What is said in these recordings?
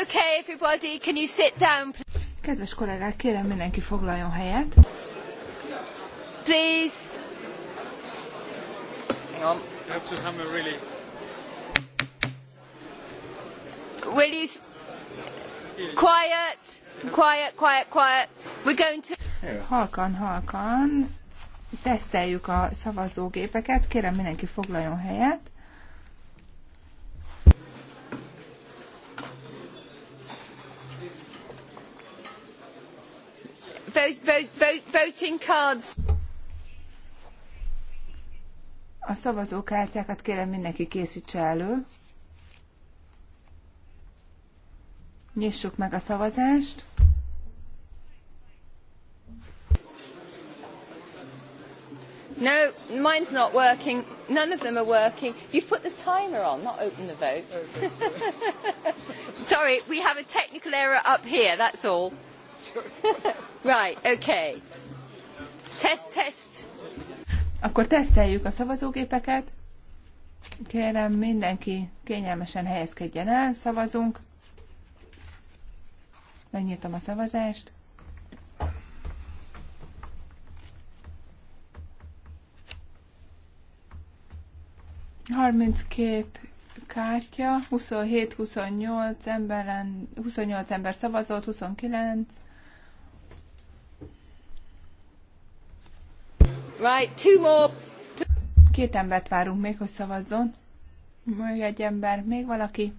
Okay, everybody, can you sit down? Kedves kollégák, kérem mindenki foglaljon helyet. Please. Hang on. You have to hammer really. Will you... Quiet, quiet, quiet, quiet. We're going to... Halkan, halkan. Teszteljük a szavazógépeket. Kérem mindenki foglaljon helyet. voting cards. A szavazókártyákat kérem mindenki készítse elő. Nyissuk meg a szavazást. No, mine's not working. None of them are working. You put the timer on, not open the vote. Sorry, we have a technical error up here, that's all. right, okay. Test, test. Akkor teszteljük a szavazógépeket. Kérem, mindenki kényelmesen helyezkedjen el, szavazunk. Megnyitom a szavazást. Harminckét kártya, 27-28 emberen, 28 ember szavazott, 29 Right, two more. Két embert várunk még, hogy szavazzon. Még egy ember, még valaki.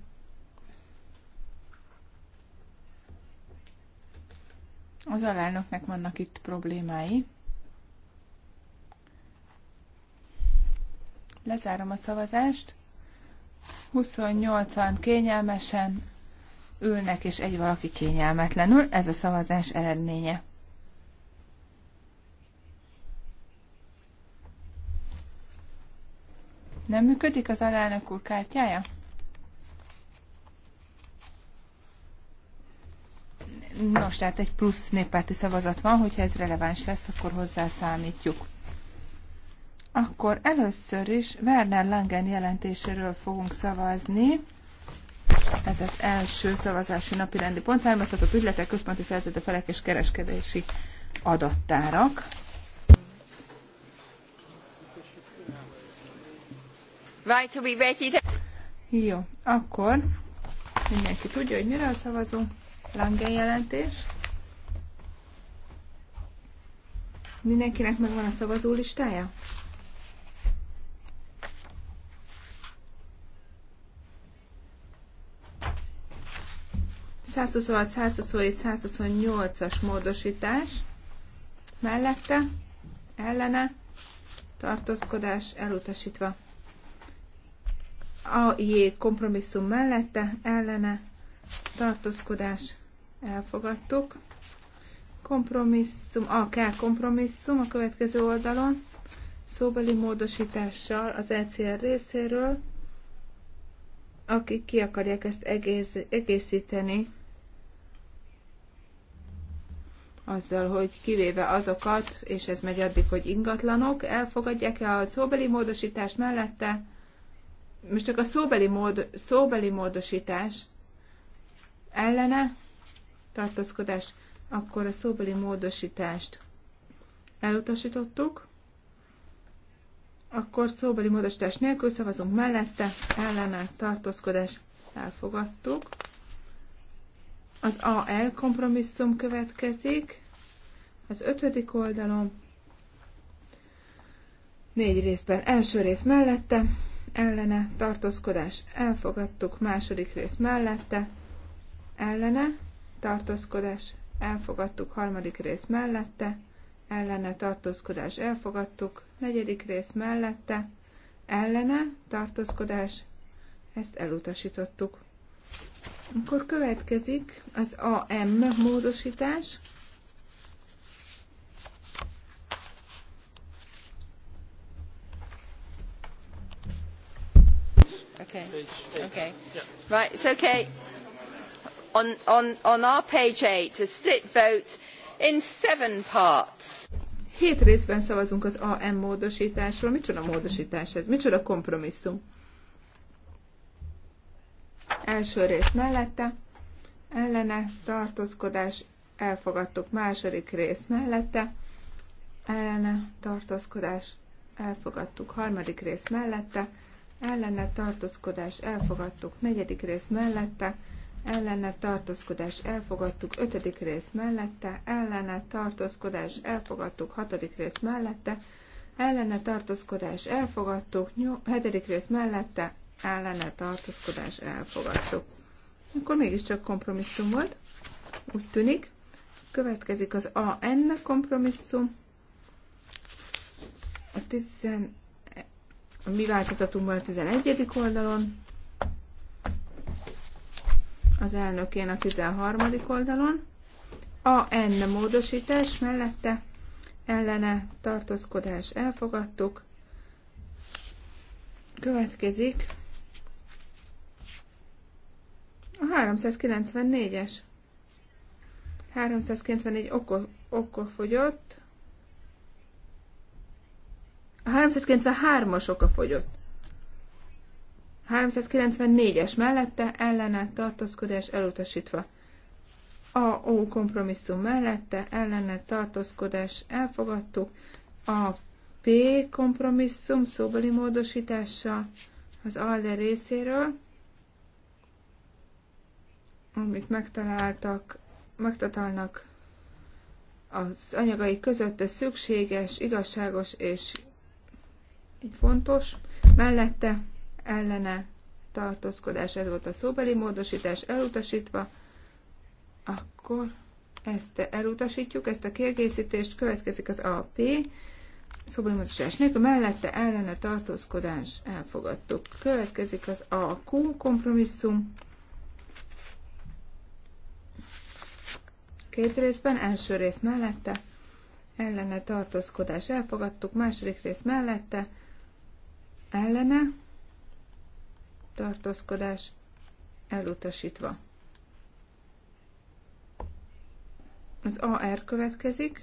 Az alelnöknek vannak itt problémái. Lezárom a szavazást. 28-an kényelmesen ülnek, és egy valaki kényelmetlenül. Ez a szavazás eredménye. Nem működik az alelnök úr kártyája? Nos, tehát egy plusz néppárti szavazat van, hogyha ez releváns lesz, akkor hozzászámítjuk. Akkor először is Werner Langen jelentéséről fogunk szavazni. Ez az első szavazási napi rendi pont származtatott ügyletek központi szerződő felek és kereskedési adattárak. Right, we ready. Jó, akkor mindenki tudja, hogy miről szavazunk. Lange jelentés. Mindenkinek megvan a szavazó listája? as módosítás mellette, ellene, tartózkodás elutasítva. A jég kompromisszum mellette ellene tartózkodás elfogadtuk. Kompromisszum, a K kompromisszum a következő oldalon szóbeli módosítással az ECR részéről, akik ki akarják ezt egész, egészíteni azzal, hogy kivéve azokat, és ez megy addig, hogy ingatlanok, elfogadják-e a szóbeli módosítás mellette, most csak a szóbeli, mód, szóbeli módosítás ellene tartózkodás, akkor a szóbeli módosítást elutasítottuk, akkor szóbeli módosítás nélkül szavazunk mellette, ellene tartózkodás elfogadtuk. Az AL kompromisszum következik, az ötödik oldalon, négy részben, első rész mellette, ellene tartózkodás elfogadtuk, második rész mellette ellene tartózkodás elfogadtuk, harmadik rész mellette ellene tartózkodás elfogadtuk, negyedik rész mellette ellene tartózkodás ezt elutasítottuk. Akkor következik az AM módosítás Okay. Okay. Right, it's okay. On, on, on our page 8, a split vote in seven parts. Hét részben szavazunk az AM módosításról. Micsoda módosítás ez? Micsoda kompromisszum? Első rész mellette, ellene, tartózkodás, elfogadtuk. Második rész mellette, ellene, tartózkodás, elfogadtuk. Harmadik rész mellette, ellene tartózkodás elfogadtuk, negyedik rész mellette, ellene tartózkodás elfogadtuk, ötödik rész mellette, ellene tartózkodás elfogadtuk, hatodik rész mellette, ellene tartózkodás elfogadtuk, hetedik rész mellette, ellene tartózkodás elfogadtuk. Akkor mégiscsak kompromisszum volt, úgy tűnik. Következik az AN kompromisszum. A 10 a mi változatunkban a 11. oldalon, az elnökén a 13. oldalon, a N módosítás mellette ellene tartózkodás elfogadtuk, következik a 394-es. 394 okol, okol fogyott, a 393-as oka fogyott. 394-es mellette ellene tartózkodás elutasítva. A O kompromisszum mellette ellene tartózkodás elfogadtuk. A P kompromisszum szóbeli módosítása az ALDE részéről, amit megtaláltak, megtalálnak az anyagai között a szükséges, igazságos és így fontos, mellette ellene tartózkodás, ez volt a szóbeli módosítás elutasítva, akkor ezt elutasítjuk, ezt a kiegészítést, következik az AP, szóbeli módosítás nélkül, mellette ellene tartózkodás elfogadtuk. Következik az AQ kompromisszum, két részben, első rész mellette, ellene tartózkodás elfogadtuk, második rész mellette, ellene tartózkodás elutasítva. Az AR következik.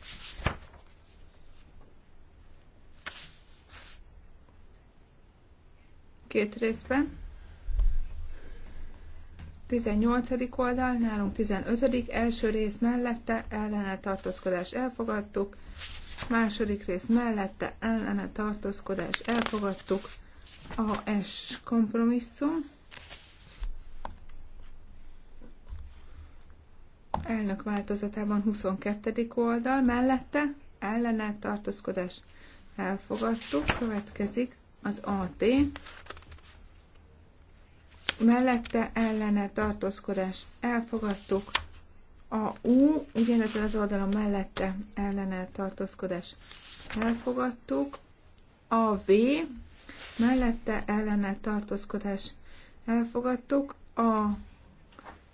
Két részben. 18. oldal, nálunk 15. első rész mellette ellene tartózkodás elfogadtuk, második rész mellette ellene tartózkodás elfogadtuk, a S kompromisszum, elnök változatában 22. oldal, mellette ellene tartózkodás elfogadtuk, következik az AT, mellette ellene tartózkodás elfogadtuk, a U ugyanezen az oldalon mellette ellene tartózkodás elfogadtuk. A V mellette ellene tartózkodás elfogadtuk. A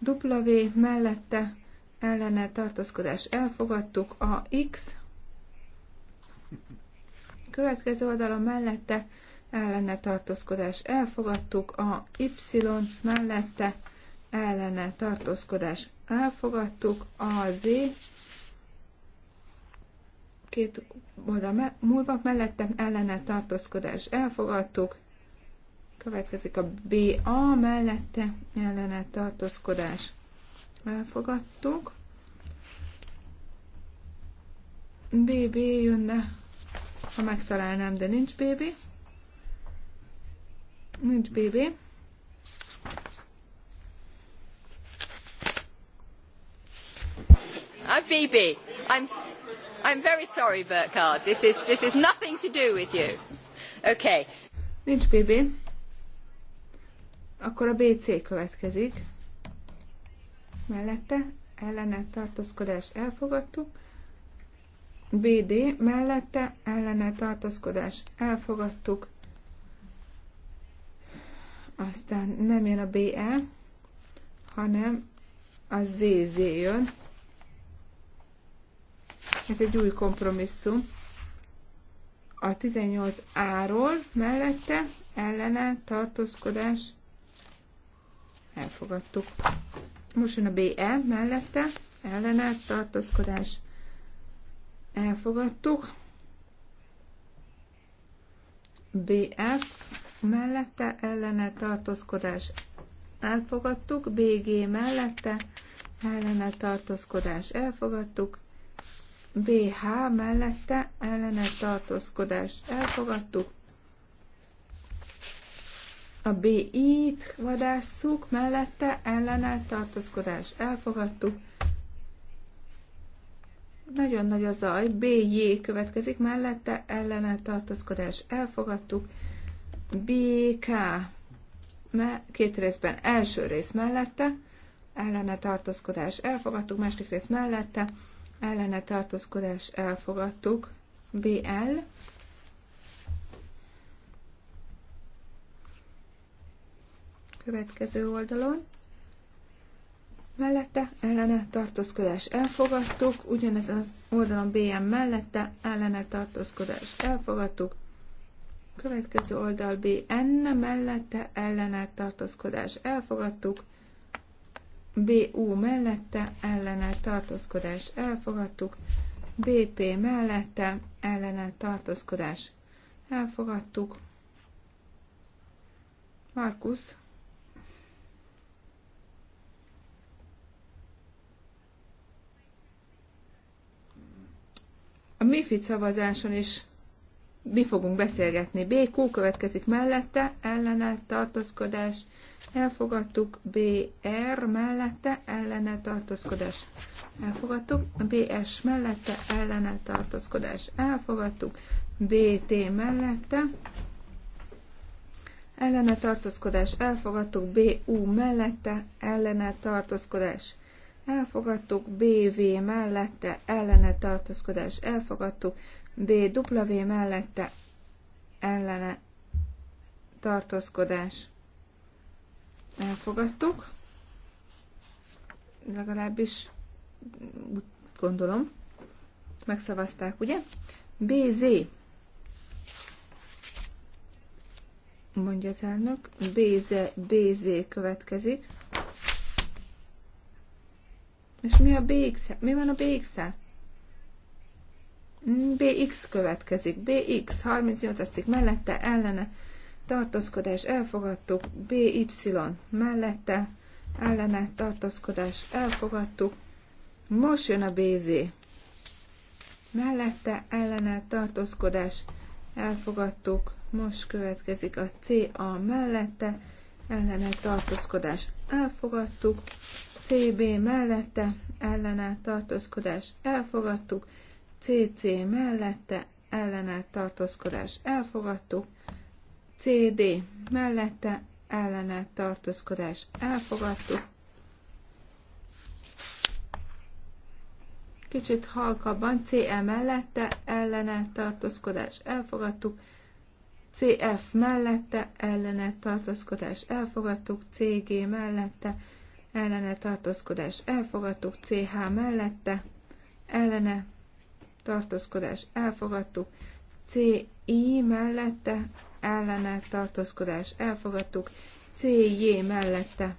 W mellette ellene tartózkodás elfogadtuk. A X következő oldalon mellette ellene tartózkodás elfogadtuk. A Y mellette ellene tartózkodás elfogadtuk, az két oldal múlva mellettem ellene tartózkodás elfogadtuk, következik a BA mellette ellene tartózkodás elfogadtuk, BB jönne, ha megtalálnám, de nincs BB, nincs BB, I'm uh, BB. I'm, I'm very sorry, Burkhard. This is, this is nothing to do with you. Okay. Nincs BB. Akkor a BC következik. Mellette ellene tartózkodás elfogadtuk. BD mellette ellene tartózkodás elfogadtuk. Aztán nem jön a BE, hanem a ZZ jön ez egy új kompromisszum. A 18 áról mellette ellene tartózkodás elfogadtuk. Most jön a BE mellette ellene tartózkodás elfogadtuk. BF mellette ellene tartózkodás elfogadtuk, BG mellette ellene tartózkodás elfogadtuk, BH mellette ellene tartózkodást elfogadtuk. A BI-t vadásszuk, mellette ellene tartózkodást elfogadtuk. Nagyon nagy a zaj. BJ következik, mellette ellene tartózkodást elfogadtuk. BK két részben első rész mellette, ellene tartózkodást elfogadtuk, második rész mellette, ellene tartózkodás elfogadtuk. BL következő oldalon. Mellette ellene tartózkodás elfogadtuk, ugyanez az oldalon BM mellette ellene tartózkodás elfogadtuk, következő oldal BN mellette ellene tartózkodás elfogadtuk, BU mellette ellene tartózkodás elfogadtuk, BP mellette ellene tartózkodás elfogadtuk. Markus. A MIFID szavazáson is mi fogunk beszélgetni. BQ következik mellette, ellene tartózkodás elfogadtuk, BR mellette ellene tartózkodás, elfogadtuk, BS mellette ellene tartózkodás, elfogadtuk, BT mellette ellene tartózkodás, elfogadtuk, BU mellette ellene tartózkodás, elfogadtuk, BV mellette ellene tartózkodás, elfogadtuk, BW mellette ellene tartózkodás elfogadtuk, legalábbis úgy gondolom, megszavazták, ugye? BZ, mondja az elnök, BZ, BZ következik. És mi a bx -e? Mi van a bx -e? BX következik. BX, 38 cikk mellette, ellene tartózkodás elfogadtuk, BY mellette, ellene tartózkodás elfogadtuk, most jön a BZ, mellette ellene tartózkodás elfogadtuk, most következik a CA mellette, ellene tartózkodás elfogadtuk, CB mellette, ellene tartózkodás elfogadtuk, CC mellette, ellene tartózkodás elfogadtuk, CD mellette ellene tartózkodás elfogadtuk. Kicsit halkabban CE mellette ellene tartózkodás elfogadtuk. CF mellette ellene tartózkodás elfogadtuk, CG mellette ellene tartózkodás elfogadtuk, CH mellette ellene tartózkodás elfogadtuk, CI mellette ellene tartózkodás elfogadtuk, CJ mellette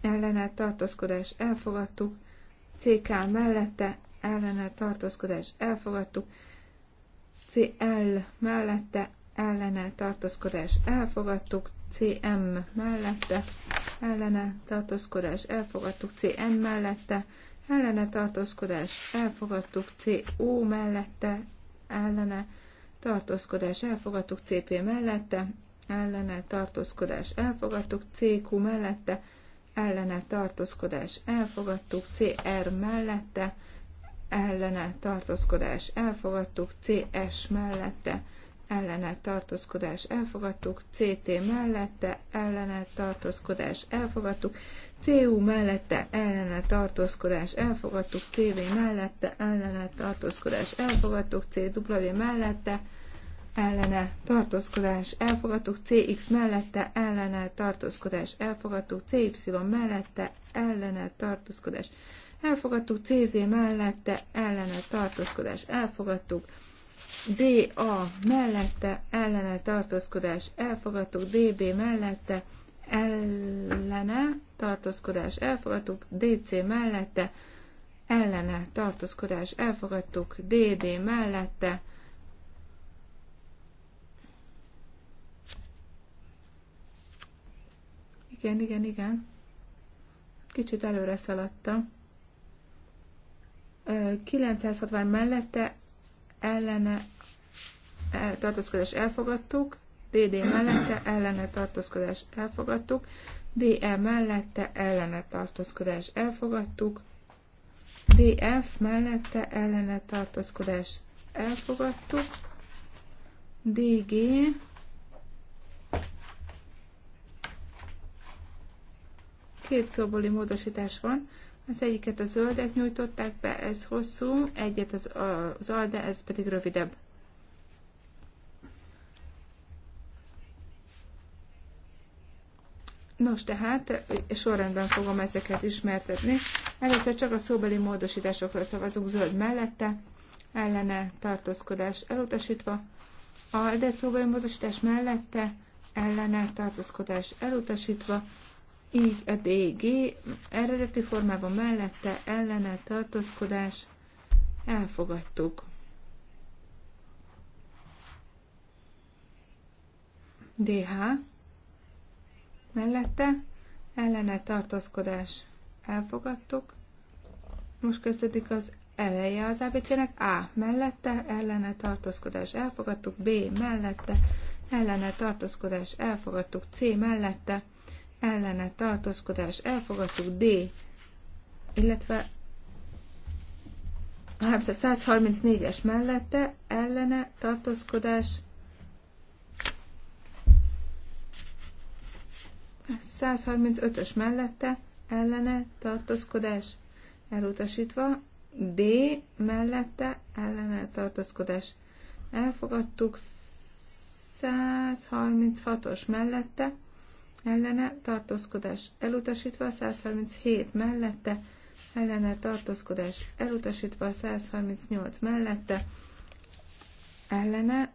ellene tartózkodás elfogadtuk, CK mellette ellene tartózkodás elfogadtuk, CL mellette ellene tartózkodás elfogadtuk, CM mellette ellene tartózkodás elfogadtuk, CN mellette ellene tartózkodás elfogadtuk, CO mellette ellene tartózkodás elfogadtuk, CP mellette ellene tartózkodás elfogadtuk, CQ mellette ellene tartózkodás elfogadtuk, CR mellette ellene tartózkodás elfogadtuk, CS mellette ellene tartózkodás elfogadtuk, CT mellette ellene tartózkodás elfogadtuk, CU mellette ellene tartózkodás elfogadtuk, CV mellette ellene tartózkodás elfogadtuk, CW mellette ellene tartózkodás elfogadtuk, CX mellette ellene tartózkodás elfogadtuk, CY mellette ellene tartózkodás elfogadtuk, CZ mellette ellene tartózkodás elfogadtuk, DA mellette ellene tartózkodás elfogadtuk, DB mellette ellene tartózkodás elfogadtuk, DC mellette ellene tartózkodás elfogadtuk, DD mellette Igen, igen, igen. Kicsit előre szaladtam. 960 mellette ellene eh, tartózkodás elfogadtuk, PD mellette ellene tartózkodás elfogadtuk, DE mellette ellene tartózkodás elfogadtuk, DF mellette ellene tartózkodás elfogadtuk, DG két szóbóli módosítás van, az egyiket a zöldek nyújtották be, ez hosszú, egyet az, az alde, ez pedig rövidebb. Nos, tehát sorrendben fogom ezeket ismertetni. Először csak a szóbeli módosításokról szavazunk zöld mellette, ellene tartózkodás elutasítva, a de szóbeli módosítás mellette, ellene tartózkodás elutasítva, így a DG eredeti formában mellette, ellene tartózkodás elfogadtuk. DH mellette, ellene tartózkodás elfogadtuk. Most kezdődik az eleje az ABC-nek, A mellette, ellene tartózkodás elfogadtuk, B mellette, ellene tartózkodás elfogadtuk, C mellette, ellene tartózkodás elfogadtuk, D, illetve 134-es mellette, ellene tartózkodás elfogadtuk 135-ös mellette ellene tartózkodás elutasítva, D mellette ellene tartózkodás elfogadtuk, 136-os mellette ellene tartózkodás elutasítva, 137 mellette ellene tartózkodás elutasítva, 138 mellette ellene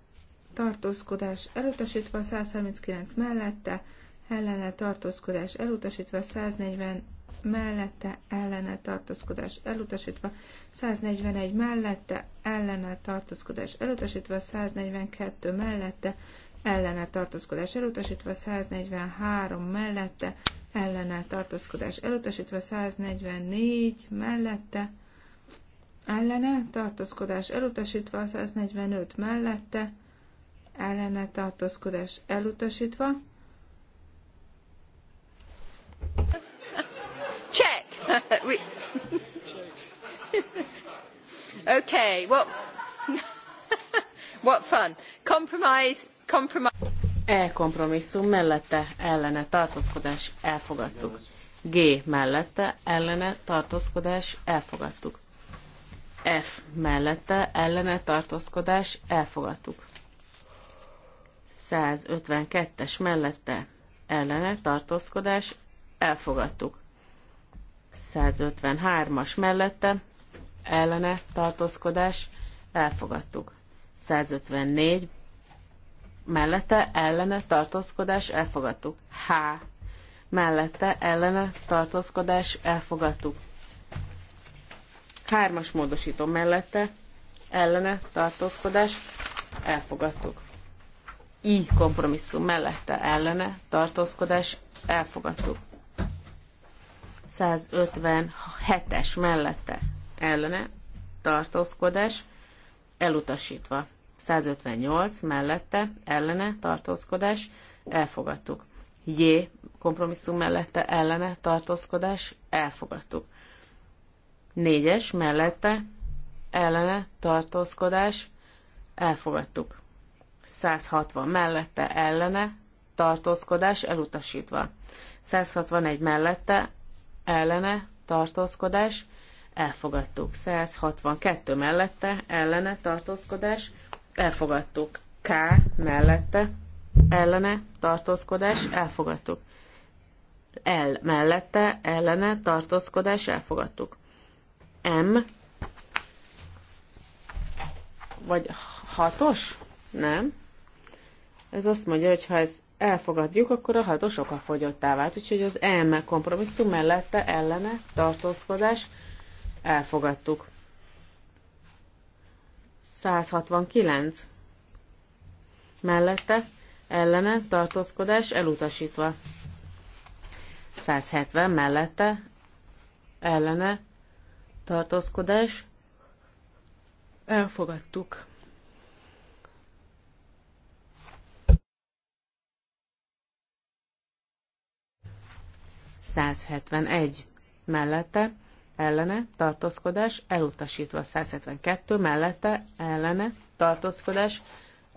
tartózkodás elutasítva, 139 mellette ellene tartózkodás elutasítva, 140 mellette ellene tartózkodás elutasítva, 141 mellette ellene tartózkodás elutasítva, 142 mellette ellene tartózkodás elutasítva, 143 mellette ellene tartózkodás elutasítva, 144 mellette ellene tartózkodás elutasítva, 145 mellette ellene tartózkodás elutasítva, Check. we... okay, what... what fun. Compromise, compromise. E kompromisszum mellette ellene tartózkodás elfogadtuk. G mellette ellene tartózkodás elfogadtuk. F mellette ellene tartózkodás elfogadtuk. 152-es mellette ellene tartózkodás elfogadtuk. 153-as mellette ellene tartózkodás elfogadtuk. 154 mellette ellene tartózkodás elfogadtuk. H mellette ellene tartózkodás elfogadtuk. Hármas módosító mellette ellene tartózkodás elfogadtuk. I kompromisszum mellette ellene tartózkodás elfogadtuk. 157-es mellette ellene tartózkodás elutasítva. 158 mellette ellene tartózkodás elfogadtuk. J kompromisszum mellette ellene tartózkodás elfogadtuk. 4-es mellette ellene tartózkodás elfogadtuk. 160 mellette ellene tartózkodás elutasítva. 161 mellette ellene tartózkodás elfogadtuk. 162 mellette ellene tartózkodás elfogadtuk. K mellette ellene tartózkodás elfogadtuk. L mellette ellene tartózkodás elfogadtuk. M vagy hatos? Nem. Ez azt mondja, hogy ha ez elfogadjuk, akkor a hatos fogyottá vált. Úgyhogy az elme kompromisszum mellette ellene tartózkodás elfogadtuk. 169 mellette ellene tartózkodás elutasítva. 170 mellette ellene tartózkodás elfogadtuk. 171 mellette, ellene, tartózkodás, elutasítva 172 mellette, ellene, tartózkodás,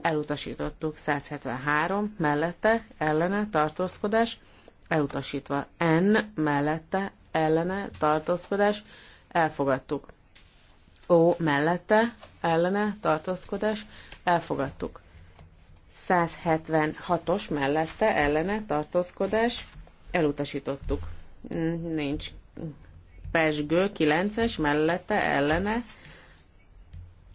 elutasítottuk 173 mellette, ellene, tartózkodás, elutasítva N mellette, ellene, tartózkodás, elfogadtuk. O mellette, ellene, tartózkodás, elfogadtuk. 176-os mellette, ellene, tartózkodás, elutasítottuk. Nincs pesgő, 9-es, mellette, ellene,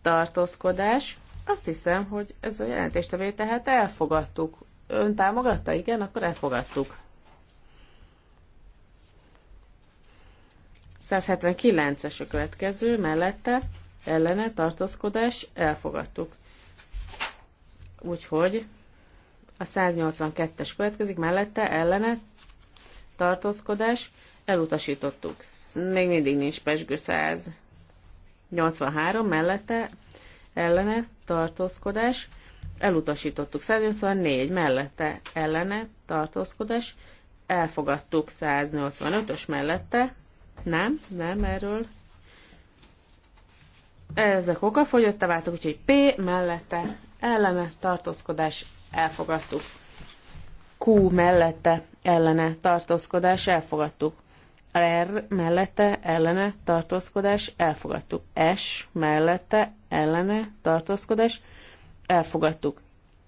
tartózkodás. Azt hiszem, hogy ez a jelentéstevé, tehát elfogadtuk. Ön támogatta? Igen, akkor elfogadtuk. 179-es a következő, mellette, ellene, tartózkodás, elfogadtuk. Úgyhogy a 182-es következik, mellette, ellene, tartózkodás, elutasítottuk. Még mindig nincs pesgő 183 mellette, ellene, tartózkodás, elutasítottuk. 184 mellette, ellene, tartózkodás, elfogadtuk 185-ös mellette. Nem, nem, erről. Ezek oka okafogyottá váltak, úgyhogy P mellette, ellene, tartózkodás, elfogadtuk. Q mellette, ellene tartózkodás elfogadtuk. R mellette ellene tartózkodás elfogadtuk. S mellette ellene tartózkodás elfogadtuk.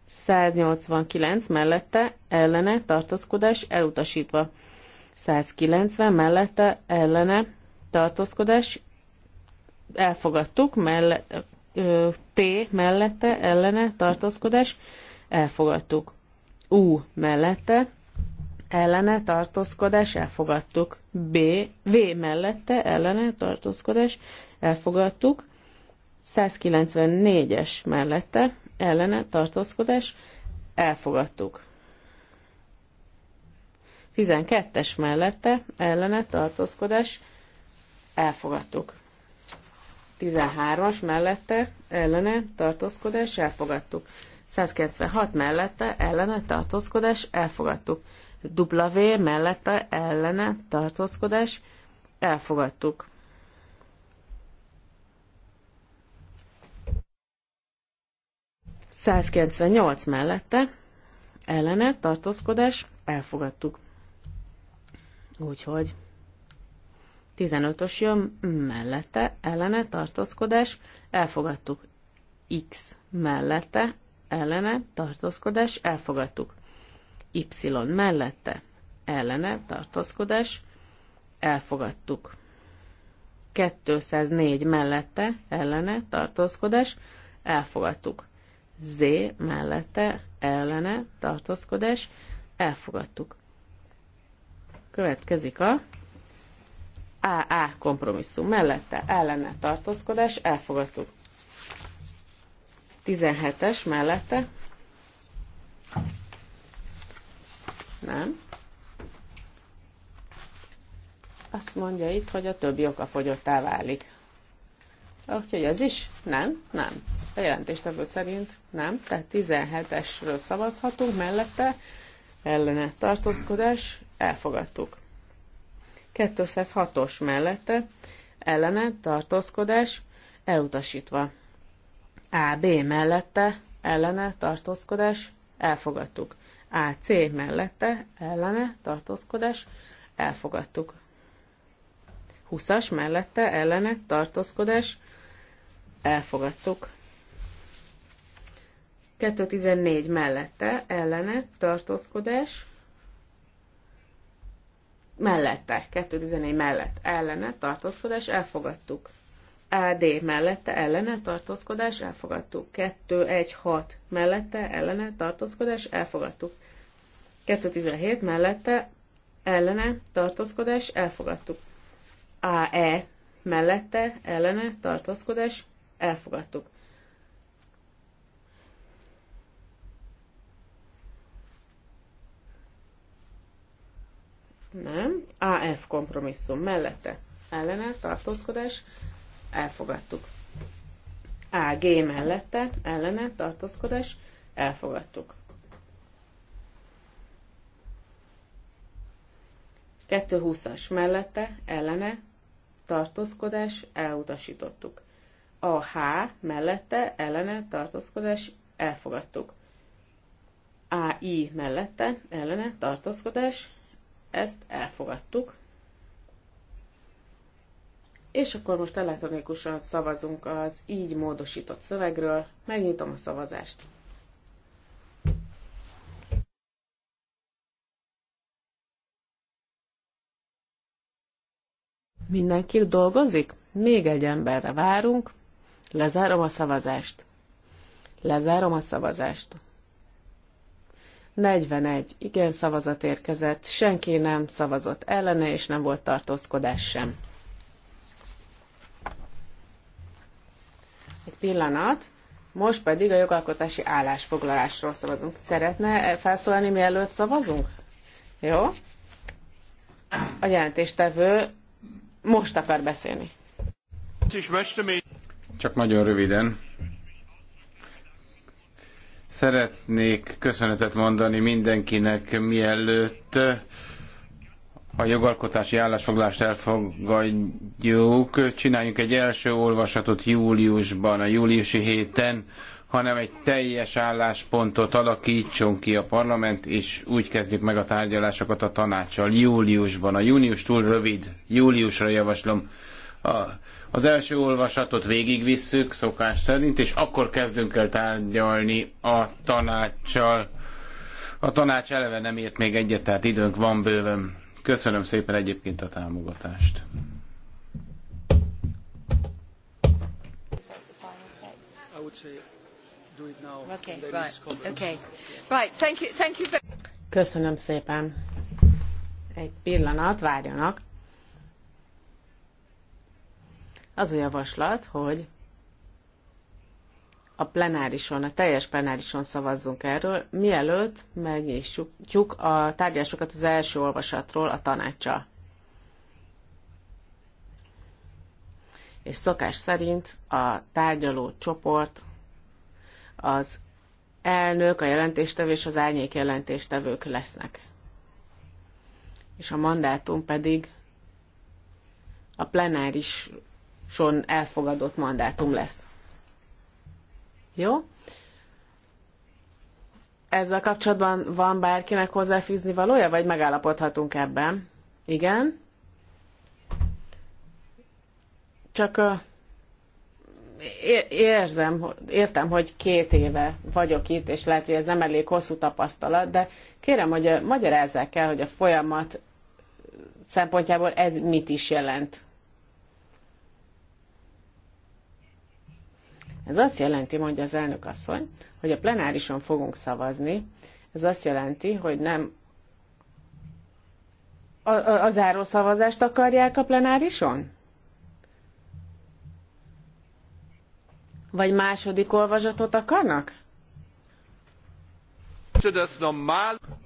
189 mellette ellene tartózkodás elutasítva. 190 mellette ellene tartózkodás elfogadtuk, melle, ö, T mellette ellene tartózkodás elfogadtuk. U mellette ellene tartózkodás elfogadtuk. B, V mellette ellene tartózkodás elfogadtuk. 194-es mellette ellene tartózkodás elfogadtuk. 12-es mellette ellene tartózkodás elfogadtuk. 13-as mellette ellene tartózkodás elfogadtuk. 196 mellette ellene tartózkodás elfogadtuk. W mellette ellene tartózkodás elfogadtuk. ...198 mellette ellene tartózkodás elfogadtuk. Úgyhogy 15-ös jön mellette ellene tartózkodás elfogadtuk. X mellette ellene tartózkodás elfogadtuk. Y mellette ellene tartózkodás elfogadtuk. 204 mellette ellene tartózkodás elfogadtuk. Z mellette ellene tartózkodás elfogadtuk. Következik a AA kompromisszum mellette ellene tartózkodás elfogadtuk. 17-es mellette Nem? Azt mondja itt, hogy a többi fogyottá válik. Úgyhogy ez is? Nem? Nem. A jelentéstevő szerint nem. Tehát 17-esről szavazhatunk, mellette ellene tartózkodás, elfogadtuk. 206-os mellette ellene tartózkodás, elutasítva. AB mellette ellene tartózkodás, elfogadtuk. AC mellette ellene tartózkodás elfogadtuk. 20-as mellette ellene tartózkodás elfogadtuk. 214 mellette ellene tartózkodás mellette, 214 mellett ellene tartózkodás elfogadtuk. AD mellette ellene tartózkodás elfogadtuk. 216 mellette ellene tartózkodás elfogadtuk. 217 mellette ellene tartózkodás elfogadtuk. AE mellette ellene tartózkodás elfogadtuk. Nem. AF kompromisszum mellette ellene tartózkodás elfogadtuk elfogadtuk. G mellette, ellene, tartózkodás, elfogadtuk. 220-as mellette, ellene, tartózkodás, elutasítottuk. A H mellette, ellene, tartózkodás, elfogadtuk. A I mellette, ellene, tartózkodás, ezt elfogadtuk. És akkor most elektronikusan szavazunk az így módosított szövegről. Megnyitom a szavazást. Mindenki dolgozik? Még egy emberre várunk. Lezárom a szavazást. Lezárom a szavazást. 41 igen szavazat érkezett, senki nem szavazott ellene, és nem volt tartózkodás sem. Egy pillanat. Most pedig a jogalkotási állásfoglalásról szavazunk. Szeretne felszólalni, mielőtt szavazunk? Jó? A jelentéstevő most akar beszélni. Csak nagyon röviden. Szeretnék köszönetet mondani mindenkinek, mielőtt a jogalkotási állásfoglalást elfogadjuk, csináljunk egy első olvasatot júliusban, a júliusi héten, hanem egy teljes álláspontot alakítson ki a parlament, és úgy kezdjük meg a tárgyalásokat a tanácssal júliusban. A június túl rövid, júliusra javaslom. A, az első olvasatot végigvisszük szokás szerint, és akkor kezdünk el tárgyalni a tanácssal. A tanács eleve nem ért még egyet, tehát időnk van bőven. Köszönöm szépen egyébként a támogatást. Köszönöm szépen. Egy pillanat, várjanak. Az a javaslat, hogy a plenárison, a teljes plenárison szavazzunk erről, mielőtt megnyissuk a tárgyásokat az első olvasatról a tanácsa. És szokás szerint a tárgyaló csoport az elnök, a jelentéstevő és az árnyék jelentéstevők lesznek. És a mandátum pedig a plenárison elfogadott mandátum lesz. Jó? Ezzel kapcsolatban van bárkinek hozzáfűzni valója, vagy megállapodhatunk ebben? Igen? Csak érzem, értem, hogy két éve vagyok itt, és lehet, hogy ez nem elég hosszú tapasztalat, de kérem, hogy magyarázzák el, hogy a folyamat szempontjából ez mit is jelent. Ez azt jelenti, mondja az elnök asszony, hogy a plenárison fogunk szavazni. Ez azt jelenti, hogy nem a, a, a záró szavazást akarják a plenárison? Vagy második olvasatot akarnak?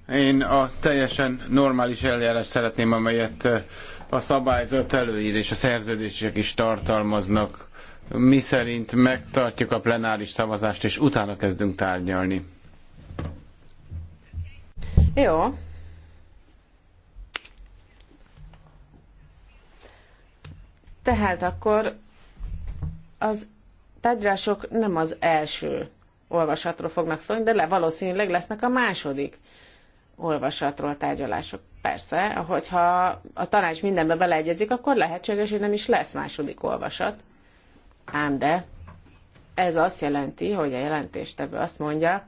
Én a teljesen normális eljárást szeretném, amelyet eh, a szabályzat előír és a szerződések is tartalmaznak mi szerint megtartjuk a plenáris szavazást, és utána kezdünk tárgyalni. Jó. Tehát akkor az tárgyalások nem az első olvasatról fognak szólni, de le, valószínűleg lesznek a második olvasatról tárgyalások. Persze, hogyha a tanács mindenbe beleegyezik, akkor lehetséges, hogy nem is lesz második olvasat. Ám de ez azt jelenti, hogy a jelentéstevő azt mondja,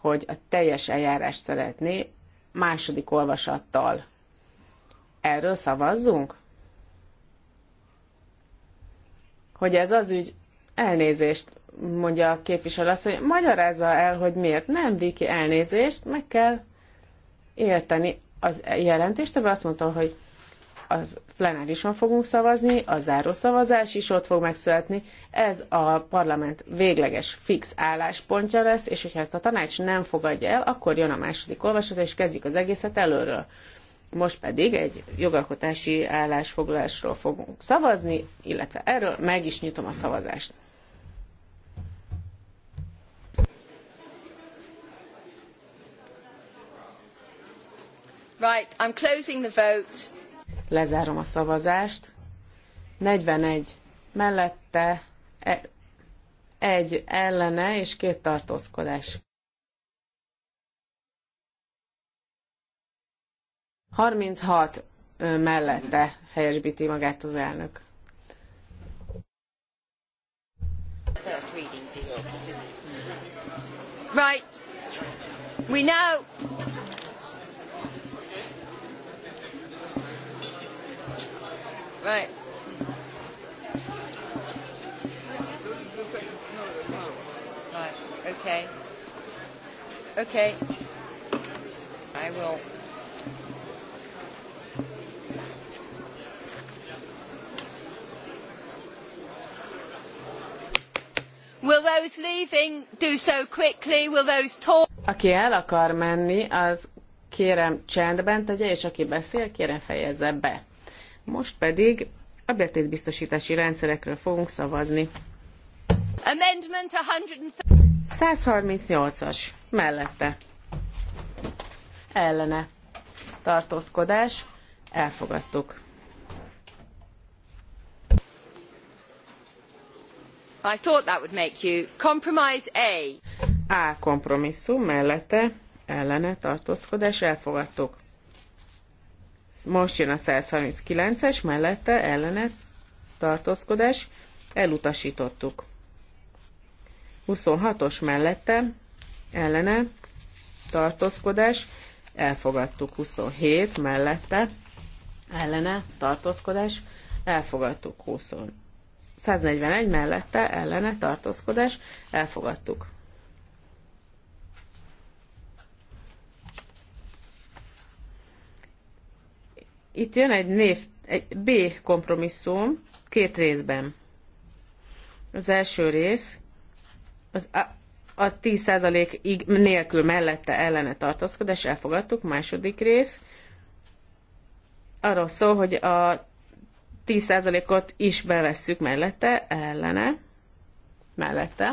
hogy a teljes eljárást szeretné második olvasattal. Erről szavazzunk? Hogy ez az ügy elnézést, mondja a képviselő azt, hogy magyarázza el, hogy miért nem, Viki, elnézést, meg kell érteni az jelentést, de azt mondta, hogy az plenárison fogunk szavazni, a zárószavazás is ott fog megszületni, ez a parlament végleges fix álláspontja lesz, és hogyha ezt a tanács nem fogadja el, akkor jön a második olvasat, és kezdjük az egészet előről. Most pedig egy jogalkotási állásfoglalásról fogunk szavazni, illetve erről meg is nyitom a szavazást. Right, I'm closing the vote. Lezárom a szavazást. 41 mellette, e, egy ellene és két tartózkodás. 36 mellette helyesbíti magát az elnök. Right. We now Right. Right. Okay. Okay. I will. Will those leaving do so quickly? Will those talk? Aki el akar menni, az kérem csendben tegye, és aki beszél, kérem fejezze be. Most pedig a betétbiztosítási rendszerekről fogunk szavazni. 138-as. Mellette. Ellene. Tartózkodás. Elfogadtuk. I thought that would make you compromise A. A kompromisszum mellette ellene tartózkodás elfogadtuk. Most jön a 139-es, mellette ellene tartózkodás, elutasítottuk. 26-os mellette ellene tartózkodás, elfogadtuk 27 mellette, ellene tartózkodás, elfogadtuk 20. 141 mellette, ellene tartózkodás, elfogadtuk. Itt jön egy név, egy B kompromisszum két részben. Az első rész az a, a 10%-ig nélkül mellette ellene tartózkodás elfogadtuk, második rész arról szól, hogy a 10%-ot is bevesszük mellette, ellene, mellette,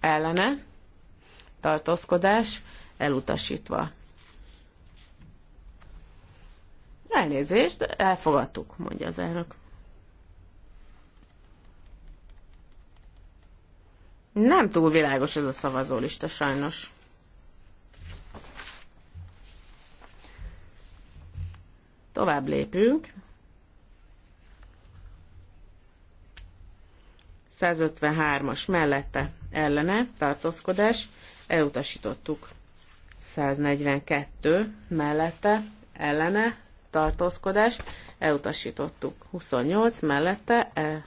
ellene, tartózkodás, elutasítva. Elnézést, elfogadtuk, mondja az elnök. Nem túl világos ez a szavazólista, sajnos. Tovább lépünk. 153-as mellette ellene tartózkodás, elutasítottuk. 142 mellette ellene tartózkodás, elutasítottuk. 28 mellette, e,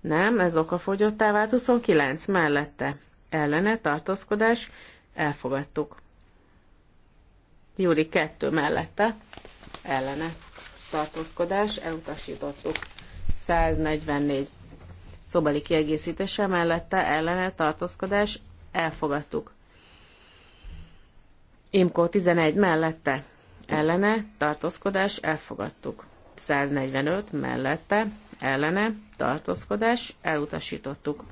nem, ez okafogyottá vált, 29 mellette, ellene tartózkodás, elfogadtuk. Júli 2 mellette, ellene tartózkodás, elutasítottuk. 144 szobali kiegészítése mellette, ellene tartózkodás, elfogadtuk. Imkó 11 mellette, ellene, tartózkodás, elfogadtuk. 145 mellette, ellene, tartózkodás, elutasítottuk.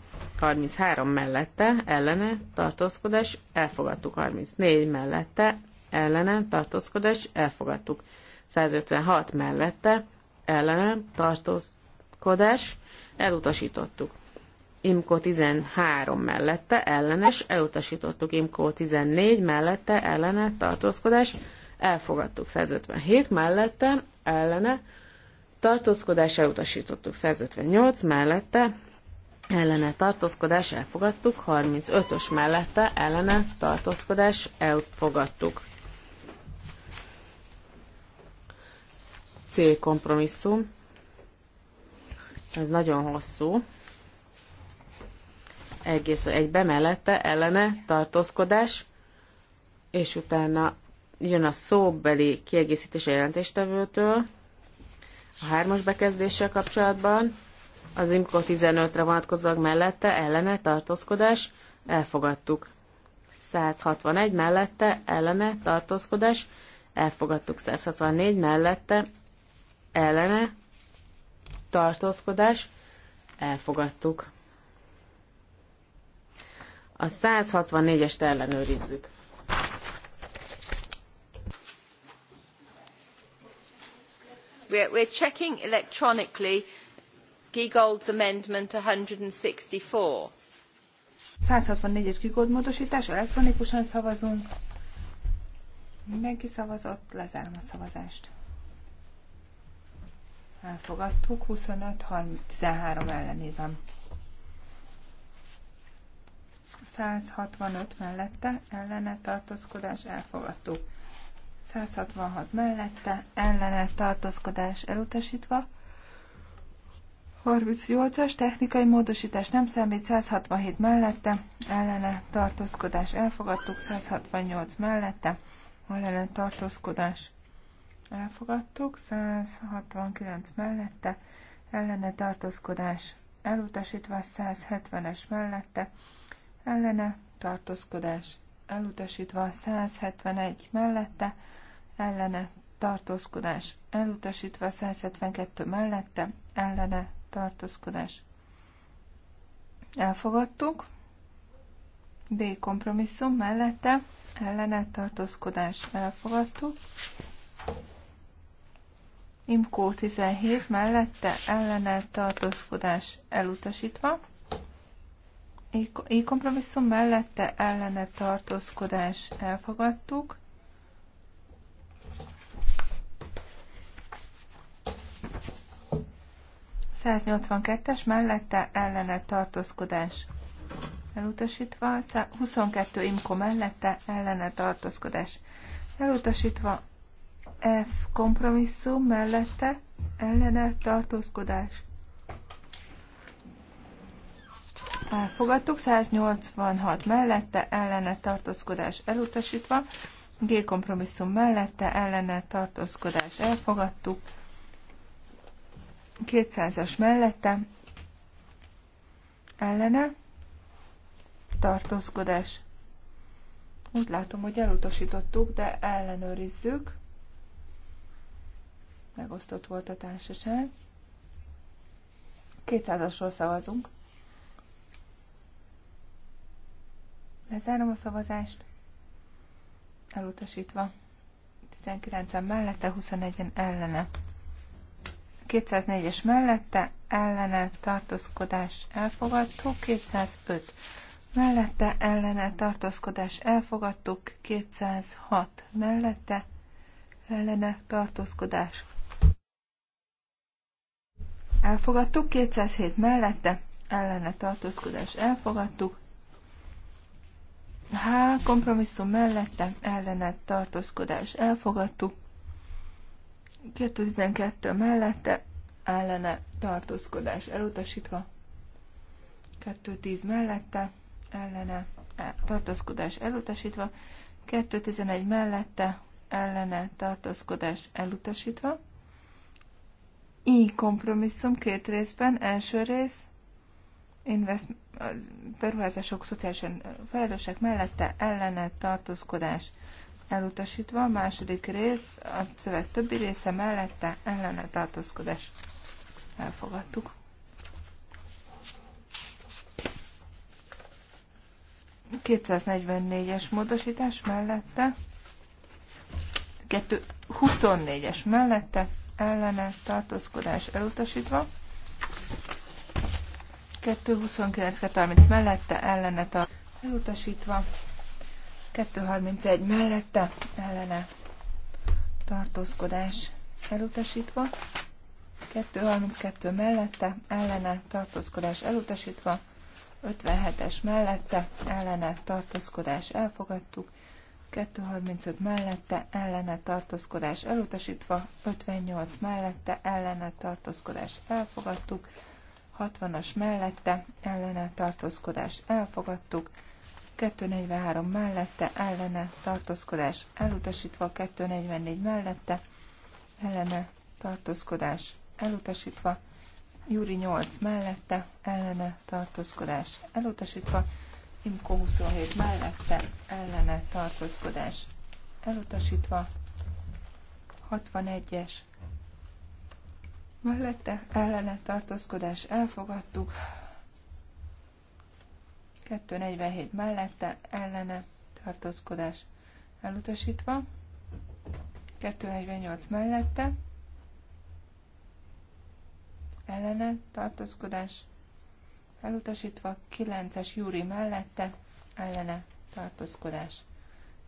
33 mellette, ellene, tartózkodás, elfogadtuk. 34 mellette, ellene, tartózkodás, elfogadtuk. 156 mellette, ellene, tartózkodás, elutasítottuk. Imko 13 mellette, ellenes, elutasítottuk. Imko 14 mellette, ellene, tartózkodás, elfogadtuk 157 mellette, ellene, tartózkodás elutasítottuk 158 mellette, ellene tartózkodás elfogadtuk, 35-ös mellette ellene tartózkodás elfogadtuk. C kompromisszum. Ez nagyon hosszú. Egész egybe mellette ellene tartózkodás, és utána jön a szóbeli kiegészítés a jelentéstevőtől, a hármas bekezdéssel kapcsolatban, az IMCO 15-re vonatkozóak mellette ellene tartózkodás, elfogadtuk. 161 mellette ellene tartózkodás, elfogadtuk. 164 mellette ellene tartózkodás, elfogadtuk. A 164-est ellenőrizzük. we are checking electronically Giegold's amendment 164. 164-es Giegold módosítás, elektronikusan szavazunk. Mindenki szavazott, lezárom a szavazást. Elfogadtuk 25-13 ellenében. 165 mellette ellene tartózkodás elfogadtuk. 166 mellette, ellene tartózkodás elutasítva. 38-as technikai módosítás nem számít, 167 mellette, ellene tartózkodás elfogadtuk, 168 mellette, ellene tartózkodás elfogadtuk, 169 mellette, ellene tartózkodás elutasítva, 170-es mellette, ellene tartózkodás elutasítva, 171 mellette, ellene tartózkodás elutasítva, 172 mellette ellene tartózkodás. Elfogadtuk. D kompromisszum mellette ellene tartózkodás elfogadtuk. Imkó 17 mellette ellene tartózkodás elutasítva. I kompromisszum mellette ellene tartózkodás elfogadtuk. 182-es mellette ellene tartózkodás elutasítva, 22 imko mellette ellene tartózkodás elutasítva, F kompromisszum mellette ellene tartózkodás. Elfogadtuk, 186 mellette ellene tartózkodás elutasítva, G kompromisszum mellette ellene tartózkodás elfogadtuk, 200-as mellette ellene tartózkodás. Úgy látom, hogy elutasítottuk, de ellenőrizzük. Megosztott volt a társaság. 200-asról szavazunk. Lezárom a szavazást. Elutasítva. 19-en mellette, 21-en ellene. 204-es mellette ellene tartózkodás elfogadtuk, 205 mellette ellene tartózkodás elfogadtuk, 206 mellette ellene tartózkodás elfogadtuk, 207 mellette ellene tartózkodás elfogadtuk, H kompromisszum mellette ellene tartózkodás elfogadtuk, 212 mellette ellene tartózkodás elutasítva. 210 e, mellette ellene tartózkodás elutasítva. 211 mellette ellene tartózkodás elutasítva. Így kompromisszum két részben. Első rész invest, beruházások szociálisan felelősek mellette ellene tartózkodás elutasítva elutasítva, a második rész, a szöveg többi része mellette ellene tartózkodás. Elfogadtuk. ...244-es módosítás mellette, 24-es mellette, ellene tartózkodás elutasítva, 229-30 mellette, ellene tartózkodás elutasítva, 231 mellette ellene tartózkodás elutasítva, 232 mellette ellene tartózkodás elutasítva, 57-es mellette ellene tartózkodás elfogadtuk, 235 mellette ellene tartózkodás elutasítva, 58 mellette ellene tartózkodás elfogadtuk, 60-as mellette ellene tartózkodás elfogadtuk, 243 mellette, ellene, tartózkodás elutasítva, 244 mellette, ellene, tartózkodás elutasítva, Júri 8 mellette, ellene, tartózkodás elutasítva, Imko 27 mellette, ellene, tartózkodás elutasítva, 61-es mellette, ellene, tartózkodás elfogadtuk, 247 mellette ellene tartózkodás elutasítva, 248 mellette ellene tartózkodás elutasítva, 9-es Júri mellette ellene tartózkodás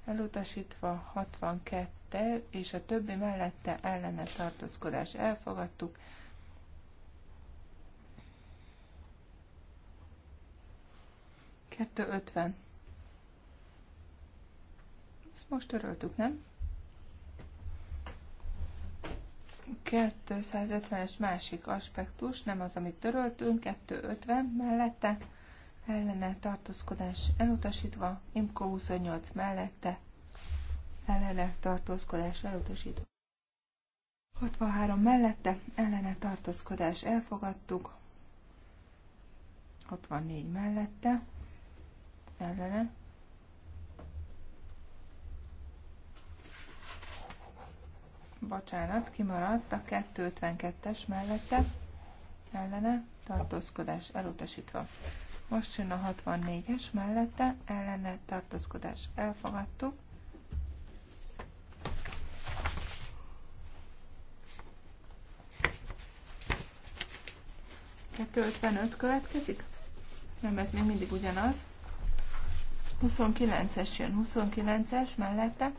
elutasítva, 62 és a többi mellette ellene tartózkodás elfogadtuk, 250. Ezt most töröltük, nem? 250-es másik aspektus, nem az, amit töröltünk, 250 mellette, ellene tartózkodás elutasítva, IMCO 28 mellette, ellene tartózkodás elutasítva. 63 mellette, ellene tartózkodás elfogadtuk, 64 mellette, ellene. Bocsánat, kimaradt a 252-es mellette ellene tartózkodás elutasítva. Most jön a 64-es mellette ellene tartózkodás elfogadtuk. Kettő következik? Nem, ez még mindig ugyanaz. 29-es jön, 29-es mellette,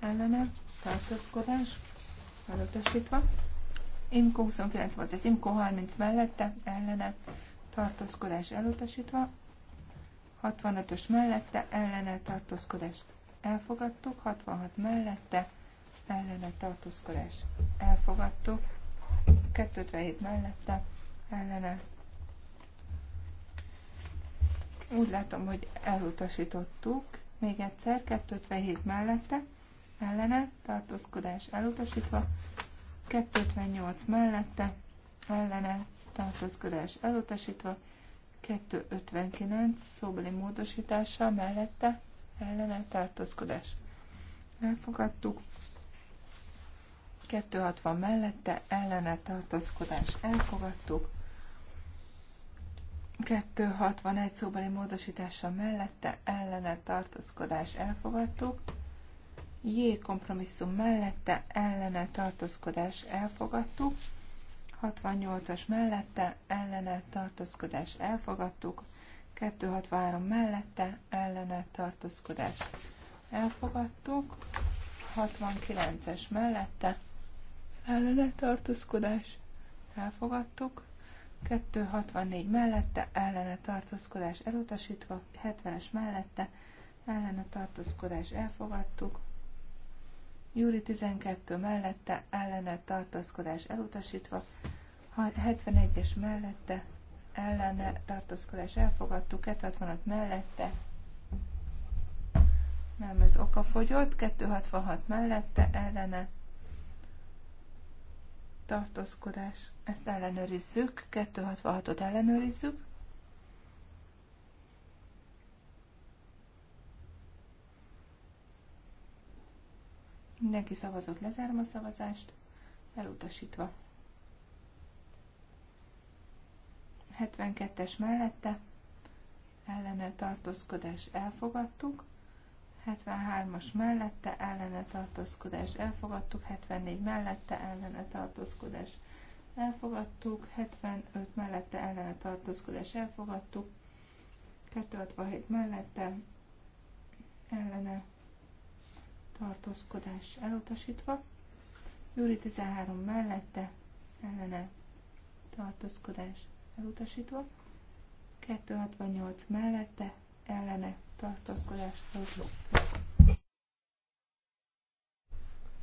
ellene, tartózkodás, elutasítva. Imko 29 volt, ez Imko 30 mellette, ellene, tartózkodás elutasítva. 65-ös mellette, ellene, tartózkodás elfogadtuk. 66 mellette, ellene, tartózkodás elfogadtuk. 257 mellette, ellene, úgy látom, hogy elutasítottuk. Még egyszer, 257 mellette, ellene, tartózkodás elutasítva. 258 mellette, ellene, tartózkodás elutasítva. 259 szóbeli módosítással mellette, ellene, tartózkodás. Elfogadtuk. 260 mellette, ellene, tartózkodás. Elfogadtuk. 261 szóbeli módosítása mellette ellene tartózkodás elfogadtuk. J kompromisszum mellette ellene tartózkodás elfogadtuk. 68-as mellette ellene tartózkodás elfogadtuk. 263 mellette ellene tartózkodás elfogadtuk. 69-es mellette ellene tartózkodás elfogadtuk. 264 mellette, ellene tartózkodás elutasítva, 70-es mellette, ellene tartózkodás elfogadtuk, júli 12 mellette, ellene tartózkodás elutasítva, 71-es mellette, ellene tartózkodás elfogadtuk, 265 mellette, nem, ez okafogyott, 266 mellette, ellene tartózkodás. Ezt ellenőrizzük, 266-ot ellenőrizzük. Mindenki szavazott, lezárom a szavazást, elutasítva. 72-es mellette ellene tartózkodás elfogadtuk, 73-as mellette ellene tartózkodás elfogadtuk, 74 mellette ellene tartózkodás elfogadtuk, 75 mellette ellene tartózkodás elfogadtuk, 267 mellette ellene tartózkodás elutasítva, Júli 13 mellette ellene tartózkodás elutasítva, 268 mellette ellene tartózkodás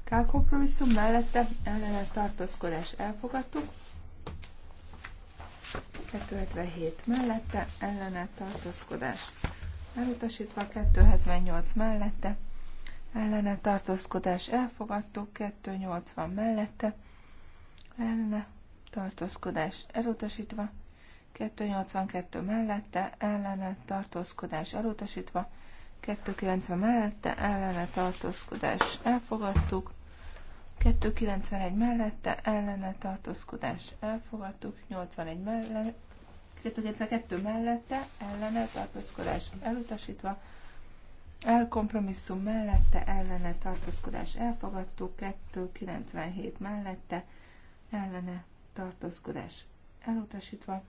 K mellette ellene tartózkodás elfogadtuk. 277 mellette ellene tartózkodás elutasítva, 278 mellette ellene tartózkodás elfogadtuk, 280 mellette ellene tartózkodás elutasítva, 282 mellette ellene tartózkodás elutasítva, 290 mellette ellene tartózkodás elfogadtuk, 291 mellette ellene tartózkodás elfogadtuk, 81 mellette, 292 mellette ellene tartózkodás elutasítva, elkompromisszum mellette ellene tartózkodás elfogadtuk, 297 mellette ellene tartózkodás elutasítva,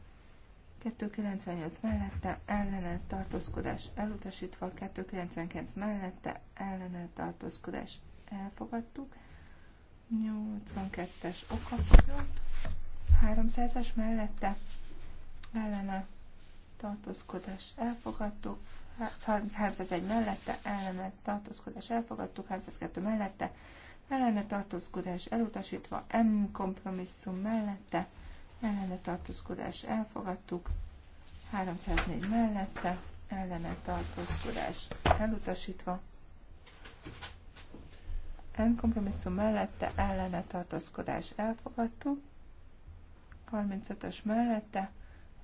298 mellette ellene tartózkodás elutasítva, 299 mellette ellene tartózkodás elfogadtuk, 82-es okafogyott, 300-es mellette ellene tartózkodás elfogadtuk, 301 mellette ellene tartózkodás elfogadtuk, 302 mellette ellene tartózkodás elutasítva, M kompromisszum mellette ellene tartózkodás elfogadtuk, 304 mellette, ellene tartózkodás elutasítva, kompromisszum mellette, ellene tartózkodás elfogadtuk, 35-ös mellette,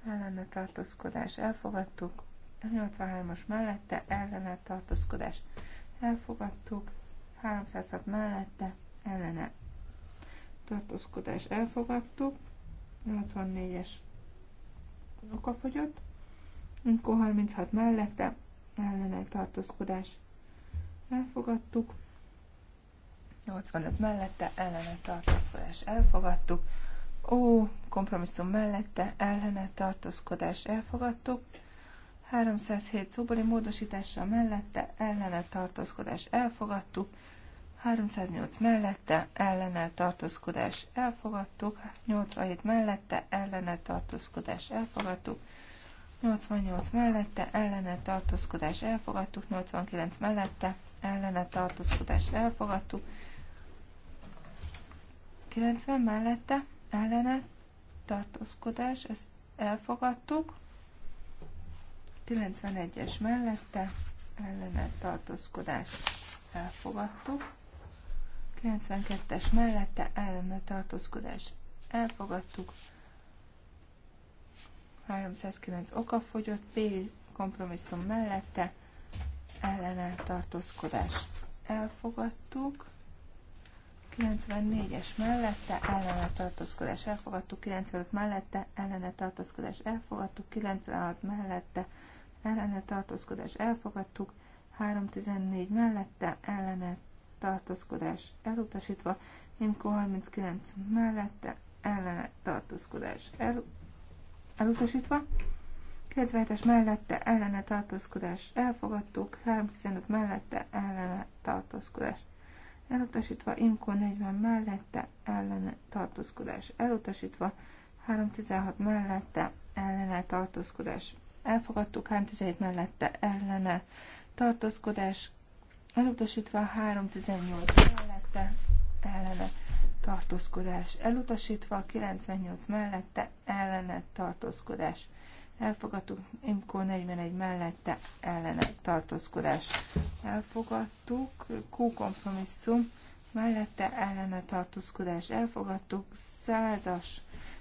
ellene tartózkodás elfogadtuk, 83-as mellette, ellene tartózkodás elfogadtuk, 306 mellette, ellene tartózkodás elfogadtuk, 84-es okafogyott, Inkó 36 mellette ellene tartózkodás elfogadtuk, 85 mellette ellene tartózkodás elfogadtuk, ó, kompromisszum mellette ellene tartózkodás elfogadtuk, 307 szobori módosítással mellette ellene tartózkodás elfogadtuk, 308 mellette ellene tartózkodás elfogadtuk, 87 mellette ellene tartózkodás elfogadtuk, 88 mellette ellene tartózkodás elfogadtuk, 89 mellette ellene tartózkodás elfogadtuk, 90 mellette ellene tartózkodás, ezt elfogadtuk, 91-es mellette ellene tartózkodás elfogadtuk. 92-es mellette ellene tartózkodás elfogadtuk. 309 okafogyott, B kompromisszum mellette ellene tartózkodás elfogadtuk. 94-es mellette ellene tartózkodás elfogadtuk, 95 mellette ellene tartózkodás elfogadtuk, 96 mellette ellene tartózkodás elfogadtuk, 314 mellette ellene tartózkodás elutasítva, Imko 39 mellette ellene tartózkodás el, elutasítva, 97-es mellette ellene tartózkodás elfogadtuk, 315 mellette ellene tartózkodás elutasítva, Imko 40 mellette ellene tartózkodás elutasítva, 316 mellette ellene tartózkodás elfogadtuk, 317 mellette ellene tartózkodás elutasítva 318 mellette ellene tartózkodás, elutasítva 98 mellette ellene tartózkodás, elfogadtuk Imkó 41 mellette ellene tartózkodás, elfogadtuk Q kompromisszum mellette ellene tartózkodás, elfogadtuk 100-as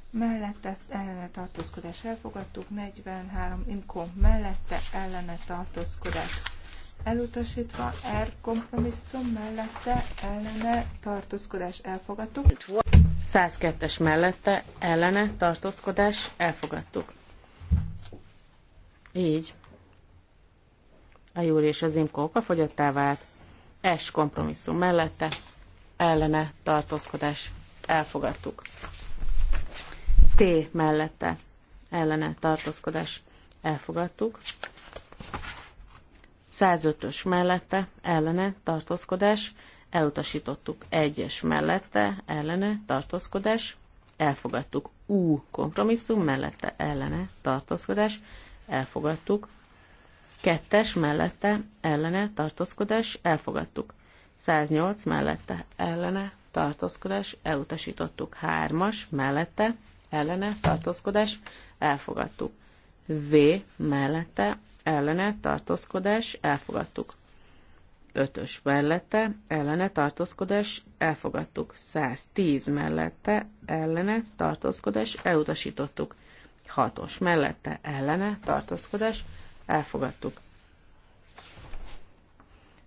mellette ellene tartózkodás, elfogadtuk 43 Imkó mellette ellene tartózkodás, elutasítva, R kompromisszum mellette ellene tartózkodás elfogadtuk. 102-es mellette ellene tartózkodás elfogadtuk. Így. A Júli és az Imko okafogyottá vált. S kompromisszum mellette ellene tartózkodás elfogadtuk. T mellette ellene tartózkodás elfogadtuk. 105-ös mellette ellene tartózkodás, elutasítottuk 1-es mellette ellene tartózkodás, elfogadtuk U kompromisszum mellette ellene tartózkodás, elfogadtuk 2-es mellette ellene tartózkodás, elfogadtuk 108 mellette ellene tartózkodás, elutasítottuk 3-as mellette ellene tartózkodás, elfogadtuk V mellette ellene tartózkodás elfogadtuk. 5-ös mellette ellene tartózkodás elfogadtuk. 110 mellette ellene tartózkodás elutasítottuk. 6-os mellette ellene tartózkodás elfogadtuk.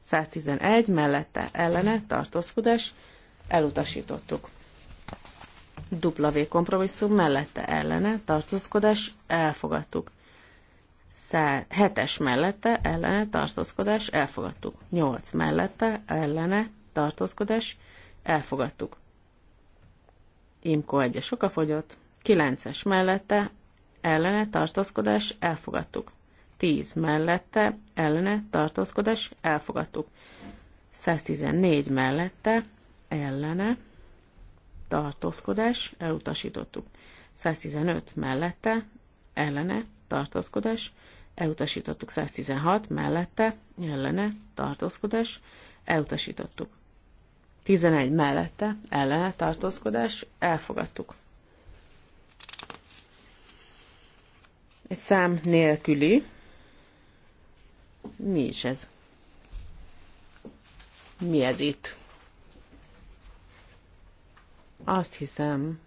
111 mellette ellene tartózkodás elutasítottuk. W kompromisszum mellette ellene tartózkodás elfogadtuk. 7-es mellette ellene tartózkodás elfogadtuk. 8 mellette ellene tartózkodás elfogadtuk. Imko 1-es sokafogyott. 9-es mellette ellene tartózkodás elfogadtuk. 10 mellette ellene tartózkodás elfogadtuk. 114 mellette ellene tartózkodás elutasítottuk. 115 mellette ellene tartózkodás elutasítottuk 116, mellette, ellene, tartózkodás, elutasítottuk. 11 mellette, ellene, tartózkodás, elfogadtuk. Egy szám nélküli. Mi is ez? Mi ez itt? Azt hiszem,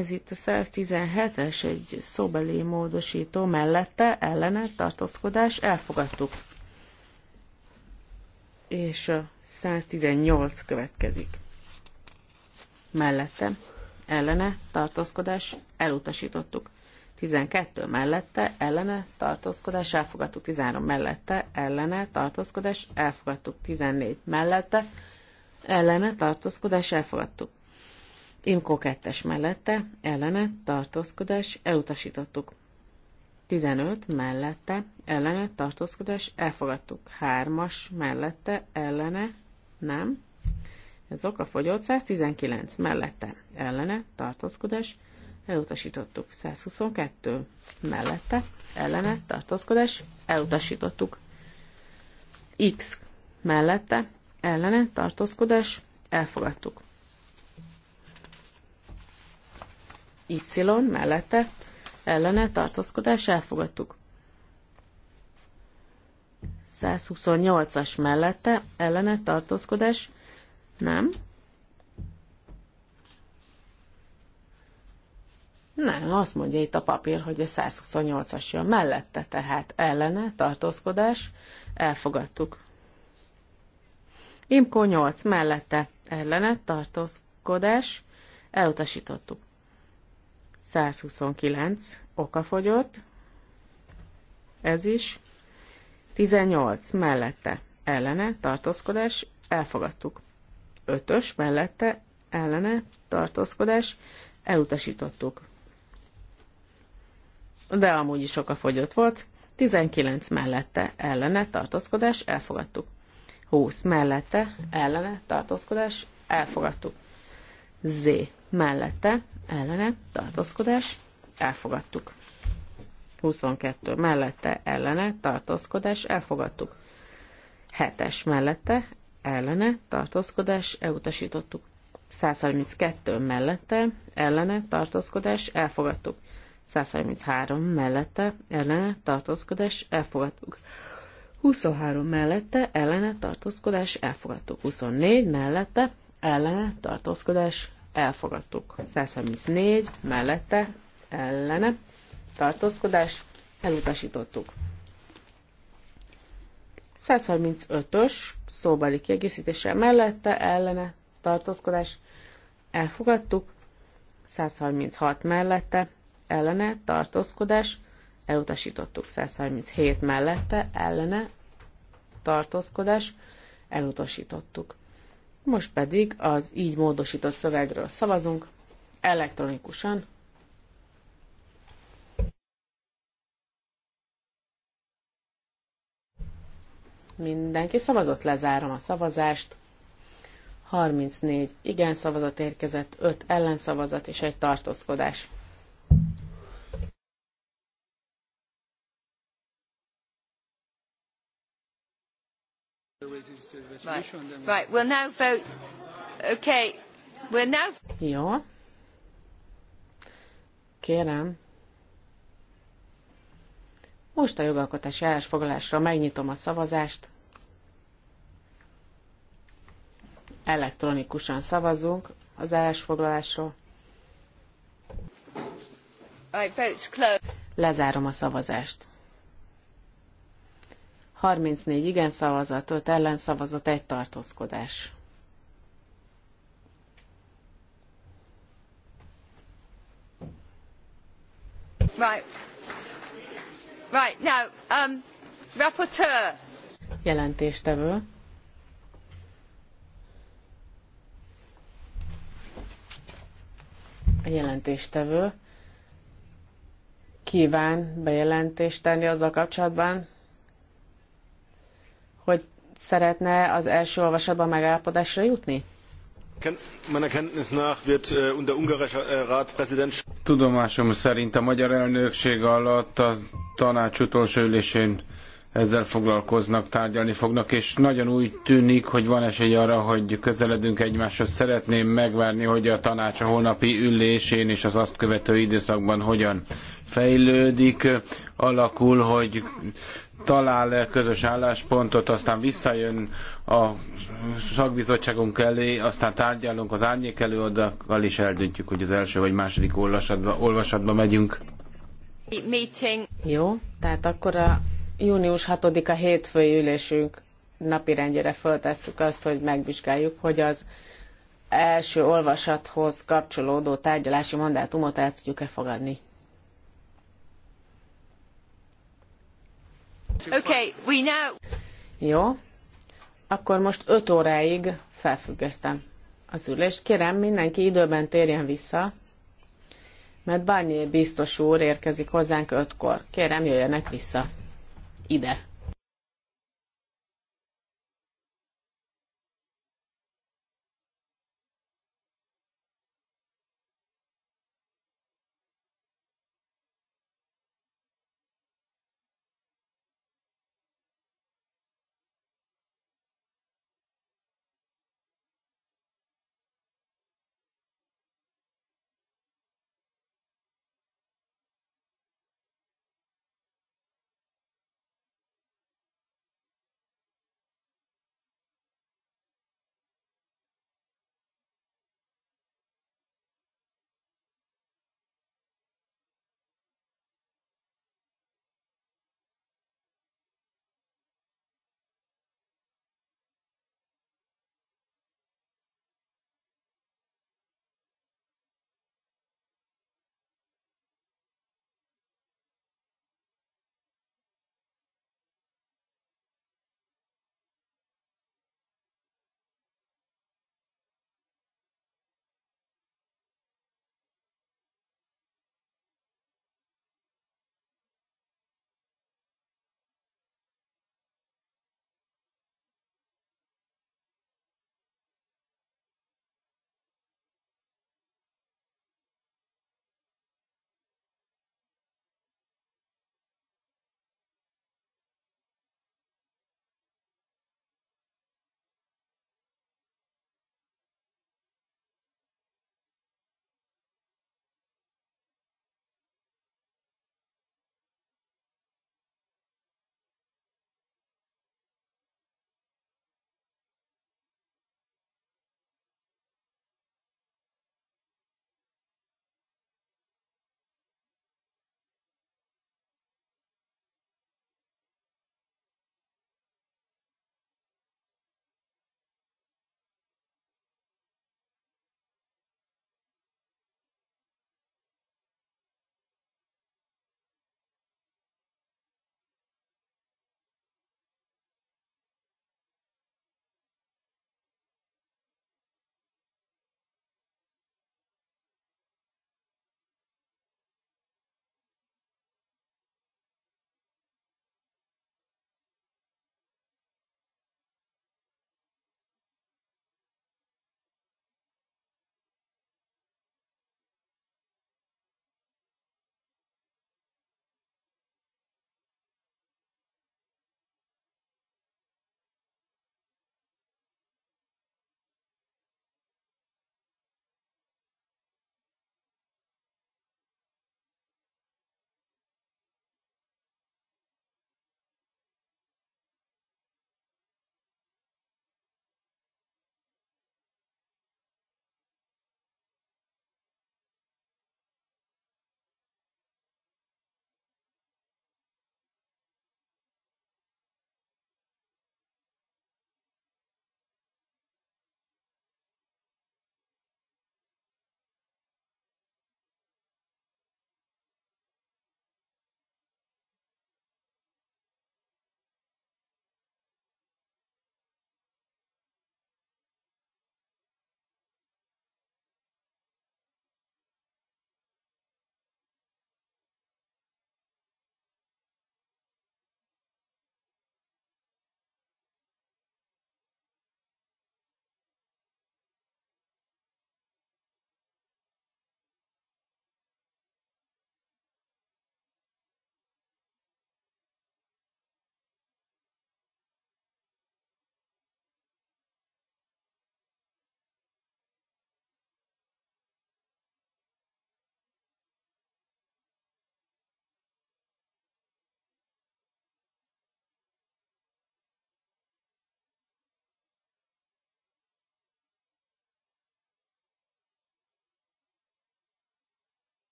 ez itt a 117-es, egy szóbeli módosító mellette, ellene, tartózkodás, elfogadtuk. És a 118 következik. Mellette, ellene, tartózkodás, elutasítottuk. 12 mellette, ellene, tartózkodás, elfogadtuk. 13 mellette, ellene, tartózkodás, elfogadtuk. 14 mellette, ellene, tartózkodás, elfogadtuk. Imkó 2 mellette, ellene, tartózkodás, elutasítottuk. 15 mellette, ellene, tartózkodás, elfogadtuk. 3-as mellette, ellene, nem. Ez oka fogyott, 119 mellette, ellene, tartózkodás, elutasítottuk. 122 mellette, ellene, tartózkodás, elutasítottuk. X mellette, ellene, tartózkodás, elfogadtuk. Y mellette ellene tartózkodás elfogadtuk. 128-as mellette ellene tartózkodás nem. Nem, azt mondja itt a papír, hogy a 128-as jön mellette, tehát ellene tartózkodás elfogadtuk. Imkó 8 mellette ellene tartózkodás elutasítottuk. 129 okafogyott, ez is, 18 mellette ellene tartózkodás, elfogadtuk. 5-ös mellette ellene tartózkodás, elutasítottuk. De amúgy is okafogyott volt, 19 mellette ellene tartózkodás, elfogadtuk. 20 mellette ellene tartózkodás, elfogadtuk. Z mellette ellene tartózkodás elfogadtuk. 22 mellette ellene tartózkodás elfogadtuk. 7-es mellette ellene tartózkodás elutasítottuk. 132 mellette ellene tartózkodás elfogadtuk. 133 mellette ellene tartózkodás elfogadtuk. 23 mellette ellene tartózkodás elfogadtuk. 24 mellette ellene tartózkodás elfogadtuk. 134 mellette ellene tartózkodás elutasítottuk. 135-ös szóbeli kiegészítése mellette ellene tartózkodás elfogadtuk. 136 mellette ellene tartózkodás elutasítottuk. 137 mellette ellene tartózkodás elutasítottuk. Most pedig az így módosított szövegről szavazunk elektronikusan. Mindenki szavazott, lezárom a szavazást. 34 igen szavazat érkezett, 5 ellenszavazat és egy tartózkodás. Right. right, we'll now vote. Okay, we'll now... Jó. Kérem. Most a jogalkotási állásfoglalásra megnyitom a szavazást. Elektronikusan szavazunk az állásfoglalásról. Right, vote's closed. Lezárom a szavazást. 34 igen szavazat, 5 ellenszavazat, 1 tartózkodás. Right. Right, now, um, rapporteur. Jelentéstevő. A jelentéstevő kíván bejelentést tenni azzal kapcsolatban, hogy szeretne az első olvasatban megállapodásra jutni? Äh, äh, Tudomásom szerint a magyar elnökség alatt a tanács utolsó ülésén ezzel foglalkoznak, tárgyalni fognak, és nagyon úgy tűnik, hogy van esély arra, hogy közeledünk egymáshoz. Szeretném megvárni, hogy a tanács a holnapi ülésén és az azt követő időszakban hogyan fejlődik, alakul, hogy talál -e közös álláspontot, aztán visszajön a szakbizottságunk elé, aztán tárgyalunk az árnyék előadakkal, és eldöntjük, hogy az első vagy második olvasatba, olvasatba megyünk. Meeting. Jó, tehát akkor a június 6-a hétfői ülésünk napirendjére föltesszük azt, hogy megvizsgáljuk, hogy az első olvasathoz kapcsolódó tárgyalási mandátumot el tudjuk-e fogadni. Okay, we know. Jó, akkor most 5 óráig felfüggesztem az ülést. Kérem, mindenki időben térjen vissza, mert Barnier biztos úr érkezik hozzánk ötkor. Kérem, jöjjenek vissza ide.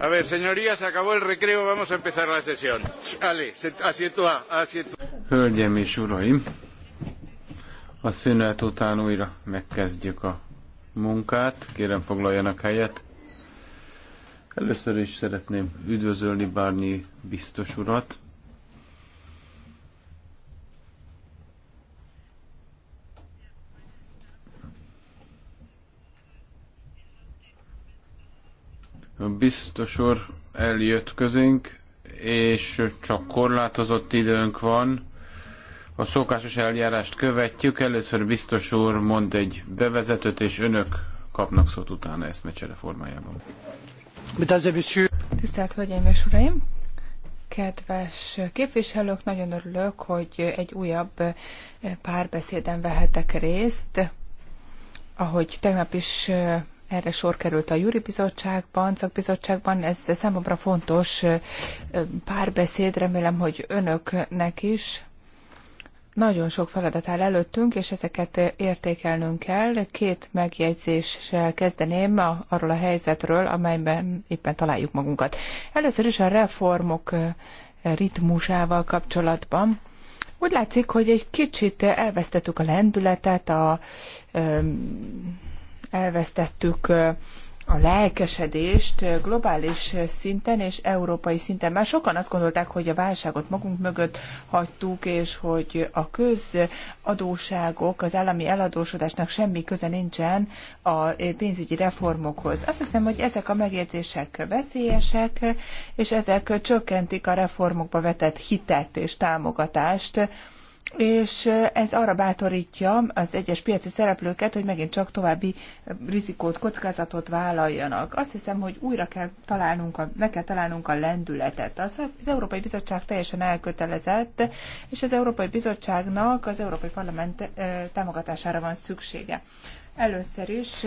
A ver, señorías, acabó el recreo, vamos a empezar la sesión. Ale, asiento A, asiento Hölgyeim és uraim, a szünet után újra megkezdjük a munkát. Kérem foglaljanak helyet. Először is szeretném üdvözölni Bárnyi biztos urat, biztos úr eljött közénk, és csak korlátozott időnk van. A szokásos eljárást követjük. Először biztos úr mond egy bevezetőt, és önök kapnak szót utána ezt mecsere formájában. Tisztelt Hölgyeim és Uraim! Kedves képviselők, nagyon örülök, hogy egy újabb párbeszéden vehetek részt. Ahogy tegnap is erre sor került a Júri Bizottságban, Szakbizottságban. Ez számomra fontos párbeszéd, remélem, hogy önöknek is. Nagyon sok feladat áll előttünk, és ezeket értékelnünk kell. Két megjegyzéssel kezdeném a, arról a helyzetről, amelyben éppen találjuk magunkat. Először is a reformok ritmusával kapcsolatban. Úgy látszik, hogy egy kicsit elvesztettük a lendületet, a, elvesztettük a lelkesedést globális szinten és európai szinten. Már sokan azt gondolták, hogy a válságot magunk mögött hagytuk, és hogy a közadóságok, az állami eladósodásnak semmi köze nincsen a pénzügyi reformokhoz. Azt hiszem, hogy ezek a megjegyzések veszélyesek, és ezek csökkentik a reformokba vetett hitet és támogatást és ez arra bátorítja az egyes piaci szereplőket, hogy megint csak további rizikót, kockázatot vállaljanak. Azt hiszem, hogy újra kell találnunk a, meg kell találnunk a lendületet. Az, az Európai Bizottság teljesen elkötelezett, és az Európai Bizottságnak az Európai Parlament támogatására van szüksége. Először is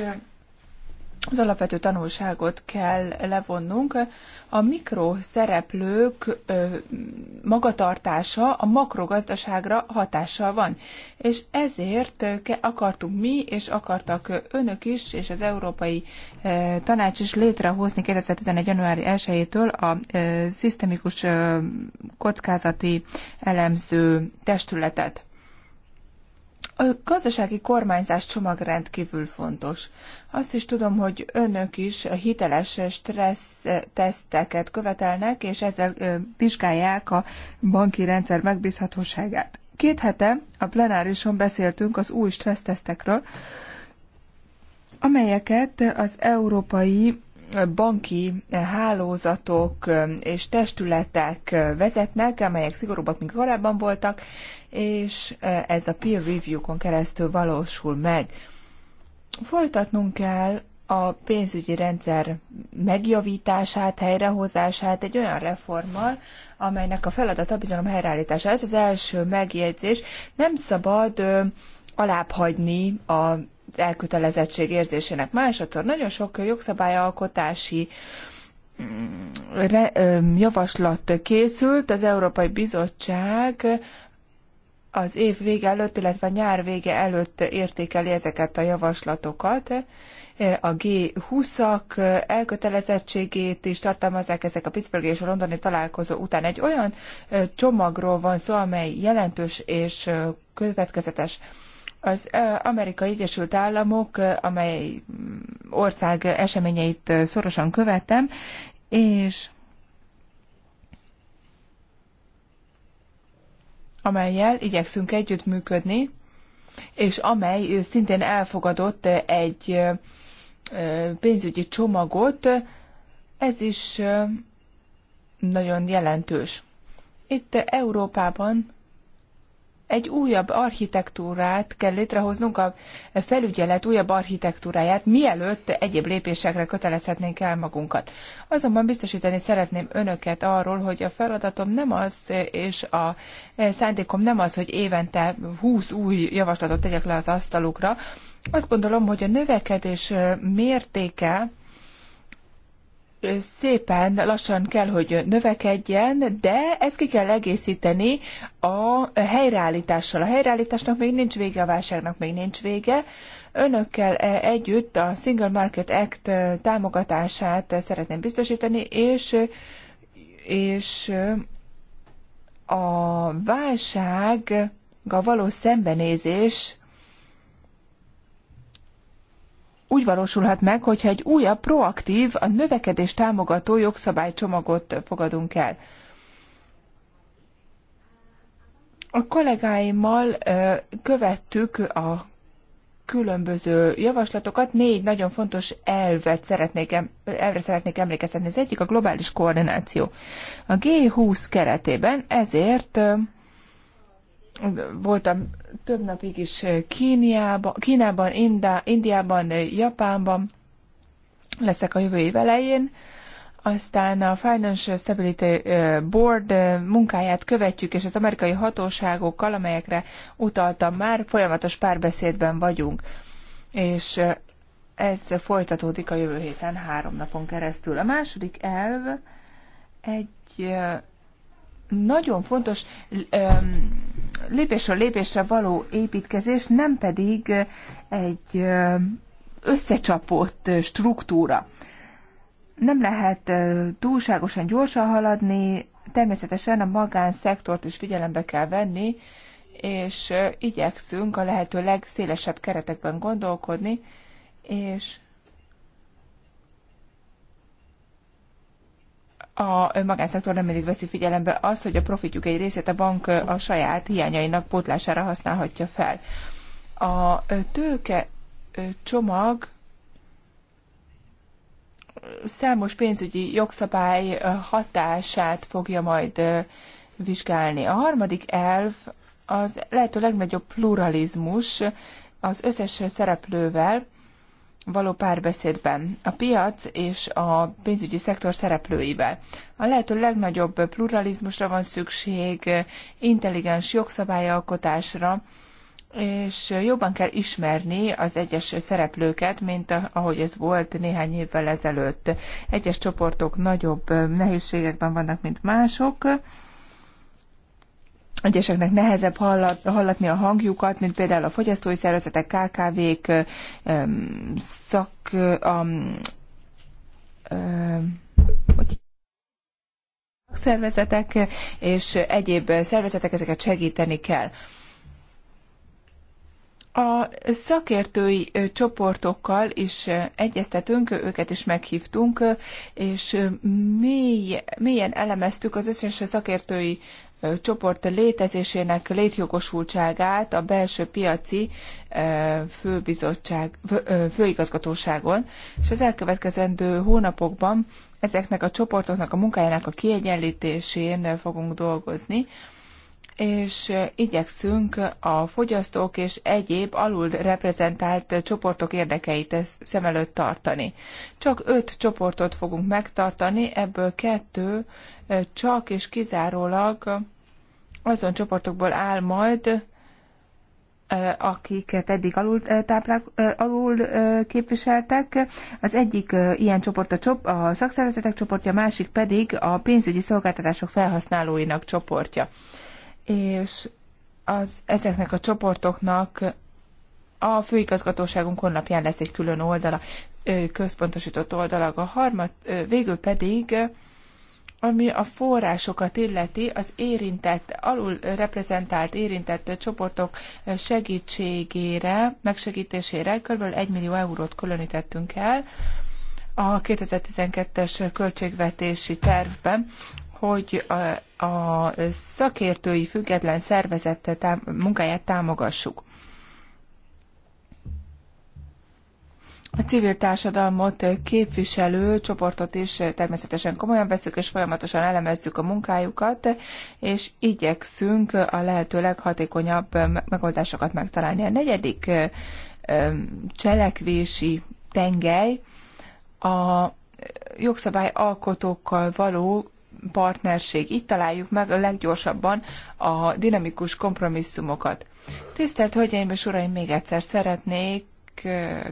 az alapvető tanulságot kell levonnunk. A mikroszereplők magatartása a makrogazdaságra hatással van, és ezért akartunk mi, és akartak önök is, és az Európai Tanács is létrehozni 2011. január 1-től a szisztemikus kockázati elemző testületet. A gazdasági kormányzás csomag rendkívül fontos. Azt is tudom, hogy önök is hiteles stressz teszteket követelnek, és ezzel vizsgálják a banki rendszer megbízhatóságát. Két hete a plenárison beszéltünk az új stressztesztekről, amelyeket az európai banki hálózatok um, és testületek uh, vezetnek, amelyek szigorúbbak, mint korábban voltak, és uh, ez a peer review-kon keresztül valósul meg. Folytatnunk kell a pénzügyi rendszer megjavítását, helyrehozását egy olyan reformmal, amelynek a feladata a bizalom helyreállítása. Ez az első megjegyzés. Nem szabad alábbhagyni a elkötelezettség érzésének. Másodszor nagyon sok jogszabályalkotási mm, javaslat készült, az Európai Bizottság az év vége előtt, illetve nyár vége előtt értékeli ezeket a javaslatokat. A G20-ak elkötelezettségét is tartalmazzák ezek a Pittsburgh és a londoni találkozó után. Egy olyan csomagról van szó, amely jelentős és következetes az Amerikai Egyesült Államok, amely mm, ország eseményeit szorosan követtem, és amelyel igyekszünk együttműködni, és amely szintén elfogadott egy pénzügyi csomagot, ez is nagyon jelentős. Itt Európában egy újabb architektúrát kell létrehoznunk, a felügyelet újabb architektúráját, mielőtt egyéb lépésekre kötelezhetnénk el magunkat. Azonban biztosítani szeretném önöket arról, hogy a feladatom nem az, és a szándékom nem az, hogy évente 20 új javaslatot tegyek le az asztalukra. Azt gondolom, hogy a növekedés mértéke, szépen lassan kell, hogy növekedjen, de ezt ki kell egészíteni a helyreállítással. A helyreállításnak még nincs vége, a válságnak még nincs vége. Önökkel e, együtt a Single Market Act e, támogatását szeretném biztosítani, és, és e, a a való szembenézés úgy valósulhat meg, hogyha egy újabb, proaktív, a növekedés támogató jogszabálycsomagot fogadunk el. A kollégáimmal követtük a különböző javaslatokat. Négy nagyon fontos elvet szeretnék, elvre szeretnék emlékeztetni. Az egyik a globális koordináció. A G20 keretében ezért voltam több napig is Kíniába, Kínában, Indá, Indiában, Japánban, leszek a jövő év elején, aztán a Financial Stability eh, Board eh, munkáját követjük, és az amerikai hatóságokkal, amelyekre utaltam már, folyamatos párbeszédben vagyunk. És eh, ez folytatódik a jövő héten három napon keresztül. A második elv egy nagyon fontos um, lépésről lépésre való építkezés, nem pedig egy összecsapott struktúra. Nem lehet túlságosan gyorsan haladni, természetesen a magánszektort is figyelembe kell venni, és igyekszünk a lehető legszélesebb keretekben gondolkodni, és a magánszektor nem mindig veszi figyelembe azt, hogy a profitjuk egy részét a bank a saját hiányainak pótlására használhatja fel. A tőke csomag számos pénzügyi jogszabály hatását fogja majd vizsgálni. A harmadik elv az lehető legnagyobb pluralizmus az összes szereplővel, való párbeszédben a piac és a pénzügyi szektor szereplőivel. A lehető legnagyobb pluralizmusra van szükség, intelligens jogszabályalkotásra, és jobban kell ismerni az egyes szereplőket, mint ahogy ez volt néhány évvel ezelőtt. Egyes csoportok nagyobb nehézségekben vannak, mint mások Egyeseknek nehezebb hallat, hallatni a hangjukat, mint például a fogyasztói szervezetek, KKV-k, szak... A, hogy szervezetek és egyéb szervezetek, ezeket segíteni kell. A szakértői csoportokkal is egyeztetünk, őket is meghívtunk, és mély, mélyen elemeztük az összes szakértői csoport létezésének létjogosultságát a belső piaci főbizottság, főigazgatóságon, és az elkövetkezendő hónapokban ezeknek a csoportoknak a munkájának a kiegyenlítésén fogunk dolgozni, és eh, igyekszünk a fogyasztók és egyéb alul reprezentált csoportok érdekeit e szem előtt tartani. Csak öt csoportot fogunk megtartani, ebből kettő eh, csak és kizárólag azon csoportokból áll majd, eh, akiket eddig alul, táplál alul képviseltek. Az egyik ilyen csoport a, csop, a szakszervezetek csoportja, a másik pedig a pénzügyi szolgáltatások felhasználóinak csoportja és az, ezeknek a csoportoknak a főigazgatóságunk honlapján lesz egy külön oldala, központosított oldala. A harmad, végül pedig, ami a forrásokat illeti, az érintett, alul reprezentált érintett csoportok segítségére, megsegítésére kb. 1 millió eurót különítettünk el a 2012-es költségvetési tervben hogy a, a szakértői független szervezet tám, munkáját támogassuk. A civil társadalmat képviselő csoportot is természetesen komolyan veszük, és folyamatosan elemezzük a munkájukat, és igyekszünk a lehető leghatékonyabb megoldásokat megtalálni. A negyedik cselekvési tengely a jogszabályalkotókkal való partnerség. Itt találjuk meg a leggyorsabban a dinamikus kompromisszumokat. Tisztelt Hölgyeim és Uraim, még egyszer szeretnék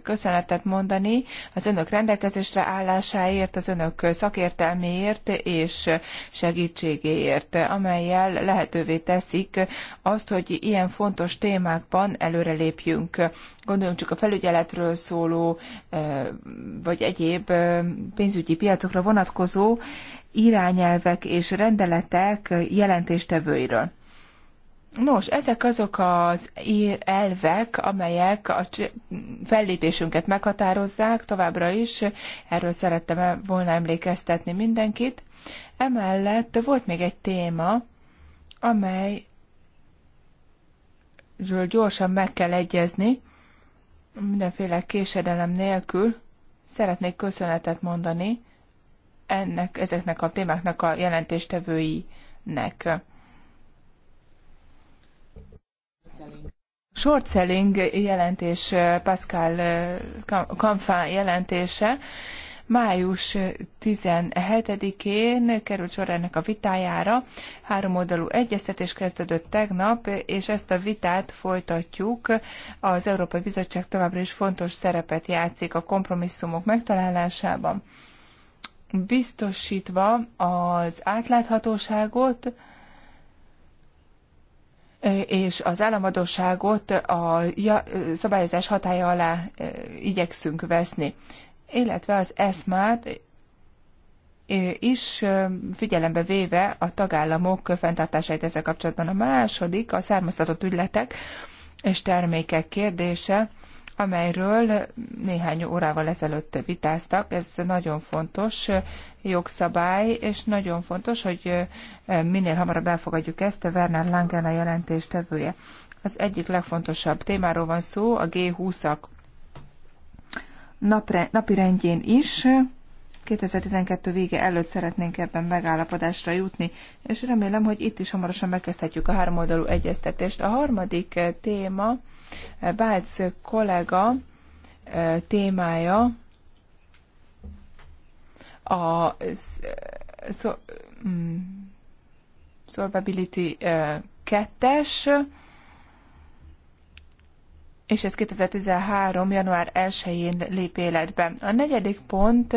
köszönetet mondani az önök rendelkezésre állásáért, az önök szakértelméért és segítségéért, amelyel lehetővé teszik azt, hogy ilyen fontos témákban előrelépjünk. Gondoljunk csak a felügyeletről szóló, vagy egyéb pénzügyi piacokra vonatkozó irányelvek és rendeletek jelentéstevőiről. Nos, ezek azok az elvek, amelyek a fellépésünket meghatározzák továbbra is. Erről szerettem e- volna emlékeztetni mindenkit. Emellett volt még egy téma, amely gyorsan meg kell egyezni, mindenféle késedelem nélkül. Szeretnék köszönetet mondani ennek, ezeknek a témáknak a jelentéstevőinek. Short selling jelentés, Pascal Kanfá jelentése május 17-én került sor ennek a vitájára. Három oldalú egyeztetés kezdődött tegnap, és ezt a vitát folytatjuk. Az Európai Bizottság továbbra is fontos szerepet játszik a kompromisszumok megtalálásában biztosítva az átláthatóságot és az államadóságot a szabályozás hatája alá igyekszünk veszni, illetve az ESMÁT is figyelembe véve a tagállamok fenntartásait ezzel kapcsolatban. A második a származtatott ügyletek és termékek kérdése amelyről néhány órával ezelőtt vitáztak. Ez nagyon fontos jogszabály, és nagyon fontos, hogy eh, minél hamarabb elfogadjuk ezt, a Werner Langen a jelentéstevője. Az egyik legfontosabb témáról van szó, a G20-ak napre, napirendjén is 2012 vége előtt szeretnénk ebben megállapodásra jutni, és remélem, hogy itt is hamarosan megkezdhetjük a háromoldalú egyeztetést. A harmadik eh, téma, eh, Bálc kollega eh, témája, a szolvability mm, kettes, és ez 2013. január 1-én lép életbe. A negyedik pont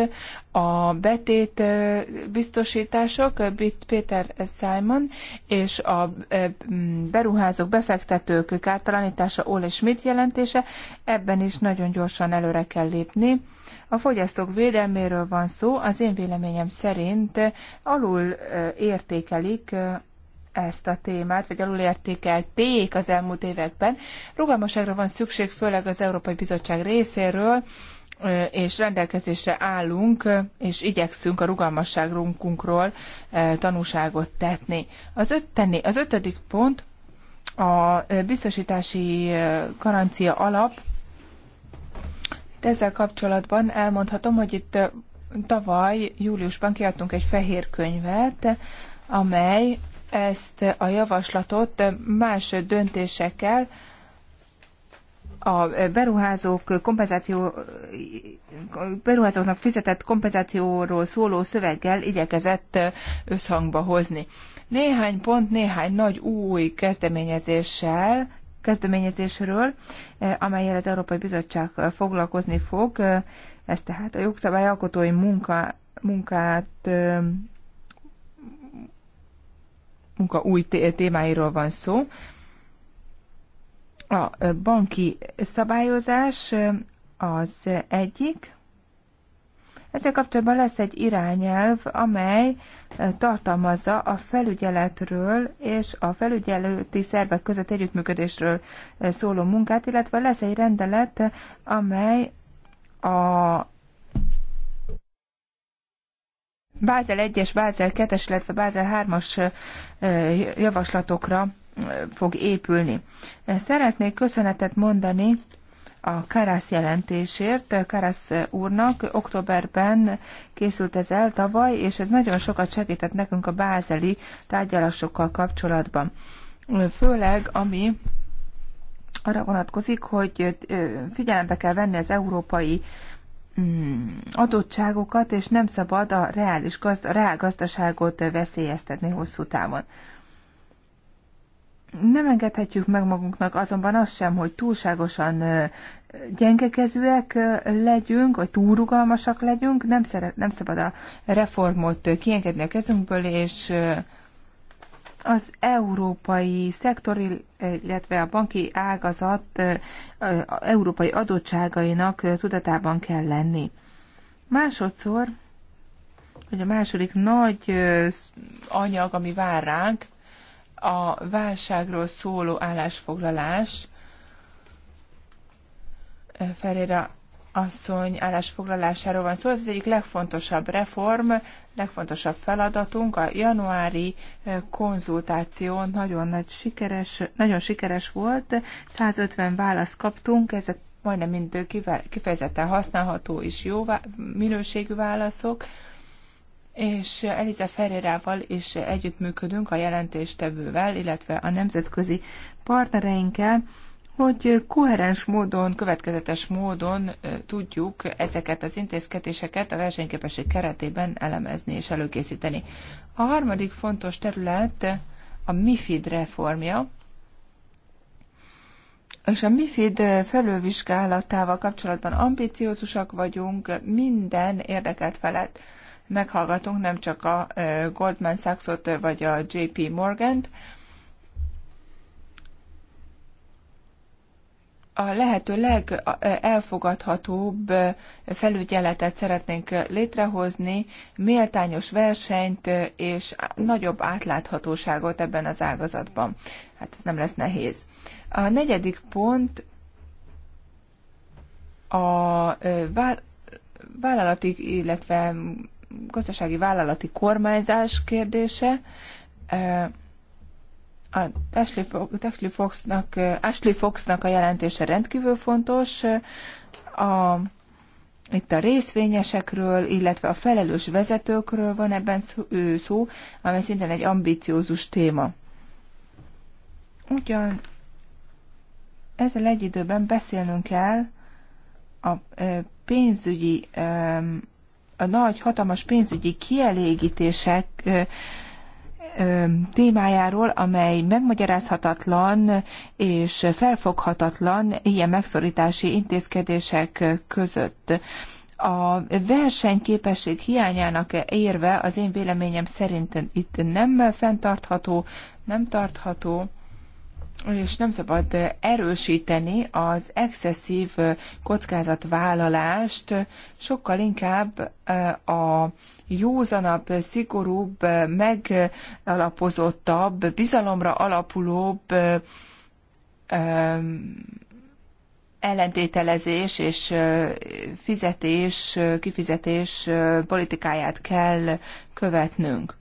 a betét biztosítások, Péter Simon, és a beruházók, befektetők kártalanítása, Ole Schmidt jelentése, ebben is nagyon gyorsan előre kell lépni. A fogyasztók védelméről van szó, az én véleményem szerint alul értékelik ezt a témát, vagy alulértékelték az elmúlt években. Rugalmasságra van szükség, főleg az Európai Bizottság részéről, és rendelkezésre állunk, és igyekszünk a rugalmasságunkról tanúságot tetni. Az, öt, tenni. az ötödik pont a biztosítási garancia alap. Ezzel kapcsolatban elmondhatom, hogy itt tavaly júliusban kiadtunk egy fehér könyvet, amely ezt a javaslatot más döntésekkel, a beruházók kompenzáció, beruházóknak fizetett kompenzációról szóló szöveggel igyekezett összhangba hozni. Néhány pont, néhány nagy új kezdeményezéssel, kezdeményezésről, amelyel az Európai Bizottság foglalkozni fog, ez tehát a jogszabályalkotói munka, munkát munka új témáiról van szó. A banki szabályozás az egyik. Ezzel kapcsolatban lesz egy irányelv, amely tartalmazza a felügyeletről és a felügyelőti szervek között együttműködésről szóló munkát, illetve lesz egy rendelet, amely a Bázel 1-es, Bázel 2-es, illetve Bázel 3-as javaslatokra fog épülni. Szeretnék köszönetet mondani a Karász jelentésért. Karász úrnak októberben készült ez el tavaly, és ez nagyon sokat segített nekünk a bázeli tárgyalásokkal kapcsolatban. Főleg, ami arra vonatkozik, hogy figyelembe kell venni az európai Mm, adottságokat, és nem szabad a, reális gazd, a reál gazdaságot veszélyeztetni hosszú távon. Nem engedhetjük meg magunknak azonban azt sem, hogy túlságosan gyengekezőek legyünk, vagy túlrugalmasak legyünk, nem, szeret, nem szabad a reformot kiengedni a kezünkből, és az európai szektor, illetve a banki ágazat európai adottságainak tudatában kell lenni. Másodszor, hogy a második nagy anyag, ami vár ránk, a válságról szóló állásfoglalás, Ferreira asszony állásfoglalásáról van szó. Ez az egyik legfontosabb reform, legfontosabb feladatunk. A januári konzultáció nagyon nagy sikeres, nagyon sikeres volt. 150 választ kaptunk, ezek majdnem mind kifejezetten használható és jó minőségű válaszok és Eliza Ferrerával is együttműködünk a jelentéstevővel, illetve a nemzetközi partnereinkkel, hogy koherens módon, következetes módon tudjuk ezeket az intézkedéseket a versenyképesség keretében elemezni és előkészíteni. A harmadik fontos terület a MIFID reformja, és a MIFID felülvizsgálatával kapcsolatban ambiciózusak vagyunk, minden érdekelt felett meghallgatunk, nem csak a Goldman Sachs-ot vagy a JP Morgan-t, a lehető legelfogadhatóbb felügyeletet szeretnénk létrehozni, méltányos versenyt és nagyobb átláthatóságot ebben az ágazatban. Hát ez nem lesz nehéz. A negyedik pont a vállalati, illetve gazdasági vállalati kormányzás kérdése a Ashley, Foxnak, Ashley Foxnak a jelentése rendkívül fontos. A, itt a részvényesekről, illetve a felelős vezetőkről van ebben szó, amely szintén egy ambiciózus téma. Ugyan ezzel egy időben beszélnünk kell a pénzügyi, a nagy, hatalmas pénzügyi kielégítések témájáról, amely megmagyarázhatatlan és felfoghatatlan ilyen megszorítási intézkedések között. A versenyképesség hiányának érve az én véleményem szerint itt nem fenntartható, nem tartható és nem szabad eh, erősíteni az excesszív eh, kockázatvállalást, eh, sokkal inkább a józanabb, szigorúbb, megalapozottabb, bizalomra alapulóbb ellentételezés és fizetés, kifizetés politikáját kell követnünk.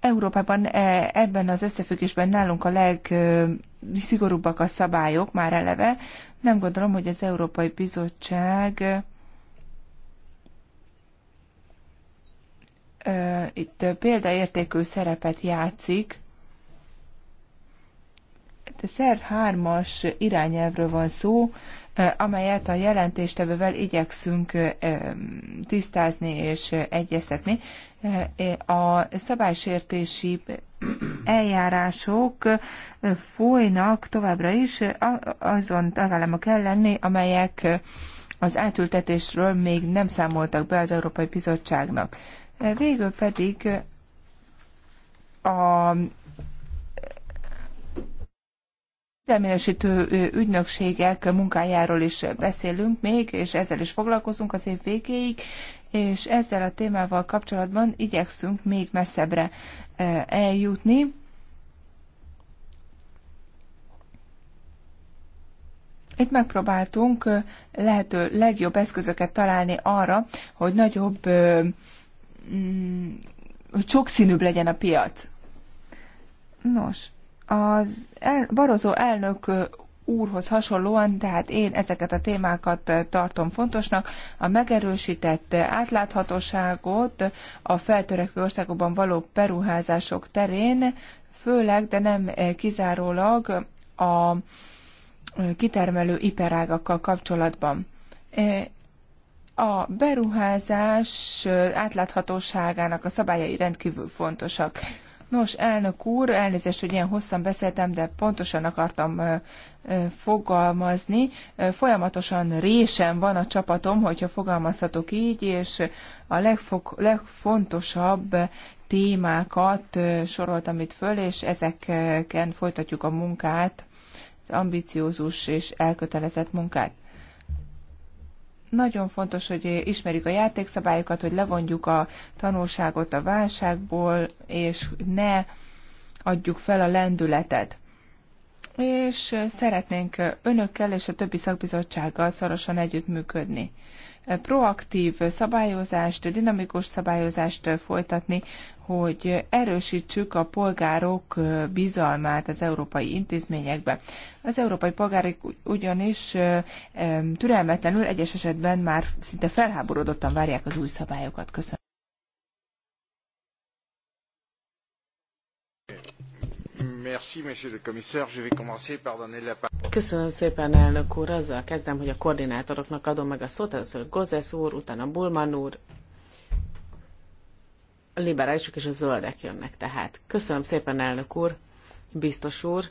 Európában e, ebben az összefüggésben nálunk a legszigorúbbak a szabályok már eleve. Nem gondolom, hogy az Európai Bizottság e, e, itt példaértékű szerepet játszik. A szerv hármas irányelvről van szó, amelyet a jelentéstevővel igyekszünk tisztázni és egyeztetni. A szabálysértési eljárások folynak továbbra is azon tagállamok ellen, amelyek az átültetésről még nem számoltak be az Európai Bizottságnak. Végül pedig a Minősítő ügynökségek munkájáról is beszélünk még, és ezzel is foglalkozunk az év végéig, és ezzel a témával kapcsolatban igyekszünk még messzebbre eljutni. Itt megpróbáltunk lehető legjobb eszközöket találni arra, hogy nagyobb, mm, hogy sokszínűbb legyen a piac. Nos, az el, Barozó elnök úrhoz hasonlóan, tehát én ezeket a témákat tartom fontosnak, a megerősített átláthatóságot a feltörekvő országokban való beruházások terén, főleg, de nem kizárólag a kitermelő iparágakkal kapcsolatban. A beruházás átláthatóságának a szabályai rendkívül fontosak. Nos, elnök úr, elnézést, hogy ilyen hosszan beszéltem, de pontosan akartam fogalmazni. Folyamatosan résen van a csapatom, hogyha fogalmazhatok így, és a legfok, legfontosabb témákat soroltam itt föl, és ezeken folytatjuk a munkát, az ambiciózus és elkötelezett munkát. Nagyon fontos, hogy ismerjük a játékszabályokat, hogy levonjuk a tanulságot a válságból, és ne adjuk fel a lendületet. És szeretnénk önökkel és a többi szakbizottsággal szorosan együttműködni proaktív szabályozást, dinamikus szabályozást folytatni, hogy erősítsük a polgárok bizalmát az európai intézményekbe. Az európai polgárok ugyanis türelmetlenül egyes esetben már szinte felháborodottan várják az új szabályokat. Köszönöm. Merci, monsieur le commissaire. Je vais commencer par donner la parole. Köszönöm szépen, elnök úr. Azzal kezdem, hogy a koordinátoroknak adom meg a szót. Először Gozesz úr, utána Bulman úr. A liberálisok és a zöldek jönnek tehát. Köszönöm szépen, elnök úr, biztos úr.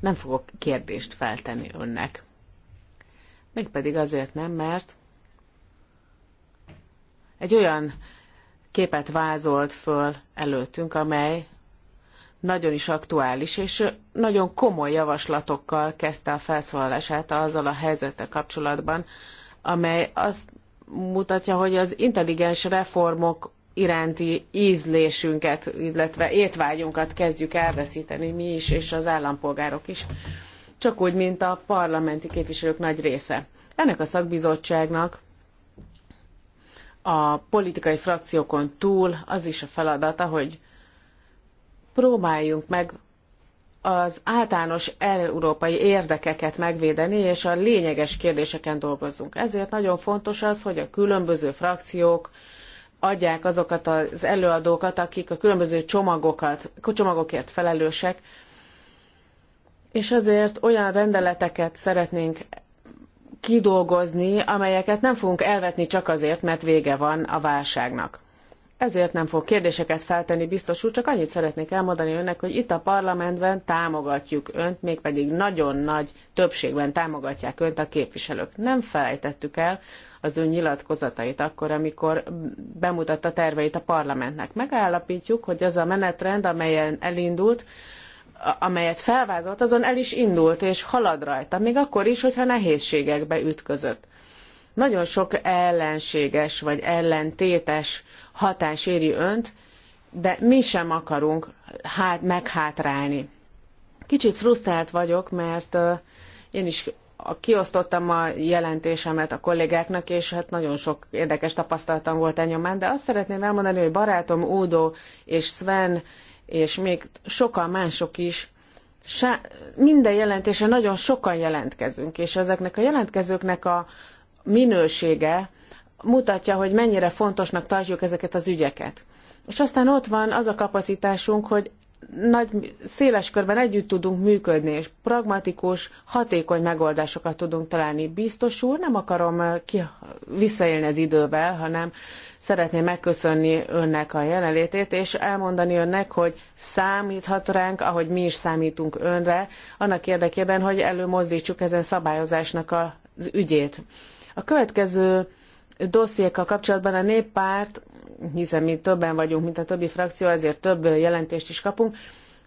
Nem fogok kérdést feltenni önnek. Mégpedig azért nem, mert egy olyan képet vázolt föl előttünk, amely nagyon is aktuális, és nagyon komoly javaslatokkal kezdte a felszólalását azzal a helyzettel kapcsolatban, amely azt mutatja, hogy az intelligens reformok iránti ízlésünket, illetve étvágyunkat kezdjük elveszíteni mi is, és az állampolgárok is, csak úgy, mint a parlamenti képviselők nagy része. Ennek a szakbizottságnak a politikai frakciókon túl az is a feladata, hogy próbáljunk meg az általános európai érdekeket megvédeni, és a lényeges kérdéseken dolgozzunk. Ezért nagyon fontos az, hogy a különböző frakciók adják azokat az előadókat, akik a különböző csomagokat, csomagokért felelősek, és azért olyan rendeleteket szeretnénk kidolgozni, amelyeket nem fogunk elvetni csak azért, mert vége van a válságnak. Ezért nem fog kérdéseket feltenni, biztos úr, csak annyit szeretnék elmondani önnek, hogy itt a parlamentben támogatjuk önt, mégpedig nagyon nagy többségben támogatják önt a képviselők. Nem felejtettük el az ön nyilatkozatait akkor, amikor bemutatta terveit a parlamentnek. Megállapítjuk, hogy az a menetrend, amelyen elindult, amelyet felvázolt, azon el is indult, és halad rajta, még akkor is, hogyha nehézségekbe ütközött. Nagyon sok ellenséges vagy ellentétes hatás éri önt, de mi sem akarunk hát, meghátrálni. Kicsit frusztrált vagyok, mert uh, én is kiosztottam a jelentésemet a kollégáknak, és hát nagyon sok érdekes tapasztalatom volt ennyomán, de azt szeretném elmondani, hogy barátom Údó és Sven, és még sokan mások is, minden jelentése nagyon sokan jelentkezünk, és ezeknek a jelentkezőknek a minősége mutatja, hogy mennyire fontosnak tartjuk ezeket az ügyeket. És aztán ott van az a kapacitásunk, hogy nagy, széles körben együtt tudunk működni, és pragmatikus, hatékony megoldásokat tudunk találni. Biztos úr, nem akarom eh, ki, visszaélni az idővel, hanem szeretném megköszönni önnek a jelenlétét, és elmondani önnek, hogy számíthat ránk, ahogy mi is számítunk önre, annak érdekében, hogy előmozdítsuk ezen szabályozásnak az ügyét. A következő dossziékkal kapcsolatban a néppárt, hiszen mi többen vagyunk, mint a többi frakció, ezért több jelentést is kapunk.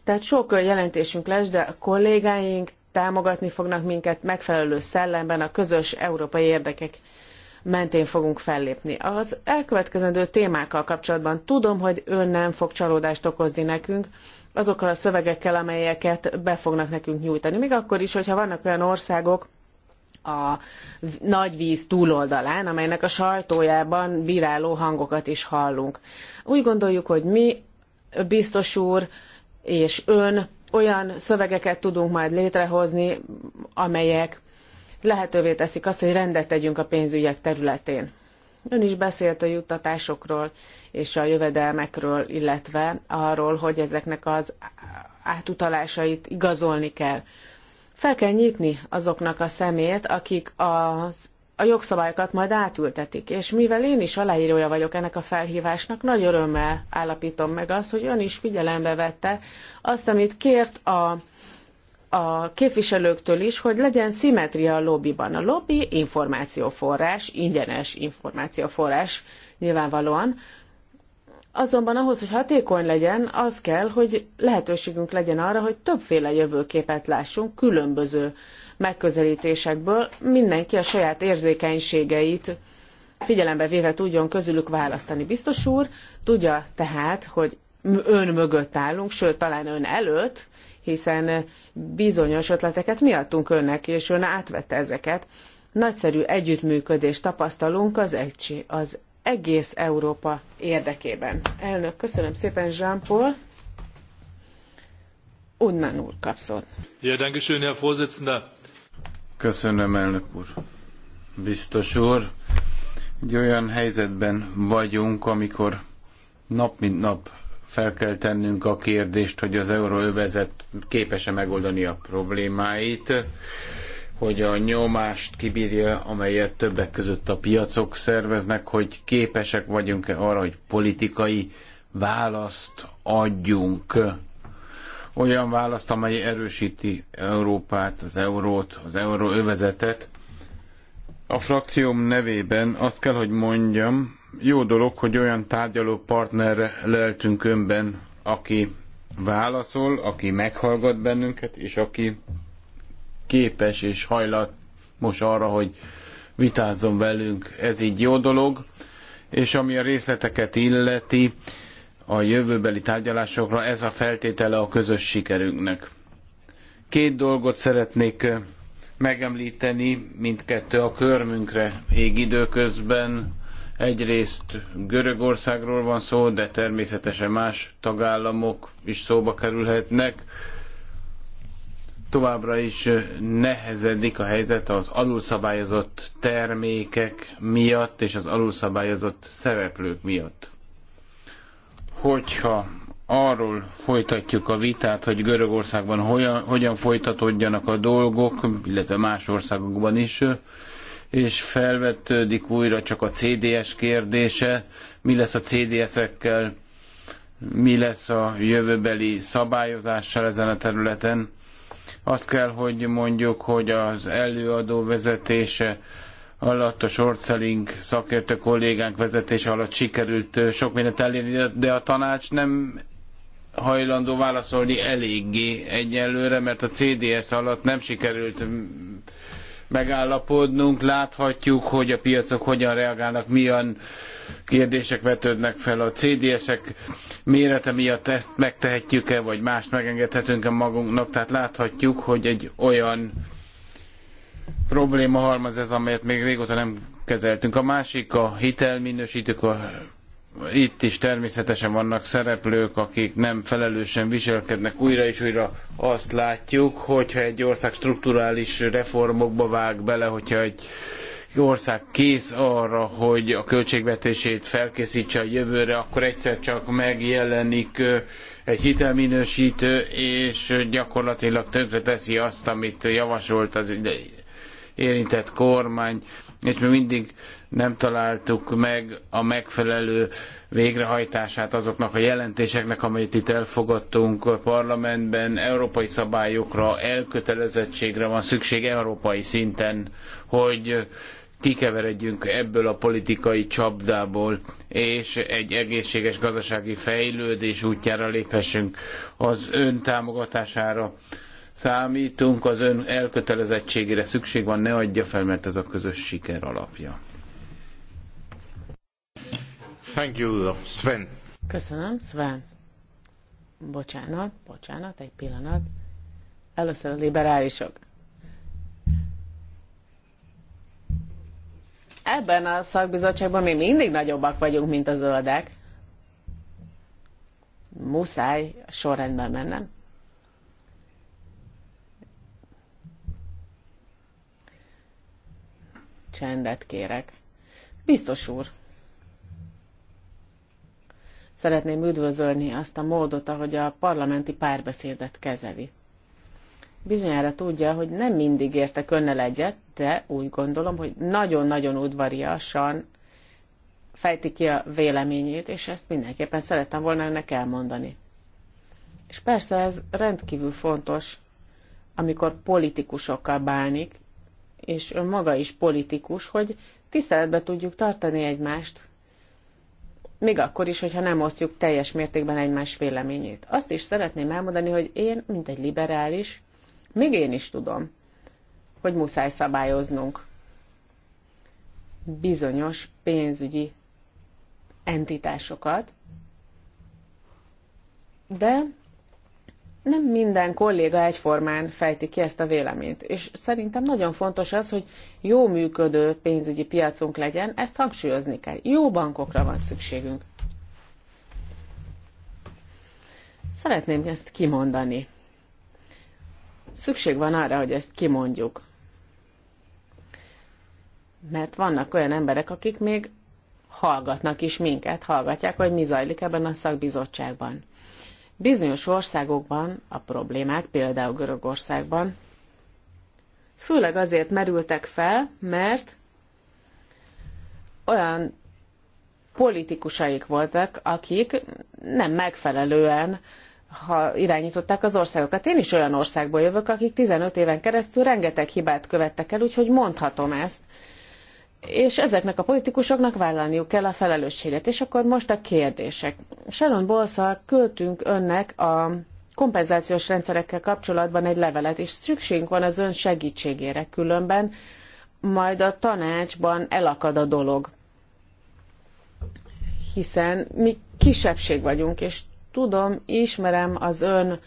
Tehát sok jelentésünk lesz, de a kollégáink támogatni fognak minket megfelelő szellemben, a közös európai érdekek mentén fogunk fellépni. Az elkövetkezendő témákkal kapcsolatban tudom, hogy ön nem fog csalódást okozni nekünk azokkal a szövegekkel, amelyeket be fognak nekünk nyújtani. Még akkor is, hogyha vannak olyan országok, a nagy víz túloldalán, amelynek a sajtójában bíráló hangokat is hallunk. Úgy gondoljuk, hogy mi, biztos úr és ön olyan szövegeket tudunk majd létrehozni, amelyek lehetővé teszik azt, hogy rendet tegyünk a pénzügyek területén. Ön is beszélt a juttatásokról és a jövedelmekről, illetve arról, hogy ezeknek az átutalásait igazolni kell. Fel kell nyitni azoknak a szemét, akik az a jogszabályokat majd átültetik. És mivel én is aláírója vagyok ennek a felhívásnak, nagy örömmel állapítom meg azt, hogy ön is figyelembe vette azt, amit kért a, a képviselőktől is, hogy legyen szimetria a lobbyban. A lobby információforrás, ingyenes információforrás nyilvánvalóan, Azonban ahhoz, hogy hatékony legyen, az kell, hogy lehetőségünk legyen arra, hogy többféle jövőképet lássunk különböző megközelítésekből, mindenki a saját érzékenységeit figyelembe véve tudjon közülük választani. Biztos úr tudja tehát, hogy ön mögött állunk, sőt, talán ön előtt, hiszen bizonyos ötleteket mi adtunk önnek, és ön átvette ezeket. Nagyszerű együttműködést tapasztalunk az, egység, az egész Európa érdekében. Elnök, köszönöm szépen, Jean-Paul. Unnan úr kapszott. Ja, danke schön, Herr Vorsitzender. Köszönöm, elnök úr. Biztos úr, egy olyan helyzetben vagyunk, amikor nap mint nap fel kell tennünk a kérdést, hogy az euróövezet képes-e megoldani a problémáit hogy a nyomást kibírja, amelyet többek között a piacok szerveznek, hogy képesek vagyunk-e arra, hogy politikai választ adjunk. Olyan választ, amely erősíti Európát, az eurót, az euróövezetet. A frakcióm nevében azt kell, hogy mondjam, jó dolog, hogy olyan tárgyaló partnerre leltünk önben, aki válaszol, aki meghallgat bennünket, és aki képes és hajlat most arra, hogy vitázzon velünk. Ez így jó dolog. És ami a részleteket illeti, a jövőbeli tárgyalásokra ez a feltétele a közös sikerünknek. Két dolgot szeretnék megemlíteni, mindkettő a körmünkre ég időközben. Egyrészt Görögországról van szó, de természetesen más tagállamok is szóba kerülhetnek továbbra is nehezedik a helyzet az alulszabályozott termékek miatt és az alulszabályozott szereplők miatt. Hogyha arról folytatjuk a vitát, hogy Görögországban hogyan, hogyan folytatódjanak a dolgok, illetve más országokban is, és felvetődik újra csak a CDS kérdése, mi lesz a CDS-ekkel, mi lesz a jövőbeli szabályozással ezen a területen, azt kell, hogy mondjuk, hogy az előadó vezetése alatt, a shortselling szakértő kollégánk vezetése alatt sikerült sok mindent elérni, de a tanács nem hajlandó válaszolni eléggé egyelőre, mert a CDS alatt nem sikerült megállapodnunk. Láthatjuk, hogy a piacok hogyan reagálnak, milyen kérdések vetődnek fel a CDS-ek mérete miatt ezt megtehetjük-e, vagy mást megengedhetünk-e magunknak. Tehát láthatjuk, hogy egy olyan probléma halmaz ez, amelyet még régóta nem kezeltünk. A másik a hitelminősítők, a itt is természetesen vannak szereplők, akik nem felelősen viselkednek. Újra és újra azt látjuk, hogyha egy ország strukturális reformokba vág bele, hogyha egy ország kész arra, hogy a költségvetését felkészítse a jövőre, akkor egyszer csak megjelenik egy hitelminősítő, és gyakorlatilag tönkreteszi azt, amit javasolt az érintett kormány, és mi mindig nem találtuk meg a megfelelő végrehajtását azoknak a jelentéseknek, amelyet itt elfogadtunk a parlamentben. Európai szabályokra, elkötelezettségre van szükség európai szinten, hogy kikeveredjünk ebből a politikai csapdából, és egy egészséges gazdasági fejlődés útjára léphessünk az ön támogatására. Számítunk, az ön elkötelezettségére szükség van, ne adja fel, mert ez a közös siker alapja. Köszönöm, Sven. Bocsánat, bocsánat, egy pillanat. Először a liberálisok. Ebben a szakbizottságban mi mindig nagyobbak vagyunk, mint a zöldek. Muszáj sorrendben mennem. Csendet kérek. Biztos úr, Szeretném üdvözölni azt a módot, ahogy a parlamenti párbeszédet kezeli. Bizonyára tudja, hogy nem mindig értek önnel egyet, de úgy gondolom, hogy nagyon-nagyon udvariasan fejti ki a véleményét, és ezt mindenképpen szerettem volna önnek elmondani. És persze ez rendkívül fontos, amikor politikusokkal bánik, és ön maga is politikus, hogy tiszteletbe tudjuk tartani egymást, még akkor is, hogyha nem osztjuk teljes mértékben egymás véleményét. Azt is szeretném elmondani, hogy én, mint egy liberális, még én is tudom, hogy muszáj szabályoznunk bizonyos pénzügyi entitásokat, de nem minden kolléga egyformán fejti ki ezt a véleményt, és szerintem nagyon fontos az, hogy jó működő pénzügyi piacunk legyen, ezt hangsúlyozni kell. Jó bankokra van szükségünk. Szeretném ezt kimondani. Szükség van arra, hogy ezt kimondjuk. Mert vannak olyan emberek, akik még hallgatnak is minket, hallgatják, hogy mi zajlik ebben a szakbizottságban. Bizonyos országokban a problémák, például Görögországban, főleg azért merültek fel, mert olyan politikusaik voltak, akik nem megfelelően ha irányították az országokat. Én is olyan országból jövök, akik 15 éven keresztül rengeteg hibát követtek el, úgyhogy mondhatom ezt és ezeknek a politikusoknak vállalniuk kell a felelősséget. És akkor most a kérdések. Sharon Bolsa költünk önnek a kompenzációs rendszerekkel kapcsolatban egy levelet, és szükségünk van az ön segítségére különben, majd a tanácsban elakad a dolog. Hiszen mi kisebbség vagyunk, és tudom, ismerem az ön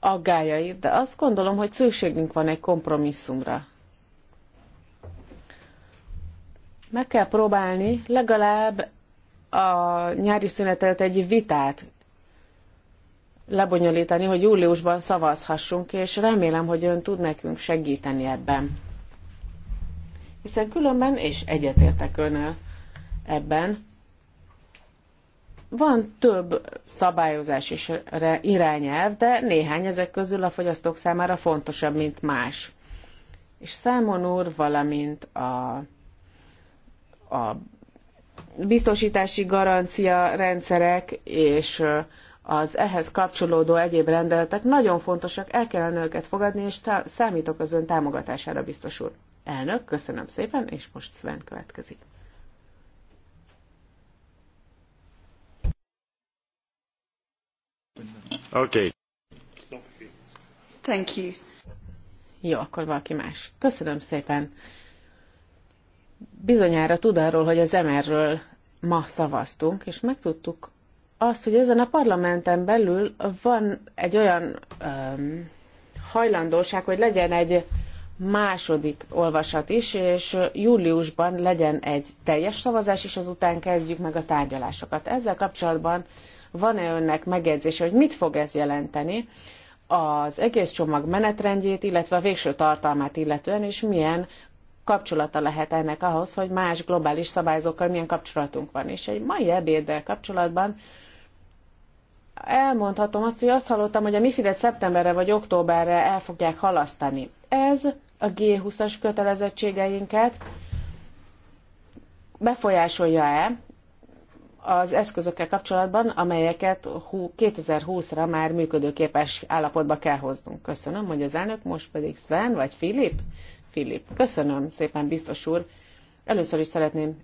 aggájait, de azt gondolom, hogy szükségünk van egy kompromisszumra. meg kell próbálni legalább a nyári szünetet egy vitát lebonyolítani, hogy júliusban szavazhassunk, és remélem, hogy ön tud nekünk segíteni ebben. Hiszen különben, és egyetértek önnel ebben, van több szabályozás és irányelv, de néhány ezek közül a fogyasztók számára fontosabb, mint más. És Számon úr, valamint a a biztosítási garancia rendszerek és az ehhez kapcsolódó egyéb rendeletek nagyon fontosak, el kellene őket fogadni, és számítok az ön támogatására, biztos úr. Elnök, köszönöm szépen, és most Sven következik. Oké. Okay. Thank you. Jó, akkor valaki más. Köszönöm szépen bizonyára tud arról, hogy az MR-ről ma szavaztunk, és megtudtuk azt, hogy ezen a parlamenten belül van egy olyan um, hajlandóság, hogy legyen egy második olvasat is, és júliusban legyen egy teljes szavazás, és azután kezdjük meg a tárgyalásokat. Ezzel kapcsolatban van-e önnek megjegyzése, hogy mit fog ez jelenteni az egész csomag menetrendjét, illetve a végső tartalmát illetően, és milyen kapcsolata lehet ennek ahhoz, hogy más globális szabályzókkal milyen kapcsolatunk van. És egy mai ebéddel kapcsolatban elmondhatom azt, hogy azt hallottam, hogy a MIFID-et szeptemberre vagy októberre el fogják halasztani. Ez a G20-as kötelezettségeinket befolyásolja-e az eszközökkel kapcsolatban, amelyeket 2020-ra már működőképes állapotba kell hoznunk. Köszönöm, hogy az elnök, most pedig Sven vagy Filip Filip. Köszönöm szépen, biztos úr. Először is szeretném,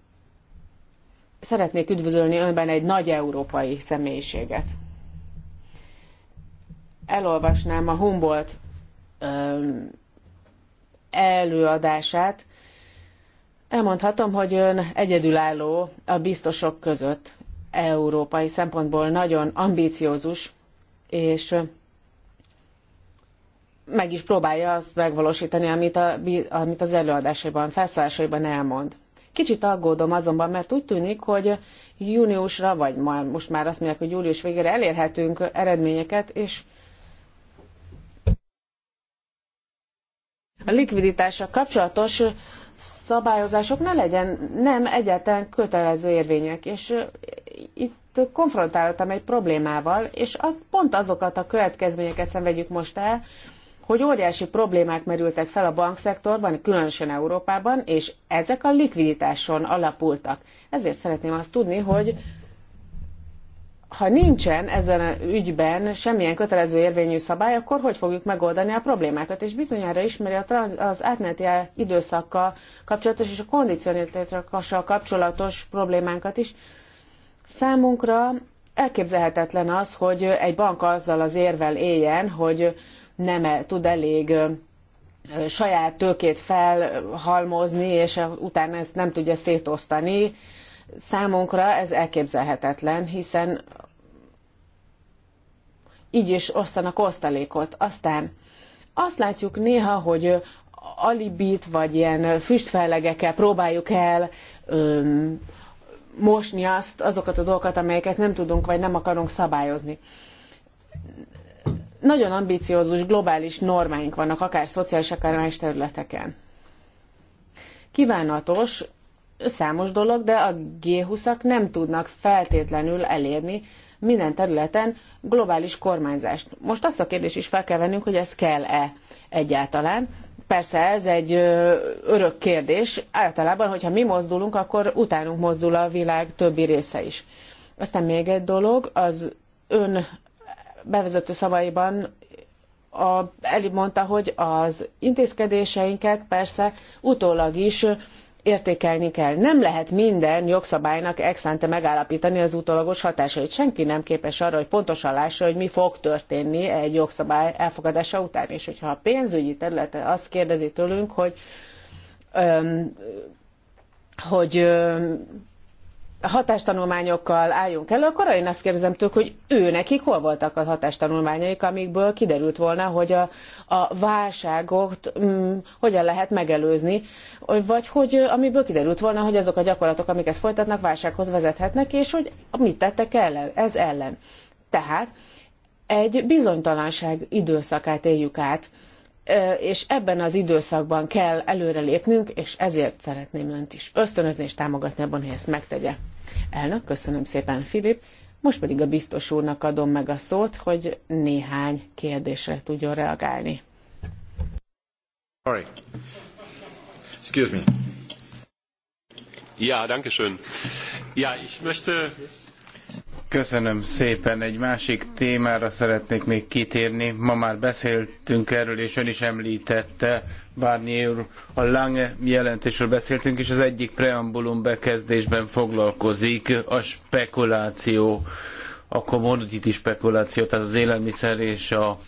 szeretnék üdvözölni önben egy nagy európai személyiséget. Elolvasnám a Humboldt öm, előadását. Elmondhatom, hogy ön egyedülálló a biztosok között európai szempontból nagyon ambíciózus, és meg is próbálja azt megvalósítani, amit, a, amit az előadásaiban, felszólásaiban elmond. Kicsit aggódom azonban, mert úgy tűnik, hogy júniusra, vagy már, most már azt mondják, hogy július végére elérhetünk eredményeket, és a likviditásra kapcsolatos szabályozások ne legyen, nem egyáltalán kötelező érvények, és itt konfrontáltam egy problémával, és az, pont azokat a következményeket szenvedjük most el, hogy óriási problémák merültek fel a bankszektorban, különösen Európában, és ezek a likviditáson alapultak. Ezért szeretném azt tudni, hogy ha nincsen ezen a ügyben semmilyen kötelező érvényű szabály, akkor hogy fogjuk megoldani a problémákat? És bizonyára ismeri a transz, az átmeneti időszakkal kapcsolatos és a kondicionitással kapcsolatos problémánkat is. Számunkra elképzelhetetlen az, hogy egy bank azzal az érvel éljen, hogy nem el, tud elég saját tőkét felhalmozni, és utána ezt nem tudja szétosztani. Számunkra ez elképzelhetetlen, hiszen így is osztanak osztalékot. Aztán azt látjuk néha, hogy alibit vagy ilyen füstfellegekkel próbáljuk el öm, mosni azt, azokat a dolgokat, amelyeket nem tudunk vagy nem akarunk szabályozni nagyon ambiciózus globális normáink vannak, akár szociális, akár más területeken. Kívánatos számos dolog, de a G20-ak nem tudnak feltétlenül elérni minden területen globális kormányzást. Most azt a kérdést is fel kell vennünk, hogy ez kell-e egyáltalán. Persze ez egy örök kérdés. Általában, hogyha mi mozdulunk, akkor utánunk mozdul a világ többi része is. Aztán még egy dolog, az ön bevezető szavaiban a, előbb mondta, hogy az intézkedéseinket persze utólag is értékelni kell. Nem lehet minden jogszabálynak exante megállapítani az utólagos hatásait. Senki nem képes arra, hogy pontosan lássa, hogy mi fog történni egy jogszabály elfogadása után. És hogyha a pénzügyi területe azt kérdezi tőlünk, hogy öm, hogy öm, hatástanulmányokkal álljunk elő, akkor én azt kérdezem tőlük, hogy ő nekik hol voltak a hatástanulmányaik, amikből kiderült volna, hogy a, a válságot mm, hogyan lehet megelőzni, vagy hogy amiből kiderült volna, hogy azok a gyakorlatok, amiket folytatnak, válsághoz vezethetnek, és hogy mit tettek ellen, ez ellen. Tehát egy bizonytalanság időszakát éljük át, és ebben az időszakban kell előrelépnünk, és ezért szeretném önt is ösztönözni és támogatni abban, hogy ezt megtegye. Elnök, köszönöm szépen, Filip. Most pedig a biztos úrnak adom meg a szót, hogy néhány kérdésre tudjon reagálni. Sorry. Excuse me. Ja, danke schön. Ja, ich möchte Köszönöm szépen. Egy másik témára szeretnék még kitérni. Ma már beszéltünk erről, és ön is említette, Barnier úr, a Lange jelentésről beszéltünk, és az egyik preambulum bekezdésben foglalkozik a spekuláció, a commodity spekuláció, tehát az élelmiszer és a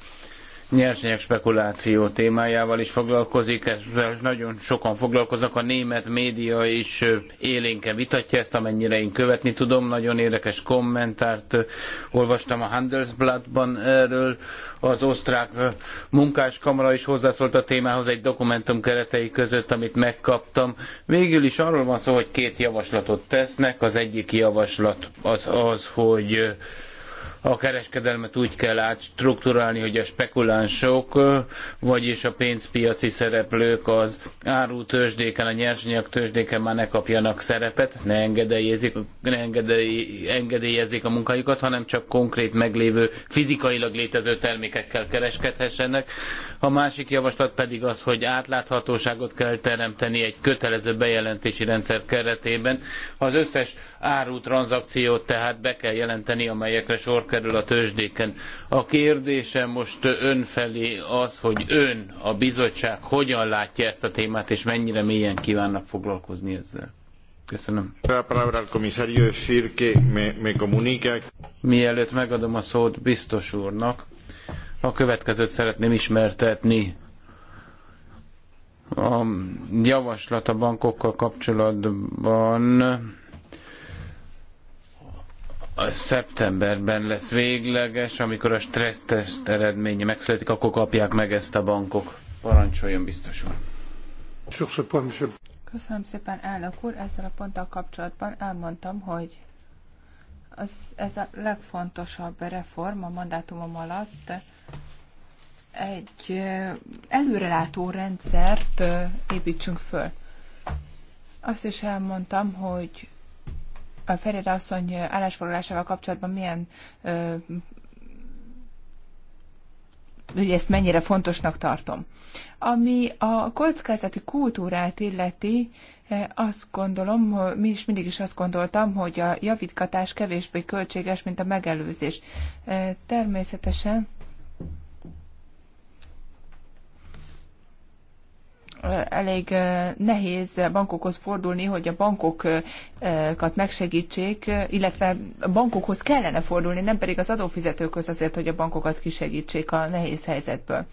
nyersanyag spekuláció témájával is foglalkozik, ezzel nagyon sokan foglalkoznak, a német média is élénke vitatja ezt, amennyire én követni tudom, nagyon érdekes kommentárt olvastam a Handelsblattban erről, az osztrák munkáskamara is hozzászólt a témához egy dokumentum keretei között, amit megkaptam. Végül is arról van szó, hogy két javaslatot tesznek, az egyik javaslat az az, hogy a kereskedelmet úgy kell átstruktúrálni, hogy a spekulánsok, vagyis a pénzpiaci szereplők az árutősdéken, a nyersanyag tőzsdéken már ne kapjanak szerepet, ne engedélyezzék, ne engedély, engedélyezzék a munkájukat, hanem csak konkrét meglévő, fizikailag létező termékekkel kereskedhessenek. A másik javaslat pedig az, hogy átláthatóságot kell teremteni egy kötelező bejelentési rendszer keretében. Az összes árutranzakciót tehát be kell jelenteni, amelyekre sor kerül a tőzsdéken. A kérdésem most ön felé az, hogy ön, a bizottság hogyan látja ezt a témát, és mennyire mélyen kívánnak foglalkozni ezzel. Köszönöm. Mielőtt megadom a szót biztos úrnak, a következőt szeretném ismertetni. A javaslat a bankokkal kapcsolatban a szeptemberben lesz végleges, amikor a stresszteszt eredménye megszületik, akkor kapják meg ezt a bankok. Parancsoljon biztos úr. Köszönöm szépen, elnök úr. Ezzel a ponttal kapcsolatban elmondtam, hogy az, ez a legfontosabb reform a mandátumom alatt egy előrelátó rendszert építsünk föl. Azt is elmondtam, hogy a Ferére asszony állásfoglalásával kapcsolatban milyen hogy ezt mennyire fontosnak tartom. Ami a kockázati kultúrát illeti, azt gondolom, mi is mindig is azt gondoltam, hogy a javítgatás kevésbé költséges, mint a megelőzés. Természetesen elég nehéz bankokhoz fordulni, hogy a bankokat megsegítsék, illetve a bankokhoz kellene fordulni, nem pedig az adófizetőkhöz azért, hogy a bankokat kisegítsék a nehéz helyzetből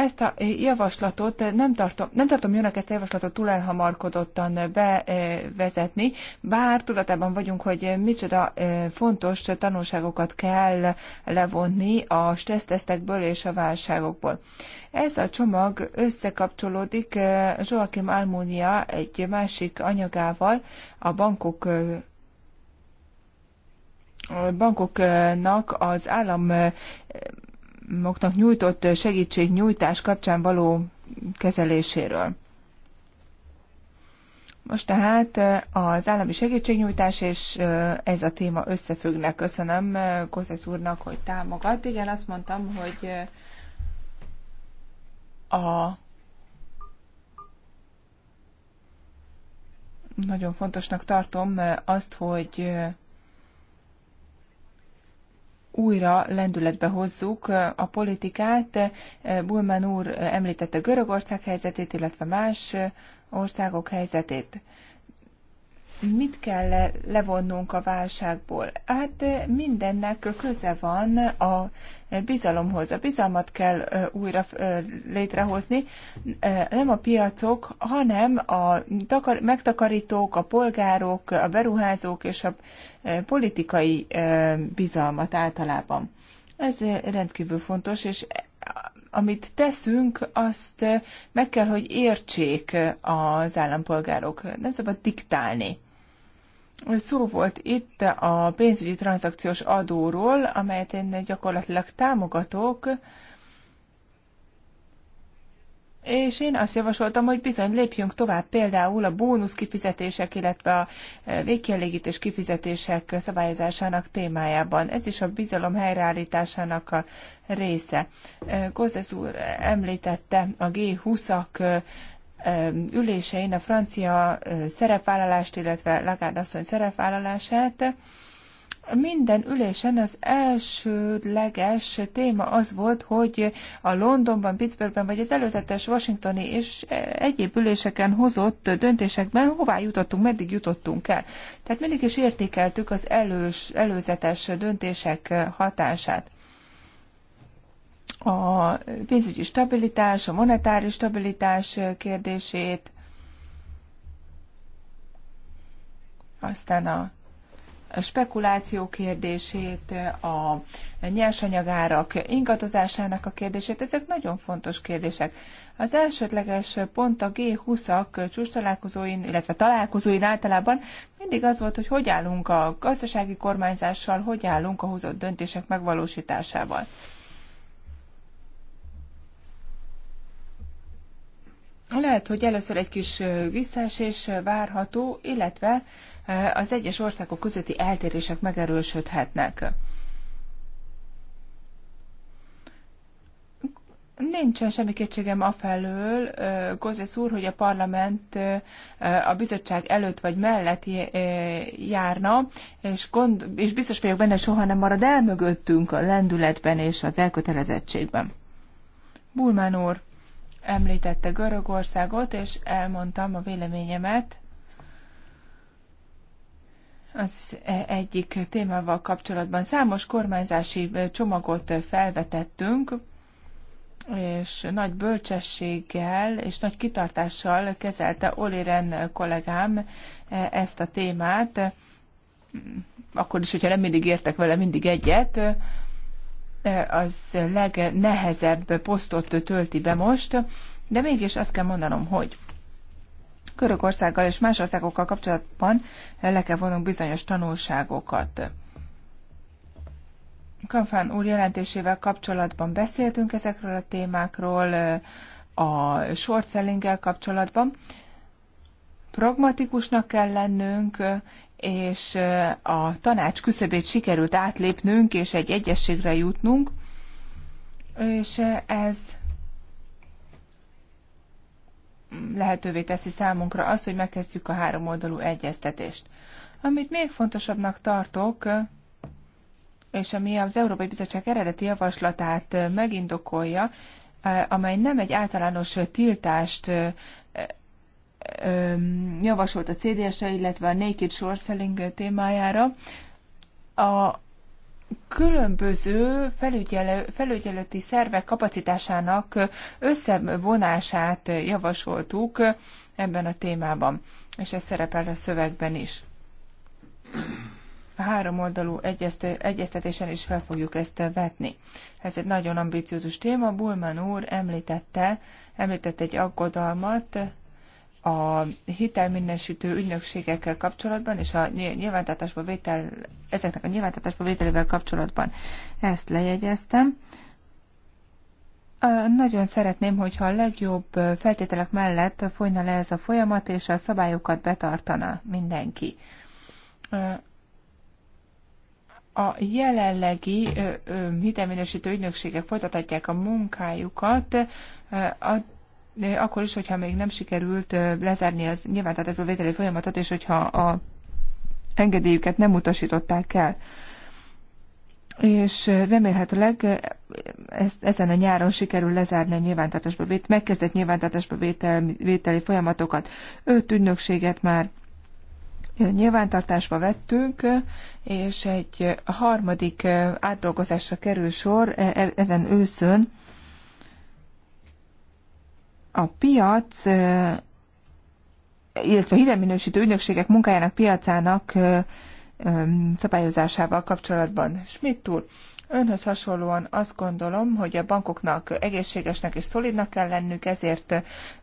ezt a javaslatot nem tartom, nem tartom jönnek ezt a javaslatot túl elhamarkodottan bevezetni, bár tudatában vagyunk, hogy micsoda fontos tanulságokat kell levonni a stressztesztekből és a válságokból. Ez a csomag összekapcsolódik Joachim Almunia egy másik anyagával, a bankok bankoknak az állam moknak nyújtott segítségnyújtás kapcsán való kezeléséről. Most tehát eh, az állami segítségnyújtás és eh, ez a téma összefüggnek. Köszönöm eh, Kozesz úrnak, hogy támogat. Igen, azt mondtam, hogy a nagyon fontosnak tartom azt, hogy újra lendületbe hozzuk a politikát. Bulman úr említette Görögország helyzetét, illetve más országok helyzetét mit kell levonnunk a válságból? Hát eh, mindennek köze van a eh, bizalomhoz. A bizalmat kell eh, újra létrehozni, nem a piacok, hanem a megtakarítók, a polgárok, a beruházók és a politikai bizalmat általában. Ez rendkívül fontos, és amit teszünk, azt meg kell, hogy értsék az állampolgárok. Nem szabad diktálni. Szó volt itt a pénzügyi tranzakciós adóról, amelyet én gyakorlatilag támogatok, és én azt javasoltam, hogy bizony lépjünk tovább például a bónusz kifizetések, illetve a e, végkielégítés kifizetések szabályozásának témájában. Ez is a bizalom helyreállításának a része. E, Gózes úr említette a G20-ak ülésein a francia szerepvállalást, illetve Lagarde asszony szerepvállalását. Minden ülésen az elsődleges téma az volt, hogy a Londonban, Pittsburghben, vagy az előzetes washingtoni és egyéb üléseken hozott döntésekben hová jutottunk, meddig jutottunk el. Tehát mindig is értékeltük az elős, előzetes döntések hatását a pénzügyi stabilitás, a monetáris stabilitás kérdését, aztán a a spekuláció kérdését, a nyersanyagárak ingatozásának a kérdését, ezek nagyon fontos kérdések. Az elsődleges pont a G20-ak találkozóin, illetve találkozóin általában mindig az volt, hogy hogy állunk a gazdasági kormányzással, hogy állunk a hozott döntések megvalósításával. Lehet, hogy először egy kis visszaesés várható, illetve az egyes országok közötti eltérések megerősödhetnek. Nincsen semmi kétségem afelől, Gózes úr, hogy a parlament a bizottság előtt vagy mellett járna, és, gond, és biztos vagyok benne, soha nem marad el mögöttünk a lendületben és az elkötelezettségben. Bulmán úr, említette Görögországot, és elmondtam a véleményemet az e egyik témával kapcsolatban. Számos kormányzási csomagot felvetettünk, és nagy bölcsességgel és nagy kitartással kezelte Oliren kollégám e, ezt a témát. Akkor is, hogyha nem mindig értek vele mindig egyet, az legnehezebb posztot tölti be most, de mégis azt kell mondanom, hogy Körökországgal és más országokkal kapcsolatban le kell vonunk bizonyos tanulságokat. Kanfán úr jelentésével kapcsolatban beszéltünk ezekről a témákról, a short sellinggel kapcsolatban. Pragmatikusnak kell lennünk, és a tanács küszöbét sikerült átlépnünk, és egy egyességre jutnunk, és ez lehetővé teszi számunkra az, hogy megkezdjük a háromoldalú egyeztetést. Amit még fontosabbnak tartok, és ami az Európai Bizottság eredeti javaslatát megindokolja, amely nem egy általános tiltást javasolt a CDS-re, illetve a Naked Short Selling témájára. A különböző felügyelő, felügyelőti szervek kapacitásának összevonását javasoltuk ebben a témában, és ez szerepel a szövegben is. A három oldalú egyeztetésen is fel fogjuk ezt vetni. Ez egy nagyon ambiciózus téma. Bulman úr említette, említett egy aggodalmat, a hitelminősítő ügynökségekkel kapcsolatban és a nyilvántartásba vétel, ezeknek a nyilvántartásba vételével kapcsolatban ezt lejegyeztem. Nagyon szeretném, hogyha a legjobb feltételek mellett folyna le ez a folyamat, és a szabályokat betartana mindenki. A jelenlegi hitelminősítő ügynökségek folytatják a munkájukat, akkor is, hogyha még nem sikerült lezárni az nyilvántartásba vételi folyamatot, és hogyha a engedélyüket nem utasították el. És remélhetőleg ezen a nyáron sikerül lezárni a nyilvántartásba vételi, megkezdett nyilvántartásba vételi folyamatokat. Öt ügynökséget már nyilvántartásba vettünk, és egy harmadik átdolgozásra kerül sor e, ezen őszön, a piac, illetve a hitelminősítő ügynökségek munkájának piacának szabályozásával kapcsolatban. Schmidt úr, önhöz hasonlóan azt gondolom, hogy a bankoknak egészségesnek és szolidnak kell lennük, ezért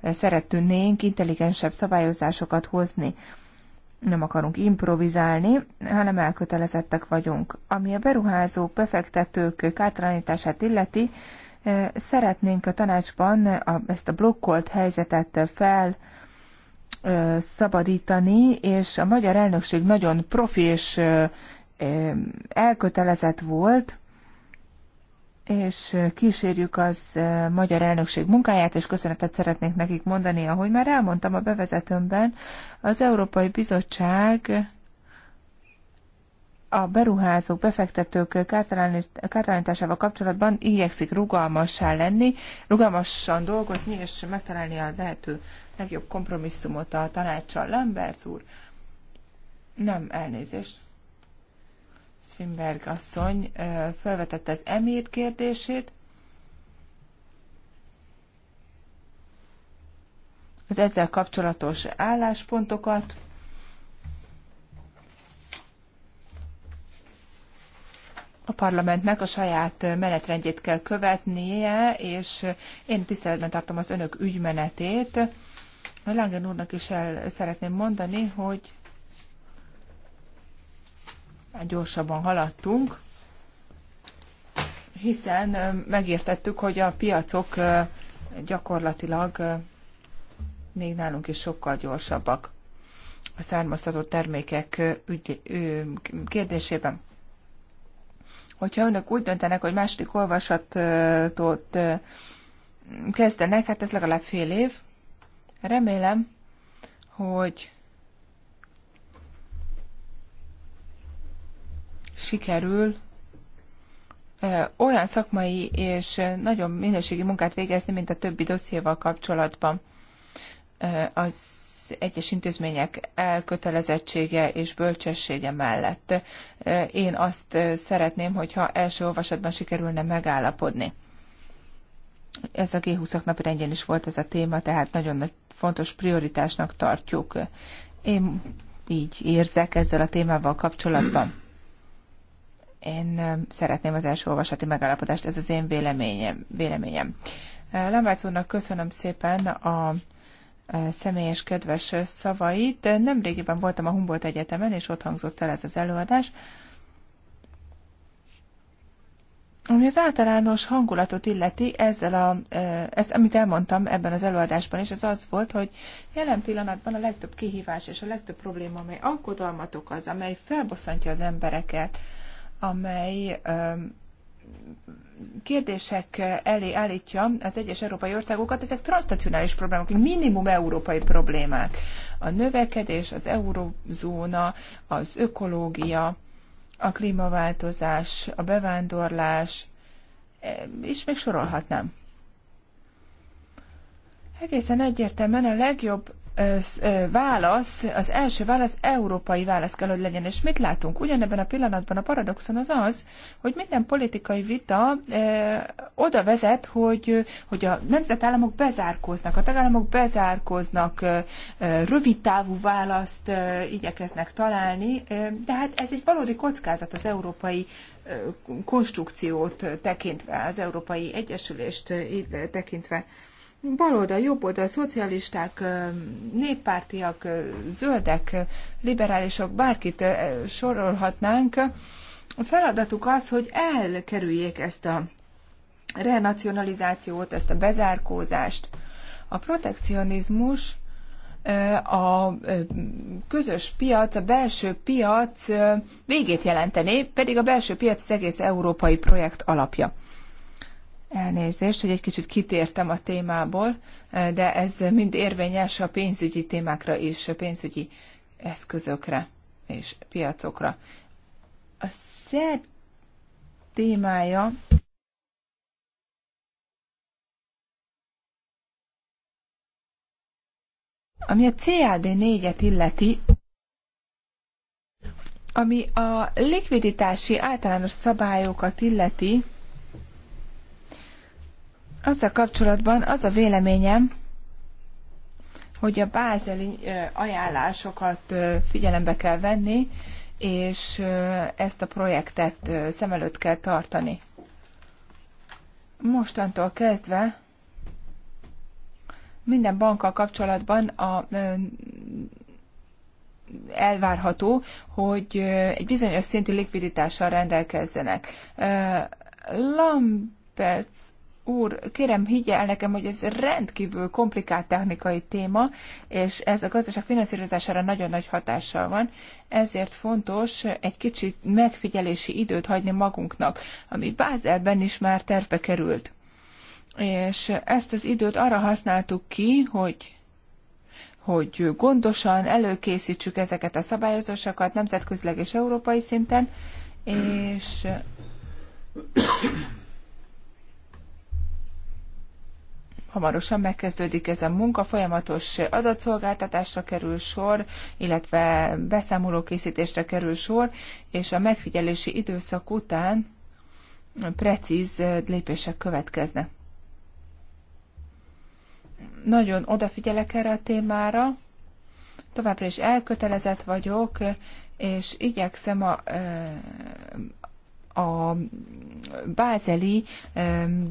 szeretnénk intelligensebb szabályozásokat hozni. Nem akarunk improvizálni, hanem elkötelezettek vagyunk. Ami a beruházók, befektetők kártalanítását illeti, Szeretnénk a tanácsban a, ezt a blokkolt helyzetet fel szabadítani, és a magyar elnökség nagyon profi és elkötelezett volt, és kísérjük az magyar elnökség munkáját, és köszönetet szeretnék nekik mondani, ahogy már elmondtam a bevezetőmben, az Európai Bizottság a beruházók, befektetők kártalanításával kapcsolatban igyekszik rugalmassá lenni, rugalmassan dolgozni, és megtalálni a lehető legjobb kompromisszumot a tanácssal. Lambert úr, nem elnézést. Swinberg asszony felvetette az emír kérdését. Az ezzel kapcsolatos álláspontokat a parlamentnek a saját menetrendjét kell követnie, és én tiszteletben tartom az önök ügymenetét. A Langen úrnak is el szeretném mondani, hogy gyorsabban haladtunk, hiszen megértettük, hogy a piacok gyakorlatilag még nálunk is sokkal gyorsabbak a származtatott termékek ügy, kérdésében hogyha önök úgy döntenek, hogy második olvasatot kezdenek, hát ez legalább fél év. Remélem, hogy sikerül olyan szakmai és nagyon minőségi munkát végezni, mint a többi dossziéval kapcsolatban. Az egyes intézmények elkötelezettsége és bölcsessége mellett. Én azt szeretném, hogyha első olvasatban sikerülne megállapodni. Ez a G20-ak rendjén is volt ez a téma, tehát nagyon nagy fontos prioritásnak tartjuk. Én így érzek ezzel a témával kapcsolatban. Én um, szeretném az első olvasati megállapodást, ez az én véleményem. véleményem. Lambert úrnak köszönöm szépen a személyes kedves szavait. Nemrégiben voltam a Humboldt Egyetemen, és ott hangzott el ez az előadás, ami az általános hangulatot illeti, ezzel a, ezt, amit elmondtam ebben az előadásban is, ez az volt, hogy jelen pillanatban a legtöbb kihívás és a legtöbb probléma, amely alkodalmat okoz, amely felbosszantja az embereket, amely kérdések elé állítja az egyes európai országokat, ezek transnacionális problémák, minimum európai problémák. A növekedés, az eurozóna, az ökológia, a klímaváltozás, a bevándorlás, eh, és még sorolhatnám. Egészen egyértelműen a legjobb válasz, az első válasz európai válasz kell, hogy legyen. És mit látunk? Ugyanebben a pillanatban a paradoxon az az, hogy minden politikai vita oda vezet, hogy, hogy a nemzetállamok bezárkóznak, a tagállamok bezárkóznak, rövid távú választ igyekeznek találni, de hát ez egy valódi kockázat az európai konstrukciót tekintve, az európai egyesülést tekintve baloldal, jobboldal, szocialisták, néppártiak, zöldek, liberálisok, bárkit sorolhatnánk, a feladatuk az, hogy elkerüljék ezt a renacionalizációt, ezt a bezárkózást. A protekcionizmus a közös piac, a belső piac végét jelenteni. pedig a belső piac az egész európai projekt alapja. Elnézést, hogy egy kicsit kitértem a témából, de ez mind érvényes a pénzügyi témákra is, a pénzügyi eszközökre és piacokra. A szer témája ami a CAD 4-et illeti, ami a likviditási általános szabályokat illeti, azzal kapcsolatban az a véleményem, hogy a bázeli ajánlásokat figyelembe kell venni, és ezt a projektet szem előtt kell tartani. Mostantól kezdve minden bankkal kapcsolatban a elvárható, hogy egy bizonyos szintű likviditással rendelkezzenek. Lamberts úr, kérem higgye el nekem, hogy ez rendkívül komplikált technikai téma, és ez a gazdaság finanszírozására nagyon nagy hatással van, ezért fontos egy kicsit megfigyelési időt hagyni magunknak, ami Bázelben is már terve került. És ezt az időt arra használtuk ki, hogy hogy gondosan előkészítsük ezeket a szabályozásokat nemzetközileg és európai szinten, és Hamarosan megkezdődik ez a munka, folyamatos adatszolgáltatásra kerül sor, illetve készítésre kerül sor, és a megfigyelési időszak után precíz lépések következnek. Nagyon odafigyelek erre a témára, továbbra is elkötelezett vagyok, és igyekszem a, a bázeli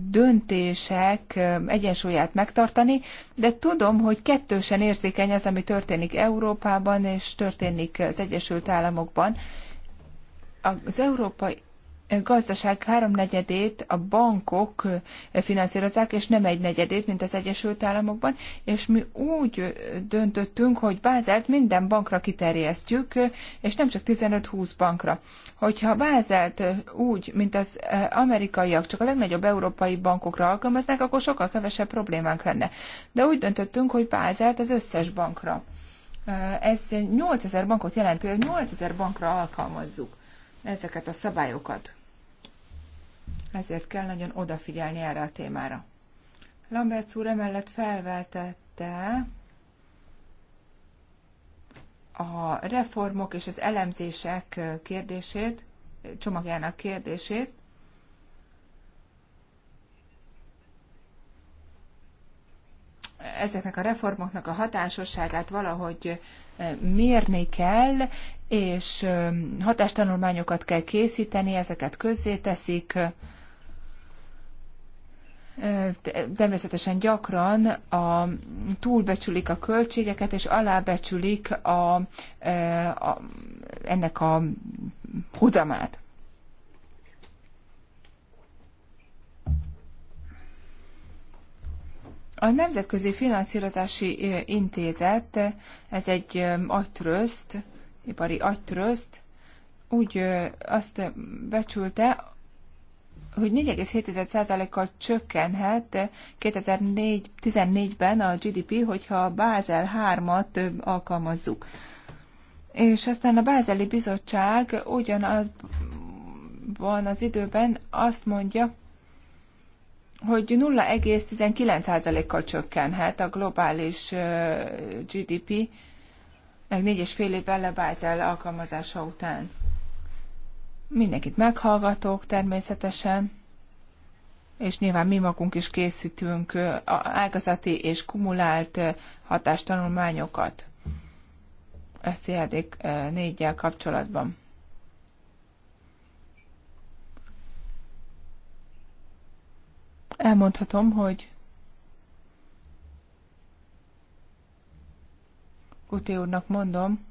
döntések egyensúlyát megtartani, de tudom, hogy kettősen érzékeny az, ami történik Európában és történik az Egyesült Államokban. Az Európai gazdaság háromnegyedét a bankok finanszírozzák, és nem egy negyedét, mint az Egyesült Államokban, és mi úgy döntöttünk, hogy Bázelt minden bankra kiterjesztjük, és nem csak 15-20 bankra. Hogyha Bázelt úgy, mint az amerikaiak, csak a legnagyobb európai bankokra alkalmaznák, akkor sokkal kevesebb problémánk lenne. De úgy döntöttünk, hogy Bázelt az összes bankra. Ez 8000 bankot jelent, 8000 bankra alkalmazzuk ezeket a szabályokat ezért kell nagyon odafigyelni erre a témára. Lambert úr emellett felveltette a reformok és az elemzések kérdését, csomagjának kérdését, ezeknek a reformoknak a hatásosságát valahogy eh, mérni kell, és eh, hatástanulmányokat kell készíteni, ezeket közzéteszik, teszik, természetesen gyakran a, túlbecsülik a költségeket, és alábecsülik a, a, ennek a hozamát. A Nemzetközi Finanszírozási Intézet, ez egy agytrözt, ipari agytrözt, úgy azt becsülte, hogy 4,7%-kal csökkenhet 2014-ben a GDP, hogyha a Bázel 3-at alkalmazzuk. És aztán a Bázeli Bizottság ugyanazban az időben azt mondja, hogy 0,19%-kal csökkenhet a globális GDP, meg 4,5 évvel a Bázel alkalmazása után. Mindenkit meghallgatok természetesen, és nyilván mi magunk is készítünk ágazati és kumulált hatástanulmányokat. Ezt jeldik négyel kapcsolatban. Elmondhatom, hogy Kuti úrnak mondom,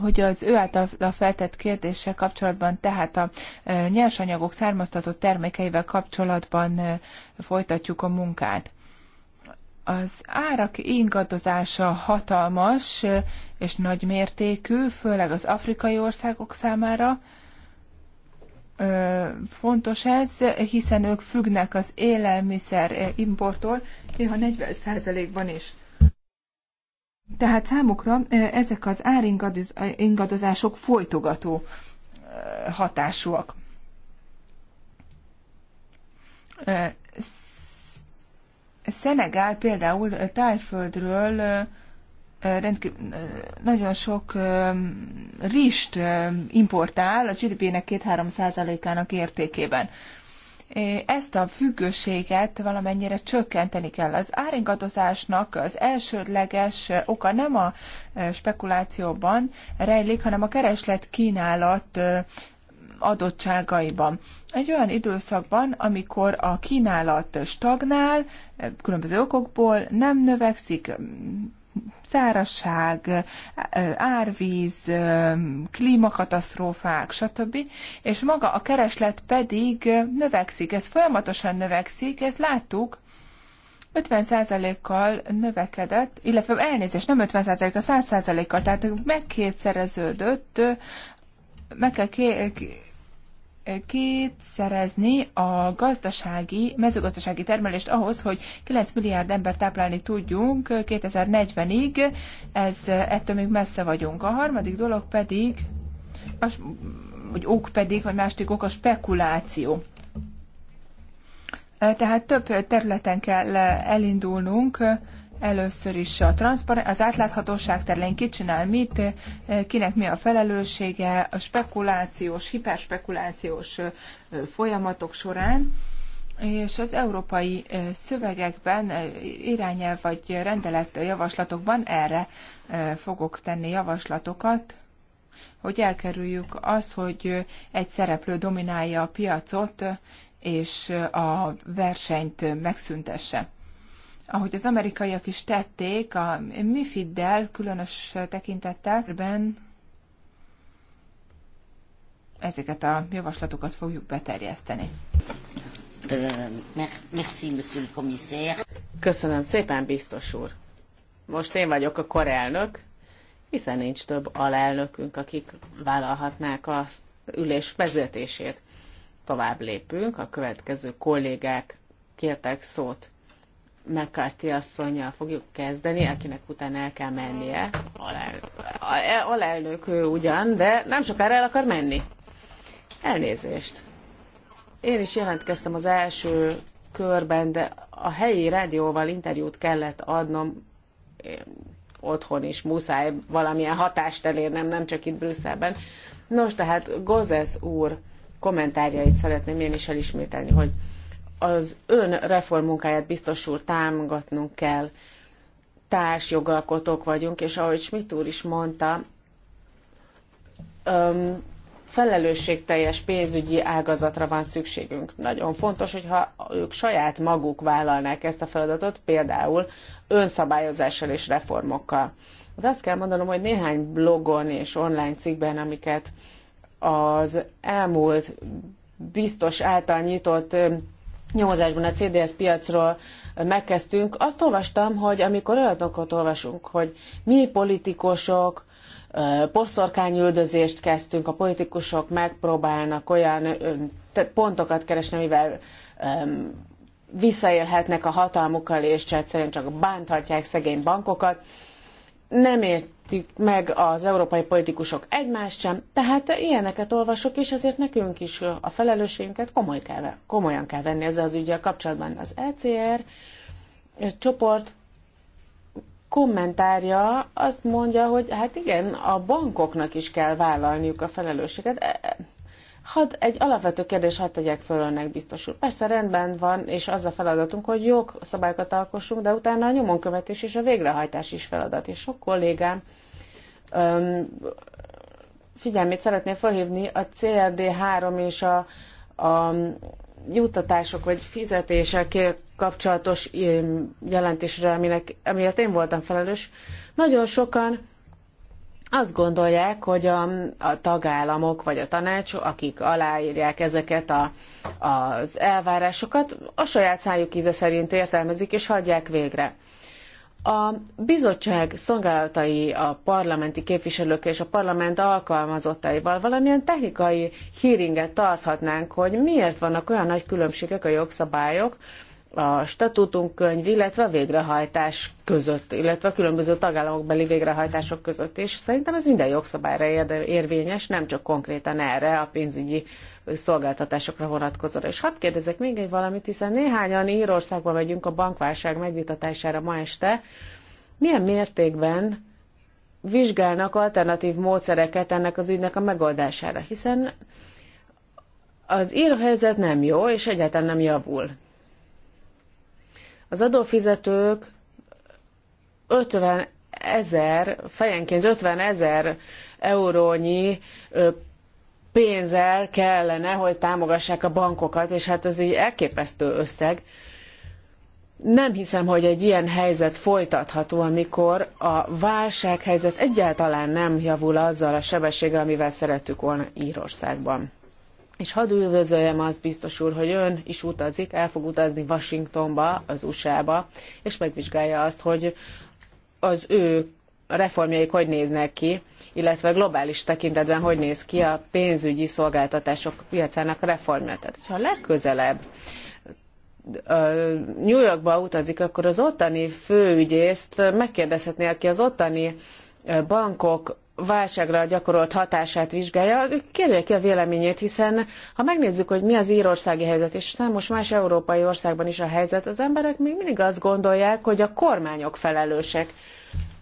hogy az ő által a feltett kérdéssel kapcsolatban, tehát a e, nyersanyagok származtatott termékeivel kapcsolatban e, folytatjuk a munkát. Az árak ingadozása hatalmas e, és nagymértékű, főleg az afrikai országok számára. Fontos ez, hiszen ők függnek az élelmiszer importtól, néha 40%-ban is. Tehát számukra ezek az áringadozások folytogató hatásúak. Szenegál például tájföldről nagyon sok rist importál a GDP-nek 2-3 százalékának értékében ezt a függőséget valamennyire csökkenteni kell. Az áringatozásnak az elsődleges oka nem a e, spekulációban rejlik, hanem a kereslet kínálat e, adottságaiban. Egy olyan időszakban, amikor a kínálat stagnál, e, különböző okokból nem növekszik, szárasság, árvíz, klímakatasztrófák, stb. És maga a kereslet pedig növekszik, ez folyamatosan növekszik, ezt láttuk 50%-kal növekedett, illetve elnézést, nem 50%-kal, 100%-kal, tehát megkétszereződött, meg kell ké- kétszerezni a gazdasági, mezőgazdasági termelést ahhoz, hogy 9 milliárd ember táplálni tudjunk 2040-ig, ez ettől még messze vagyunk. A harmadik dolog pedig, az, vagy ok pedig, vagy másik ok a spekuláció. Tehát több területen kell elindulnunk, Először is a transzpar- az átláthatóság terén ki csinál mit, eh, kinek mi a felelőssége a spekulációs, hiperspekulációs eh, folyamatok során, és az európai eh, szövegekben, irányelv vagy rendelet javaslatokban erre fogok tenni javaslatokat, hogy elkerüljük az, hogy egy szereplő dominálja a piacot, és a versenyt megszüntesse ahogy az amerikaiak is tették, a MIFID-del, különös tekintettel, ebben ezeket a javaslatokat fogjuk beterjeszteni. Köszönöm szépen, biztos úr. Most én vagyok a korelnök, hiszen nincs több alelnökünk, akik vállalhatnák a ülés vezetését. Tovább lépünk, a következő kollégák kértek szót. McCarthy asszonyjal fogjuk kezdeni, akinek utána el kell mennie. Alel, e, alelnök ő ugyan, de nem sokára el akar menni. Elnézést. Én is jelentkeztem az első körben, de a helyi rádióval interjút kellett adnom Én otthon is, muszáj valamilyen hatást elérnem, nem csak itt Brüsszelben. Nos, tehát Gozes úr kommentárjait szeretném én is elismételni, hogy az ön reformmunkáját biztosul úr támogatnunk kell. Társjogalkotók vagyunk, és ahogy Schmidt úr is mondta, öm, felelősségteljes pénzügyi ágazatra van szükségünk. Nagyon fontos, hogyha ők saját maguk vállalnák ezt a feladatot, például önszabályozással és reformokkal. De hát azt kell mondanom, hogy néhány blogon és online cikkben, amiket az elmúlt biztos által nyitott nyomozásban a CDS piacról megkezdtünk, azt olvastam, hogy amikor olyanokat olvasunk, hogy mi politikusok poszorkányüldözést kezdtünk, a politikusok megpróbálnak olyan pontokat keresni, amivel visszaélhetnek a hatalmukkal, és egyszerűen csak bánthatják szegény bankokat nem értik meg az európai politikusok egymást sem, tehát ilyeneket olvasok, és ezért nekünk is a felelősségünket komoly kell, komolyan kell venni ezzel az ügyel kapcsolatban. Az ECR csoport kommentárja azt mondja, hogy hát igen, a bankoknak is kell vállalniuk a felelősséget. E- Hadd egy alapvető kérdés hadd tegyek föl önnek, biztos úr. Persze rendben van, és az a feladatunk, hogy jó szabályokat alkossunk, de utána a nyomonkövetés és a végrehajtás is feladat. És sok kollégám öm, figyelmét szeretné felhívni a CRD3 és a, a juttatások vagy fizetések kapcsolatos jelentésre, aminek, amiért én voltam felelős. Nagyon sokan azt gondolják, hogy a, a tagállamok vagy a tanács, akik aláírják ezeket a, az elvárásokat, a saját szájuk íze szerint értelmezik és hagyják végre. A bizottság szolgálatai a parlamenti képviselők és a parlament alkalmazottaival valamilyen technikai híringet tarthatnánk, hogy miért vannak olyan nagy különbségek a jogszabályok a statútumkönyv, illetve a végrehajtás között, illetve a különböző tagállamokbeli végrehajtások között és Szerintem ez minden jogszabályra érvényes, nem csak konkrétan erre a pénzügyi szolgáltatásokra vonatkozóra. És hadd kérdezek még egy valamit, hiszen néhányan Írországba megyünk a bankválság megvitatására ma este. Milyen mértékben vizsgálnak alternatív módszereket ennek az ügynek a megoldására, hiszen az ír helyzet nem jó, és egyáltalán nem javul. Az adófizetők 50 ezer, fejenként 50 ezer eurónyi pénzzel kellene, hogy támogassák a bankokat, és hát ez egy elképesztő összeg. Nem hiszem, hogy egy ilyen helyzet folytatható, amikor a válsághelyzet egyáltalán nem javul azzal a sebességgel, amivel szerettük volna Írországban. És hadd üldvözöljem az biztos úr, hogy ön is utazik, el fog utazni Washingtonba, az USA-ba, és megvizsgálja azt, hogy az ő reformjaik hogy néznek ki, illetve globális tekintetben hogy néz ki a pénzügyi szolgáltatások piacának reformja. Tehát, hogyha legközelebb New Yorkba utazik, akkor az ottani főügyészt megkérdezhetné, aki az ottani bankok válságra gyakorolt hatását vizsgálja, Kérjék ki a véleményét, hiszen ha megnézzük, hogy mi az írországi helyzet, és számos más európai országban is a helyzet, az emberek még mindig azt gondolják, hogy a kormányok felelősek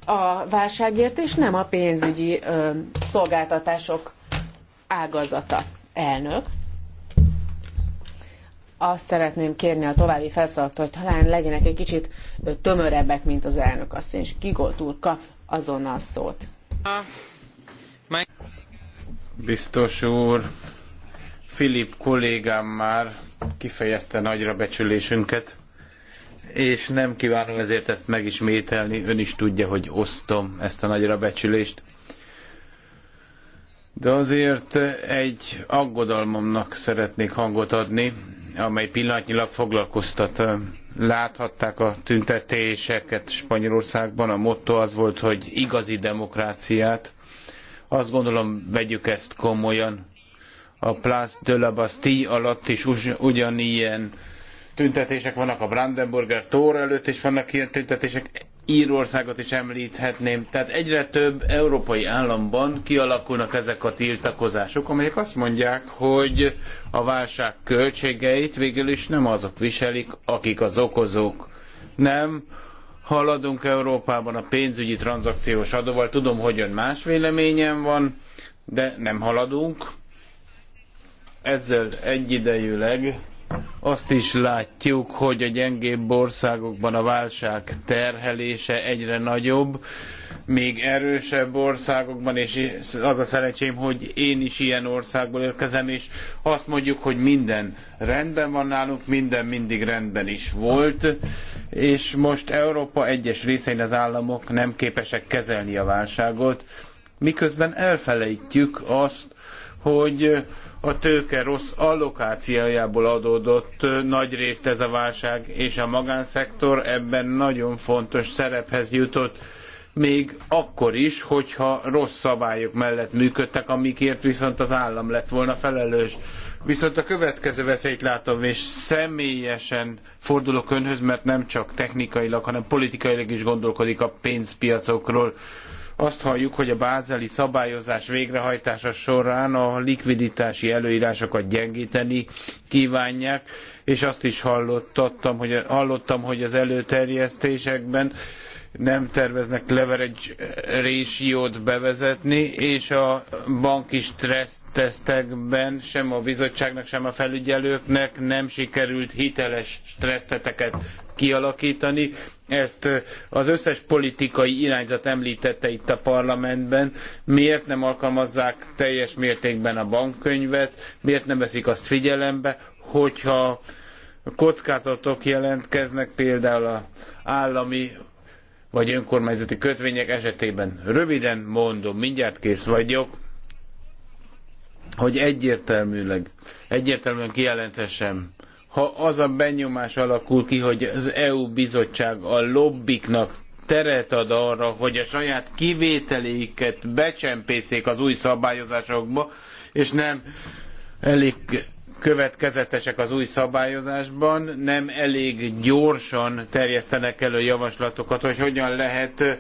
a válságért, és nem a pénzügyi ö, szolgáltatások ágazata. Elnök, azt szeretném kérni a további felszólalóktól, hogy talán legyenek egy kicsit tömörebbek, mint az elnök asszony, és Kigolt úr kap azonnal szót. Biztos úr, Filip kollégám már kifejezte nagyra becsülésünket, és nem kívánom ezért ezt megismételni. Ön is tudja, hogy osztom ezt a nagyra becsülést. De azért egy aggodalmamnak szeretnék hangot adni, amely pillanatnyilag foglalkoztat. Láthatták a tüntetéseket Spanyolországban, a motto az volt, hogy igazi demokráciát. Azt gondolom, vegyük ezt komolyan. A Place de la Bastille alatt is ugyanilyen tüntetések vannak, a Brandenburger Tor előtt is vannak ilyen tüntetések. Írországot is említhetném. Tehát egyre több európai államban kialakulnak ezek a tiltakozások, amelyek azt mondják, hogy a válság költségeit végül is nem azok viselik, akik az okozók. Nem haladunk Európában a pénzügyi tranzakciós adóval. Tudom, hogy ön más véleményen van, de nem haladunk. Ezzel egyidejűleg azt is látjuk, hogy a gyengébb országokban a válság terhelése egyre nagyobb, még erősebb országokban, és az a szerencsém, hogy én is ilyen országból érkezem, és azt mondjuk, hogy minden rendben van nálunk, minden mindig rendben is volt, és most Európa egyes részein az államok nem képesek kezelni a válságot, miközben elfelejtjük azt, hogy a tőke rossz allokációjából adódott nagy részt ez a válság, és a magánszektor ebben nagyon fontos szerephez jutott, még akkor is, hogyha rossz szabályok mellett működtek, amikért viszont az állam lett volna felelős. Viszont a következő veszélyt látom, és személyesen fordulok önhöz, mert nem csak technikailag, hanem politikailag is gondolkodik a pénzpiacokról. Azt halljuk, hogy a bázeli szabályozás végrehajtása során a likviditási előírásokat gyengíteni kívánják, és azt is hallottam, hogy, hallottam, hogy az előterjesztésekben nem terveznek leverage ratio-t bevezetni, és a banki stressztesztekben sem a bizottságnak, sem a felügyelőknek nem sikerült hiteles stresszteteket kialakítani. Ezt az összes politikai irányzat említette itt a parlamentben. Miért nem alkalmazzák teljes mértékben a bankkönyvet, miért nem veszik azt figyelembe, hogyha kockázatok jelentkeznek például a állami vagy önkormányzati kötvények esetében. Röviden mondom, mindjárt kész vagyok, hogy egyértelműleg, egyértelműen kijelenthessem, ha az a benyomás alakul ki, hogy az EU bizottság a lobbiknak teret ad arra, hogy a saját kivételéket becsempészék az új szabályozásokba, és nem elég következetesek az új szabályozásban, nem elég gyorsan terjesztenek elő javaslatokat, hogy hogyan lehet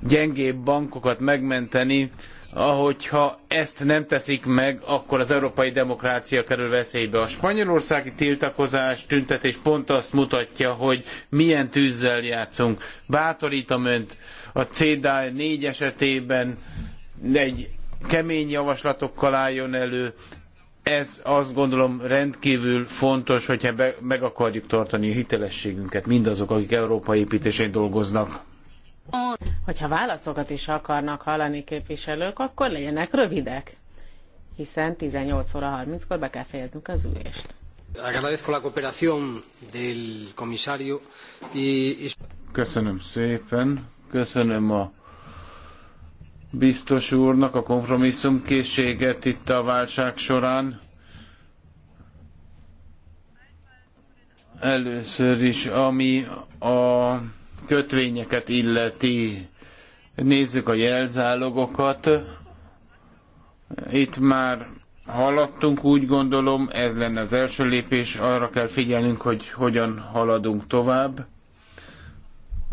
gyengébb bankokat megmenteni, ahogyha ezt nem teszik meg, akkor az európai demokrácia kerül veszélybe. A spanyolországi tiltakozás, tüntetés pont azt mutatja, hogy milyen tűzzel játszunk. Bátorítom önt a CDA 4 esetében egy kemény javaslatokkal álljon elő, ez azt gondolom rendkívül fontos, hogyha be, meg akarjuk tartani a hitelességünket mindazok, akik Európa építésén dolgoznak. Hogyha válaszokat is akarnak hallani képviselők, akkor legyenek rövidek, hiszen 18 óra 30-kor be kell fejeznünk az ülést. Köszönöm szépen, köszönöm a biztos úrnak a kompromisszumkészséget itt a válság során. Először is, ami a kötvényeket illeti, nézzük a jelzálogokat. Itt már haladtunk, úgy gondolom, ez lenne az első lépés, arra kell figyelnünk, hogy hogyan haladunk tovább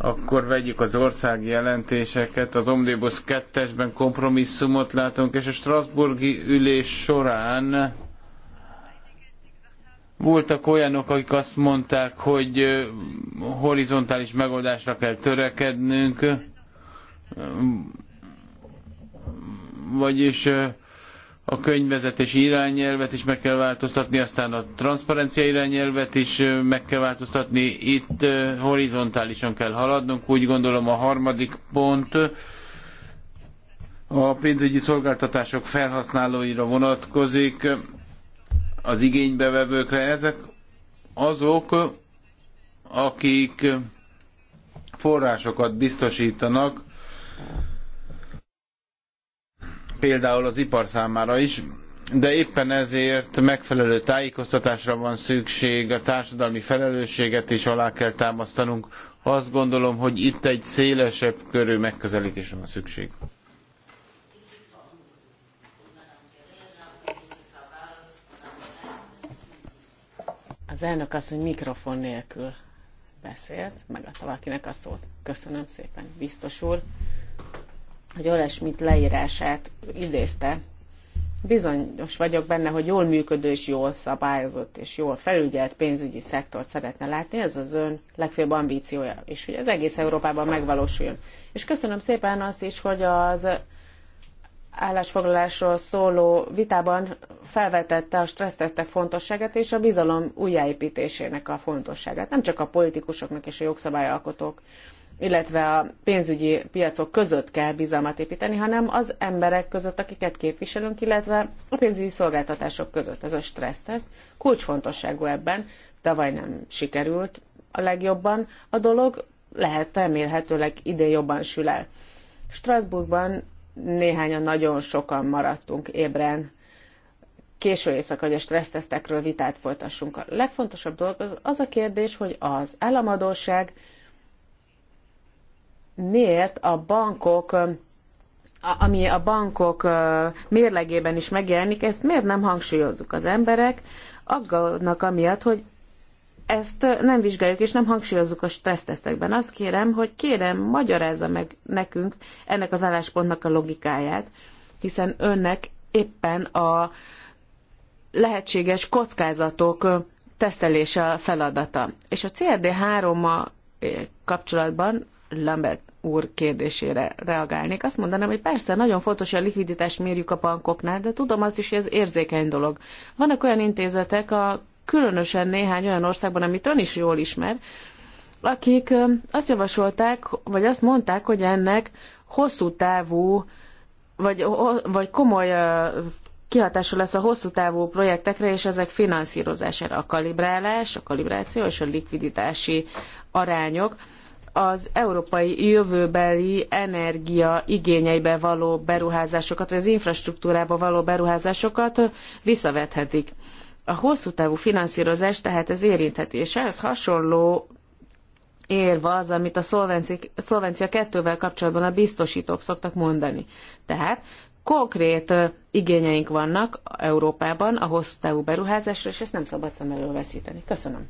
akkor vegyük az ország jelentéseket, az Omnibus 2-esben kompromisszumot látunk, és a Strasburgi ülés során voltak olyanok, akik azt mondták, hogy horizontális megoldásra kell törekednünk, vagyis a könyvvezetési irányelvet is meg kell változtatni, aztán a transzparencia irányelvet is meg kell változtatni. Itt horizontálisan kell haladnunk. Úgy gondolom a harmadik pont a pénzügyi szolgáltatások felhasználóira vonatkozik, az igénybevevőkre. Ezek azok, akik forrásokat biztosítanak például az ipar számára is, de éppen ezért megfelelő tájékoztatásra van szükség, a társadalmi felelősséget is alá kell támasztanunk. Azt gondolom, hogy itt egy szélesebb körű megközelítésre van szükség. Az elnök az hogy mikrofon nélkül beszélt, megadta valakinek a szót. Köszönöm szépen, biztos úr hogy Ole leírását idézte, bizonyos vagyok benne, hogy jól működő és jól szabályozott és jól felügyelt pénzügyi szektort szeretne látni. Ez az ön legfőbb ambíciója, és hogy az egész Európában megvalósuljon. És köszönöm szépen azt is, hogy az állásfoglalásról szóló vitában felvetette a stressztesztek fontosságát és a bizalom újjáépítésének a fontosságát. Nem csak a politikusoknak és a jogszabályalkotók illetve a pénzügyi piacok között kell bizalmat építeni, hanem az emberek között, akiket képviselünk, illetve a pénzügyi szolgáltatások között. Ez a stresszteszt kulcsfontosságú ebben, tavaly nem sikerült a legjobban a dolog, lehet remélhetőleg ide jobban sül el. Strasbourgban néhányan nagyon sokan maradtunk ébren, késő éjszaka, hogy a stressztesztekről vitát folytassunk. A legfontosabb dolog az, az a kérdés, hogy az államadóság miért a bankok ami a bankok mérlegében is megjelenik, ezt miért nem hangsúlyozzuk? Az emberek aggódnak amiatt, hogy ezt nem vizsgáljuk és nem hangsúlyozzuk a stressztesztekben. Azt kérem, hogy kérem, magyarázza meg nekünk ennek az álláspontnak a logikáját, hiszen önnek éppen a lehetséges kockázatok tesztelése a feladata. És a CRD 3 kapcsolatban Lambert úr kérdésére reagálnék. Azt mondanám, hogy persze nagyon fontos, hogy a likviditást mérjük a bankoknál, de tudom azt is, hogy ez érzékeny dolog. Vannak olyan intézetek, a, különösen néhány olyan országban, amit ön is jól ismer, akik azt javasolták, vagy azt mondták, hogy ennek hosszú távú, vagy, vagy komoly kihatása lesz a hosszú távú projektekre és ezek finanszírozására a kalibrálás, a kalibráció és a likviditási arányok az európai jövőbeli energia igényeibe való beruházásokat, vagy az infrastruktúrába való beruházásokat visszavethetik. A hosszú távú finanszírozás tehát ez érintheti, és ehhez hasonló érve az, amit a szolvencia kettővel kapcsolatban a biztosítók szoktak mondani. Tehát konkrét igényeink vannak Európában a hosszú távú beruházásra, és ezt nem szabad szem elől veszíteni. Köszönöm.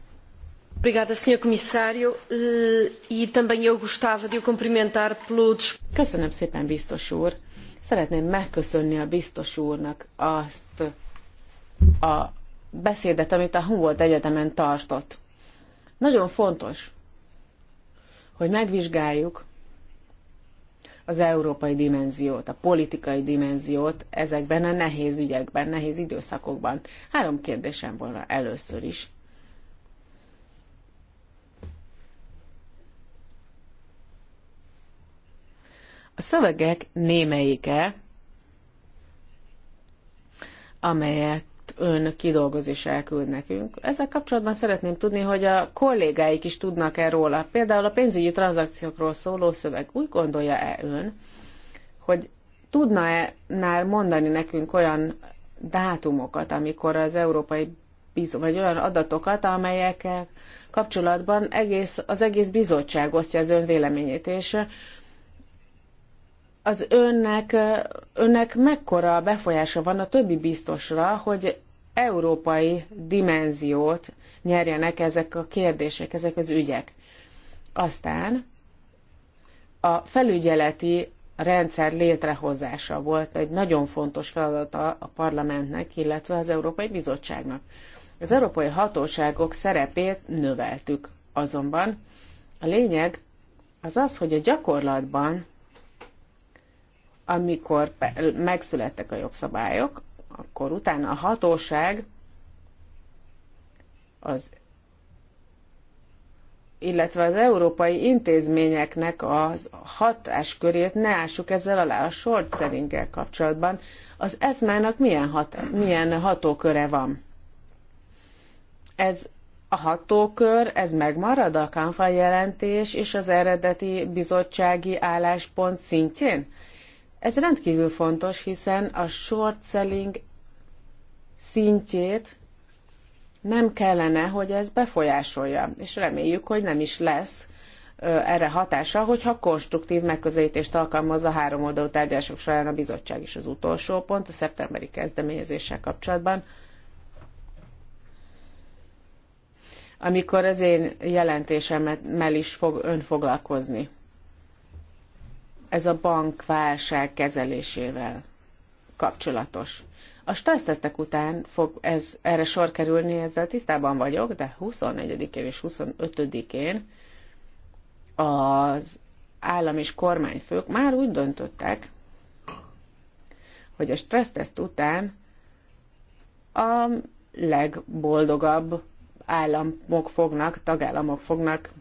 Obrigada, Sr. Eh, e também eu gostava de o cumprimentar pelo... Köszönöm szépen, biztos úr. Szeretném megköszönni a biztos úrnak azt a beszédet, amit a Humboldt Egyetemen tartott. Nagyon fontos, hogy megvizsgáljuk az európai dimenziót, a politikai dimenziót ezekben a nehéz ügyekben, nehéz időszakokban. Három kérdésem volna először is. A szövegek némelyike, amelyek ön kidolgoz és elküld nekünk. Ezzel kapcsolatban szeretném tudni, hogy a kollégáik is tudnak-e róla. Például a pénzügyi tranzakciókról szóló szöveg úgy gondolja-e ön, hogy tudna-e már mondani nekünk olyan dátumokat, amikor az Európai biz vagy olyan adatokat, amelyekkel kapcsolatban egész, az egész bizottság osztja az ön véleményét, és az önnek, önnek mekkora befolyása van a többi biztosra, hogy európai dimenziót nyerjenek ezek a kérdések, ezek az ügyek. Aztán a felügyeleti rendszer létrehozása volt egy nagyon fontos feladata a parlamentnek, illetve az Európai Bizottságnak. Az európai hatóságok szerepét növeltük. Azonban a lényeg az az, hogy a gyakorlatban amikor megszülettek a jogszabályok, akkor utána a hatóság az illetve az európai intézményeknek a hatáskörét ne ássuk ezzel alá a short sellinggel kapcsolatban. Az eszmának milyen, hat, milyen hatóköre van? Ez a hatókör, ez megmarad a Kanfa jelentés és az eredeti bizottsági álláspont szintjén? Ez rendkívül fontos, hiszen a short selling szintjét nem kellene, hogy ez befolyásolja, és reméljük, hogy nem is lesz erre hatása, hogyha konstruktív megközelítést alkalmaz a három oldalú tárgyalások során a bizottság is az utolsó pont a szeptemberi kezdeményezéssel kapcsolatban. Amikor az én jelentésemmel is fog ön foglalkozni ez a bankválság kezelésével kapcsolatos. A stressztesztek után fog ez, erre sor kerülni, ezzel tisztában vagyok, de 24-én és 25-én az állam és kormányfők már úgy döntöttek, hogy a stresszteszt után a legboldogabb államok fognak, tagállamok fognak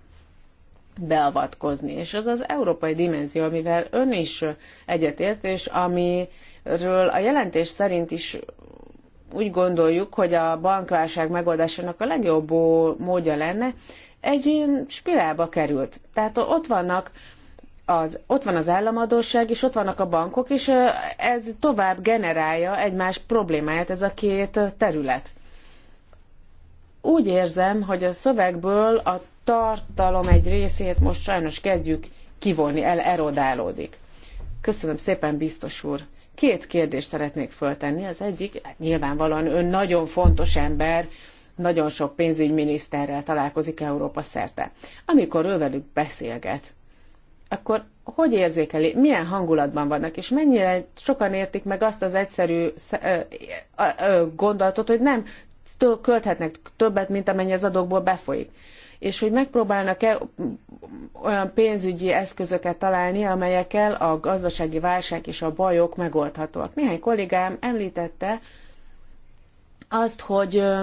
beavatkozni. És az az európai dimenzió, amivel ön is egyetért, és amiről a jelentés szerint is úgy gondoljuk, hogy a bankválság megoldásának a legjobb módja lenne, egy spirálba került. Tehát ott vannak az, ott van az államadóság, és ott vannak a bankok, és ez tovább generálja egymás problémáját ez a két terület. Úgy érzem, hogy a szövegből a tartalom egy részét most sajnos kezdjük kivonni, el erodálódik. Köszönöm szépen, biztos úr. Két kérdést szeretnék föltenni. Az egyik, nyilvánvalóan ön nagyon fontos ember, nagyon sok pénzügyminiszterrel találkozik Európa szerte. Amikor ő velük beszélget, akkor hogy érzékeli, milyen hangulatban vannak, és mennyire sokan értik meg azt az egyszerű gondolatot, hogy nem költhetnek többet, mint amennyi az adókból befolyik és hogy megpróbálnak-e olyan pénzügyi eszközöket találni, amelyekkel a gazdasági válság és a bajok megoldhatóak. Néhány kollégám említette azt, hogy a,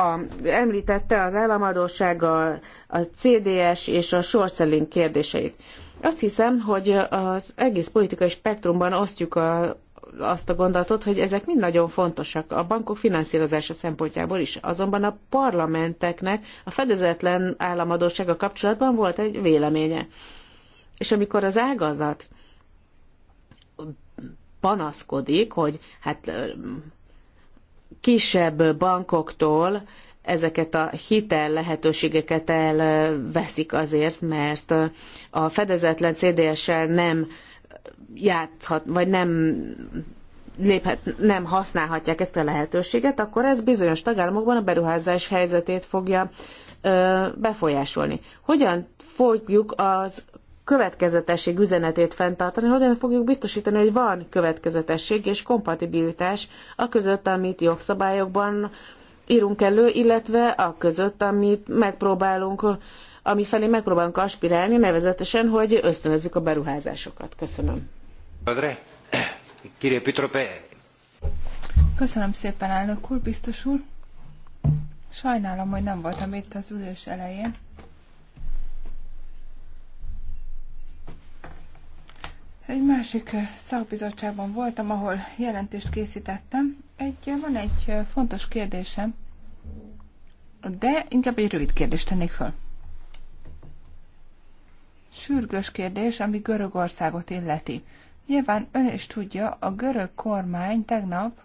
a, említette az államadóság, a, a CDS és a short selling kérdéseit. Azt hiszem, hogy az egész politikai spektrumban osztjuk a azt a gondolatot, hogy ezek mind nagyon fontosak a bankok finanszírozása szempontjából is. Azonban a parlamenteknek a fedezetlen államadósága kapcsolatban volt egy véleménye. És amikor az ágazat panaszkodik, hogy hát kisebb bankoktól ezeket a hitel lehetőségeket elveszik azért, mert a fedezetlen CDS-sel nem játszhat, vagy nem léphet, nem használhatják ezt a lehetőséget, akkor ez bizonyos tagállamokban a beruházás helyzetét fogja ö, befolyásolni. Hogyan fogjuk az következetesség üzenetét fenntartani, hogyan fogjuk biztosítani, hogy van következetesség és kompatibilitás a között, amit jogszabályokban írunk elő, illetve a között, amit megpróbálunk, ami felé megpróbálunk aspirálni, nevezetesen, hogy ösztönözzük a beruházásokat. Köszönöm. Köszönöm szépen, elnök úr, biztos úr. Sajnálom, hogy nem voltam itt az ülés elején. Egy másik szakbizottságban voltam, ahol jelentést készítettem. Egy, van egy fontos kérdésem, de inkább egy rövid kérdést tennék föl. Sürgős kérdés, ami Görögországot illeti. Nyilván ön is tudja, a görög kormány tegnap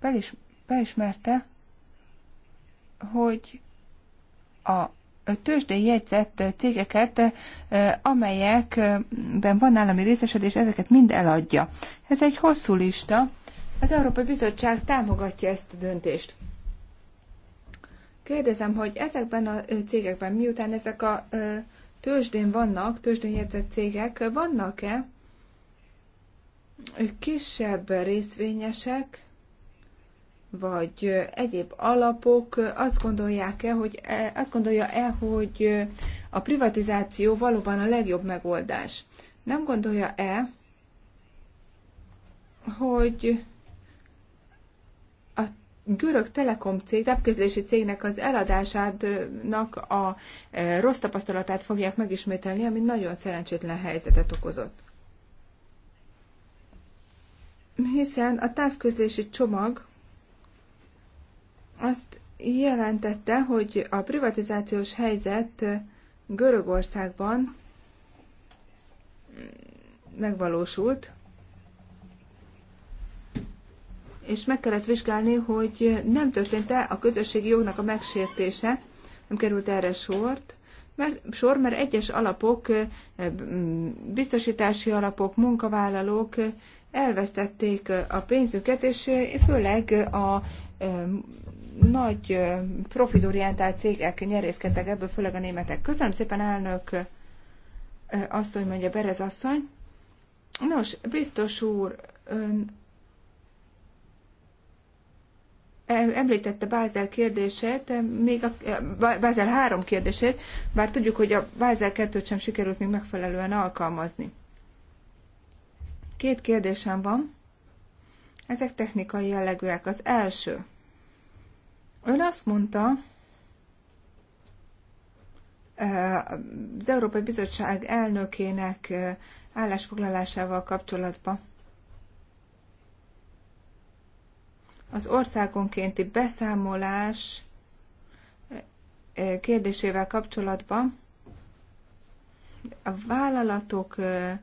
belis, beismerte, hogy a tőzsdén jegyzett cégeket, amelyekben van állami részesedés, ezeket mind eladja. Ez egy hosszú lista. Az Európai Bizottság támogatja ezt a döntést. Kérdezem, hogy ezekben a cégekben, miután ezek a tőzsdén vannak, tőzsdén jegyzett cégek, vannak-e kisebb részvényesek, vagy egyéb alapok azt gondolják-e, hogy e, azt gondolja-e, hogy a privatizáció valóban a legjobb megoldás? Nem gondolja-e, hogy görög telekom cég, távközlési cégnek az eladásának a e, rossz tapasztalatát fogják megismételni, ami nagyon szerencsétlen helyzetet okozott. Hiszen a távközlési csomag azt jelentette, hogy a privatizációs helyzet Görögországban megvalósult, és meg kellett vizsgálni, hogy nem történt-e a közösségi jognak a megsértése, nem került erre sort, mert, sor, mert egyes alapok, eh, mm, biztosítási alapok, munkavállalók eh, elvesztették eh, a pénzüket, és főleg a nagy profitorientált cégek nyerészkedtek ebből, főleg a németek. Köszönöm szépen, elnök asszony, mondja Berez asszony. Nos, biztos úr, ön említette Bázel kérdését, még a Bázel három kérdését, bár tudjuk, hogy a Bázel kettőt sem sikerült még megfelelően alkalmazni. Két kérdésem van. Ezek technikai jellegűek. Az első. Ön azt mondta, e, az Európai Bizottság elnökének e, állásfoglalásával kapcsolatban, az országonkénti beszámolás eh, eh, kérdésével kapcsolatban a vállalatok eh,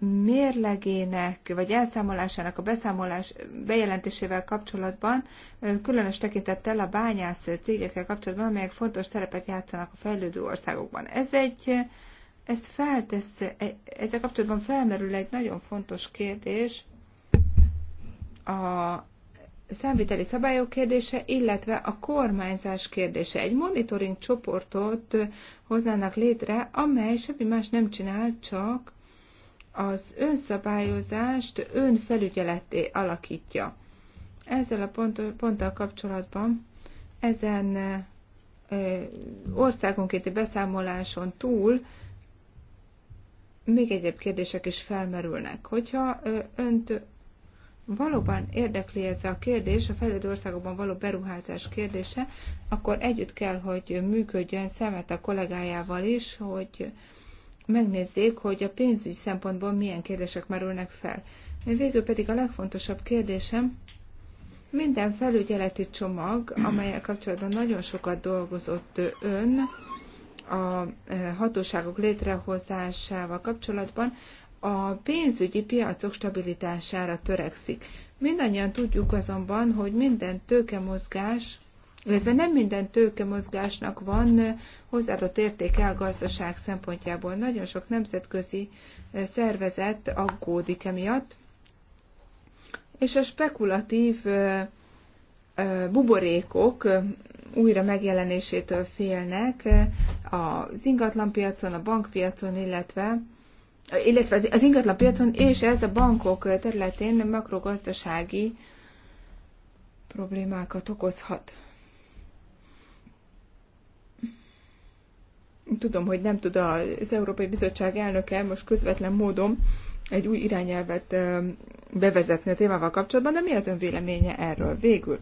mérlegének vagy elszámolásának a beszámolás bejelentésével kapcsolatban, különös tekintettel a bányász cégekkel kapcsolatban, amelyek fontos szerepet játszanak a fejlődő országokban. Ez egy, ez feltesz, ezzel kapcsolatban felmerül egy nagyon fontos kérdés, a számviteli szabályok kérdése, illetve a kormányzás kérdése. Egy monitoring csoportot hoznának létre, amely semmi más nem csinál, csak az önszabályozást önfelügyeletté alakítja. Ezzel a pont, ponttal kapcsolatban ezen országonkéti beszámoláson túl még egyéb kérdések is felmerülnek. Hogyha önt valóban érdekli ez a kérdés, a fejlődő országokban való beruházás kérdése, akkor együtt kell, hogy működjön szemet a kollégájával is, hogy megnézzék, hogy a pénzügy szempontból milyen kérdések merülnek fel. Végül pedig a legfontosabb kérdésem, minden felügyeleti csomag, amelyek kapcsolatban nagyon sokat dolgozott ön, a eh, hatóságok létrehozásával kapcsolatban, a pénzügyi piacok stabilitására törekszik. Mindannyian tudjuk azonban, hogy minden tőkemozgás, illetve nem minden tőkemozgásnak van hozzáadott értéke a gazdaság szempontjából. Nagyon sok nemzetközi szervezet aggódik emiatt, és a spekulatív buborékok újra megjelenésétől félnek az ingatlanpiacon, a bankpiacon, illetve illetve az ingatlan piacon, és ez a bankok területén makrogazdasági problémákat okozhat. Tudom, hogy nem tud az Európai Bizottság elnöke most közvetlen módon egy új irányelvet bevezetni a témával kapcsolatban, de mi az ön véleménye erről végül?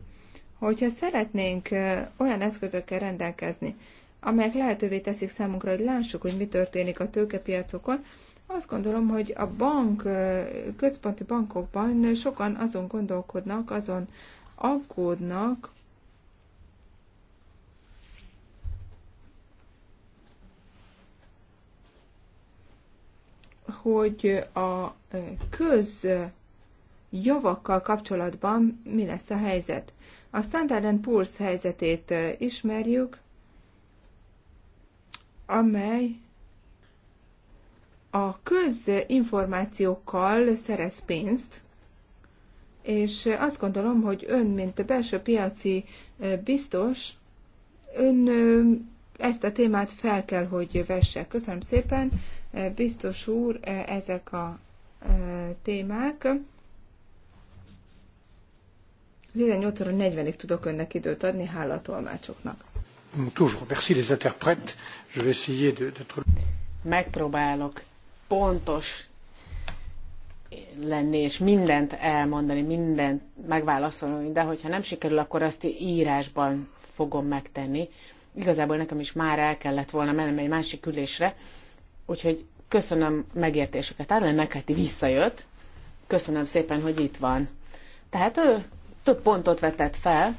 Hogyha szeretnénk olyan eszközökkel rendelkezni, amelyek lehetővé teszik számunkra, hogy lássuk, hogy mi történik a tőkepiacokon, azt gondolom, hogy a bank, központi bankokban sokan azon gondolkodnak, azon aggódnak, hogy a közjavakkal kapcsolatban mi lesz a helyzet. A Standard Poor's helyzetét ismerjük, amely a közinformációkkal szerez pénzt, és azt gondolom, hogy ön, mint belső piaci biztos, ön ezt a témát fel kell, hogy vesse. Köszönöm szépen, biztos úr, ezek a témák. 18 óra 40-ig tudok önnek időt adni, hála a tolmácsoknak. Toujours, merci les interprètes. Je vais essayer de, de... Megpróbálok pontos lenni, és mindent elmondani, mindent megválaszolni, de hogyha nem sikerül, akkor azt írásban fogom megtenni. Igazából nekem is már el kellett volna mennem egy másik ülésre, úgyhogy köszönöm megértéseket. Arlen Mekheti visszajött, köszönöm szépen, hogy itt van. Tehát ő több pontot vetett fel,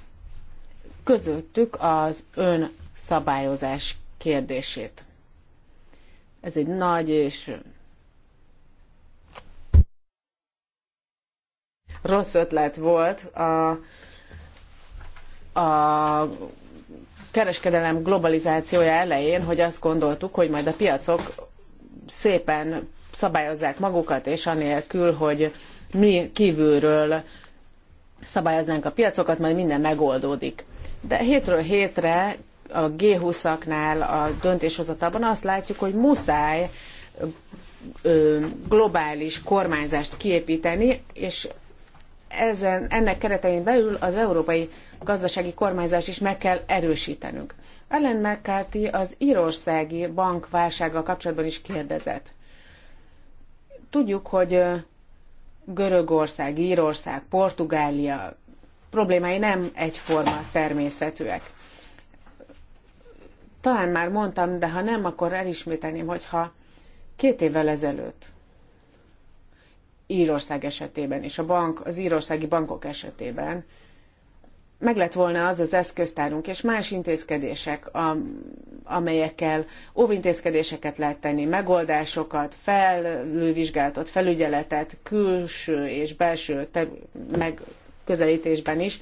közöttük az ön szabályozás kérdését. Ez egy nagy és rossz ötlet volt a, a kereskedelem globalizációja elején, hogy azt gondoltuk, hogy majd a piacok szépen szabályozzák magukat, és anélkül, hogy mi kívülről szabályoznánk a piacokat, majd minden megoldódik. De hétről hétre a G20-aknál a döntéshozatában azt látjuk, hogy muszáj globális kormányzást kiépíteni, és ezen, ennek keretein belül az európai gazdasági kormányzás is meg kell erősítenünk. Ellen McCarthy az írországi bankválsággal kapcsolatban is kérdezett. Tudjuk, hogy Görögország, Írország, Portugália problémái nem egyforma természetűek. Talán már mondtam, de ha nem, akkor elismételném, hogyha két évvel ezelőtt Írország esetében és a bank, az írországi bankok esetében meg lett volna az az eszköztárunk és más intézkedések, amelyekkel óvintézkedéseket lehet tenni, megoldásokat, felülvizsgálatot, felügyeletet külső és belső megközelítésben is,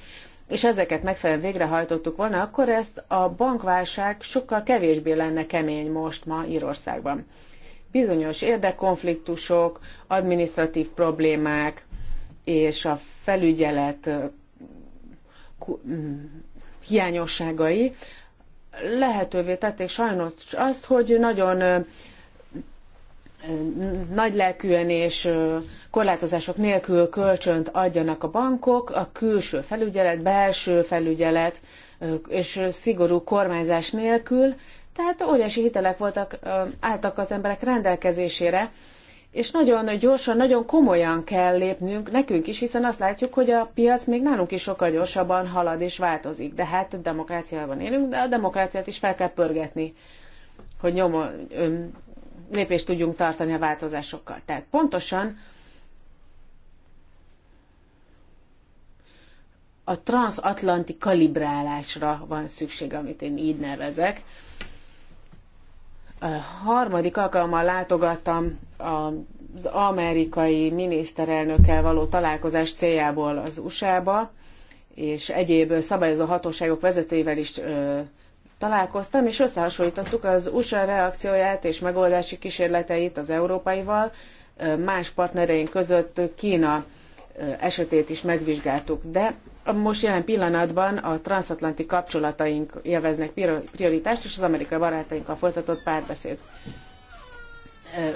és ezeket megfelelően végrehajtottuk volna, akkor ezt a bankválság sokkal kevésbé lenne kemény most ma Írországban bizonyos érdekkonfliktusok, administratív problémák és a felügyelet mm, hiányosságai lehetővé tették sajnos azt, hogy nagyon nagylelkűen és korlátozások nélkül kölcsönt adjanak a bankok, a külső felügyelet, belső felügyelet és szigorú kormányzás nélkül, tehát óriási hitelek voltak, álltak az emberek rendelkezésére, és nagyon gyorsan, nagyon komolyan kell lépnünk nekünk is, hiszen azt látjuk, hogy a piac még nálunk is sokkal gyorsabban halad és változik. De hát demokráciában élünk, de a demokráciát is fel kell pörgetni, hogy nyomo, öm, lépést tudjunk tartani a változásokkal. Tehát pontosan a transatlanti kalibrálásra van szükség, amit én így nevezek harmadik alkalommal látogattam az amerikai miniszterelnökkel való találkozás céljából az USA-ba, és egyéb szabályozó hatóságok vezetőivel is ö, találkoztam, és összehasonlítottuk az USA reakcióját és megoldási kísérleteit az európaival, más partnereink között Kína esetét is megvizsgáltuk. De most jelen pillanatban a transatlanti kapcsolataink élveznek prioritást, és az amerikai barátainkkal folytatott párbeszéd.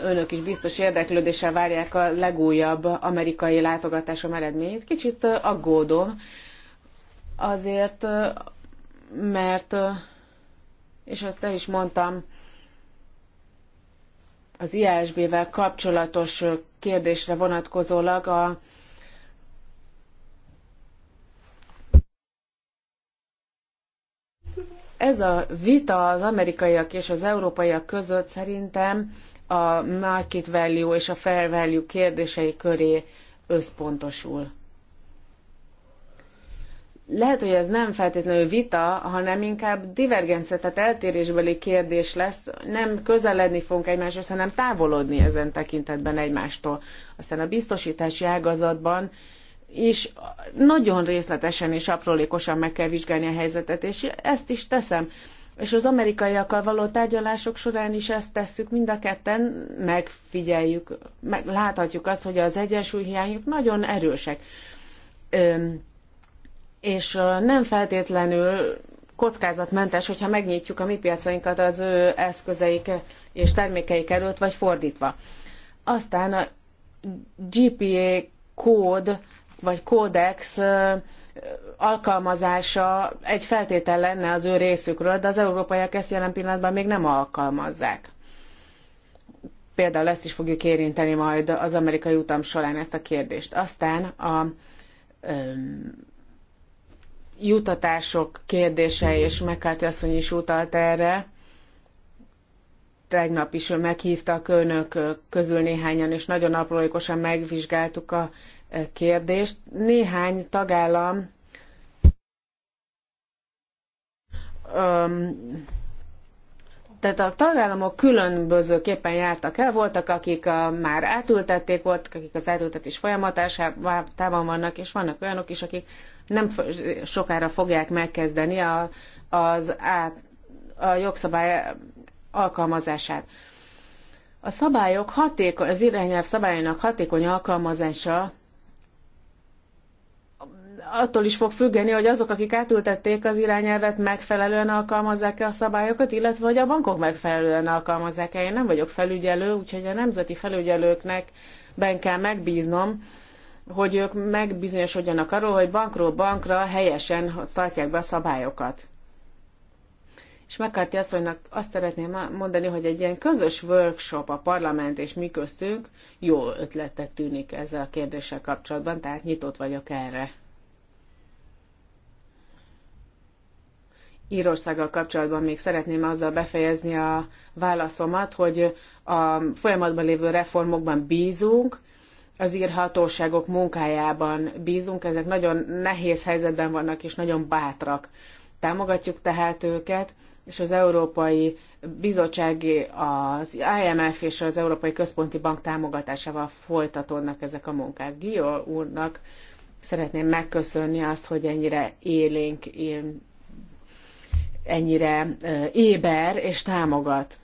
Önök is biztos érdeklődéssel várják a legújabb amerikai látogatásom eredményét. Kicsit aggódom azért, mert, és azt el is mondtam, az ISB-vel kapcsolatos kérdésre vonatkozólag a Ez a vita az amerikaiak és az európaiak között szerintem a market value és a fair value kérdései köré összpontosul. Lehet, hogy ez nem feltétlenül vita, hanem inkább divergencia, tehát eltérésbeli kérdés lesz. Nem közeledni fogunk egymáshoz, hanem távolodni ezen tekintetben egymástól. Aztán a biztosítási ágazatban és nagyon részletesen és aprólékosan meg kell vizsgálni a helyzetet, és ezt is teszem. És az amerikaiakkal való tárgyalások során is ezt tesszük mind a ketten, megfigyeljük, meg láthatjuk azt, hogy az egyensúlyhiányok nagyon erősek. Öm, és nem feltétlenül kockázatmentes, hogyha megnyitjuk a mi piacainkat az ő eszközeik és termékeik előtt, vagy fordítva. Aztán a GPA kód vagy kódex alkalmazása egy feltétel lenne az ő részükről, de az európaiak ezt jelen pillanatban még nem alkalmazzák. Például ezt is fogjuk érinteni majd az amerikai utam során ezt a kérdést. Aztán a jutatások kérdése, és McCarthy asszony is utalt erre, tegnap is meghívtak önök közül néhányan, és nagyon aprólékosan megvizsgáltuk a kérdést. Néhány tagállam tehát a tagállamok különbözőképpen jártak el, voltak, akik a, már átültették, voltak, akik az átültetés folyamatásában vannak, és vannak olyanok is, akik nem sokára fogják megkezdeni a, az át, a jogszabály alkalmazását. A szabályok hatékony, az irányelv szabályainak hatékony alkalmazása attól is fog függeni, hogy azok, akik átültették az irányelvet, megfelelően alkalmazzák-e a szabályokat, illetve hogy a bankok megfelelően alkalmazzák-e. Én nem vagyok felügyelő, úgyhogy a nemzeti felügyelőknek ben kell megbíznom, hogy ők megbizonyosodjanak arról, hogy bankról bankra helyesen tartják be a szabályokat. És McCarthy asszonynak azt szeretném mondani, hogy egy ilyen közös workshop a parlament és mi köztünk jó ötletet tűnik ezzel a kérdéssel kapcsolatban, tehát nyitott vagyok erre. Írországgal kapcsolatban még szeretném azzal befejezni a válaszomat, hogy a folyamatban lévő reformokban bízunk, az írhatóságok munkájában bízunk, ezek nagyon nehéz helyzetben vannak és nagyon bátrak. Támogatjuk tehát őket, és az Európai Bizottság, az IMF és az Európai Központi Bank támogatásával folytatódnak ezek a munkák. Gio úrnak szeretném megköszönni azt, hogy ennyire élénk, én ennyire éber és támogat.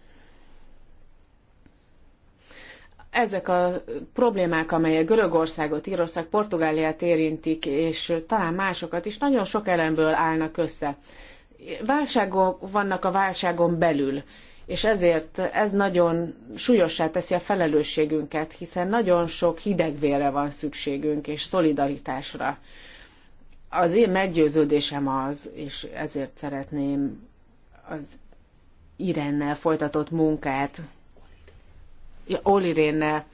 Ezek a problémák, amelyek Görögországot, Írország, Portugáliát érintik, és talán másokat is, nagyon sok elemből állnak össze. Válságok vannak a válságon belül, és ezért ez nagyon súlyossá teszi a felelősségünket, hiszen nagyon sok hidegvére van szükségünk, és szolidaritásra az én meggyőződésem az, és ezért szeretném az Irennel folytatott munkát, ja, Olirénnel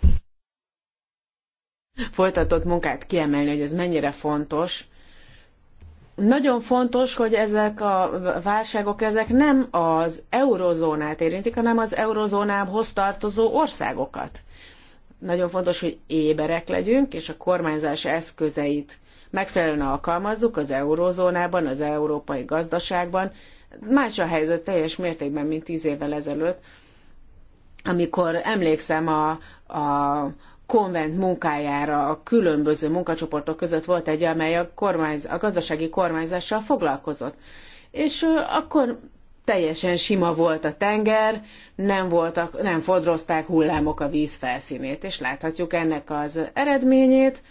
folytatott munkát kiemelni, hogy ez mennyire fontos. Nagyon fontos, hogy ezek a válságok ezek nem az eurozónát érintik, hanem az eurozónához tartozó országokat. Nagyon fontos, hogy éberek legyünk, és a kormányzás eszközeit megfelelően alkalmazzuk az eurózónában, az európai gazdaságban. Más a helyzet teljes mértékben, mint tíz évvel ezelőtt, amikor emlékszem a, a konvent munkájára a különböző munkacsoportok között volt egy, amely a, kormányz, a gazdasági kormányzással foglalkozott. És akkor teljesen sima volt a tenger, nem, voltak, nem fodrozták hullámok a víz felszínét, és láthatjuk ennek az eredményét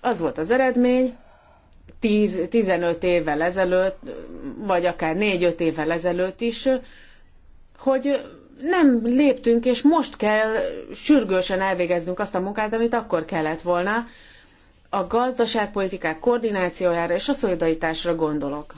az volt az eredmény, 10-15 évvel ezelőtt, vagy akár 4-5 évvel ezelőtt is, hogy nem léptünk, és most kell sürgősen elvégeznünk azt a munkát, amit akkor kellett volna, a gazdaságpolitikák koordinációjára és a szolidaritásra gondolok.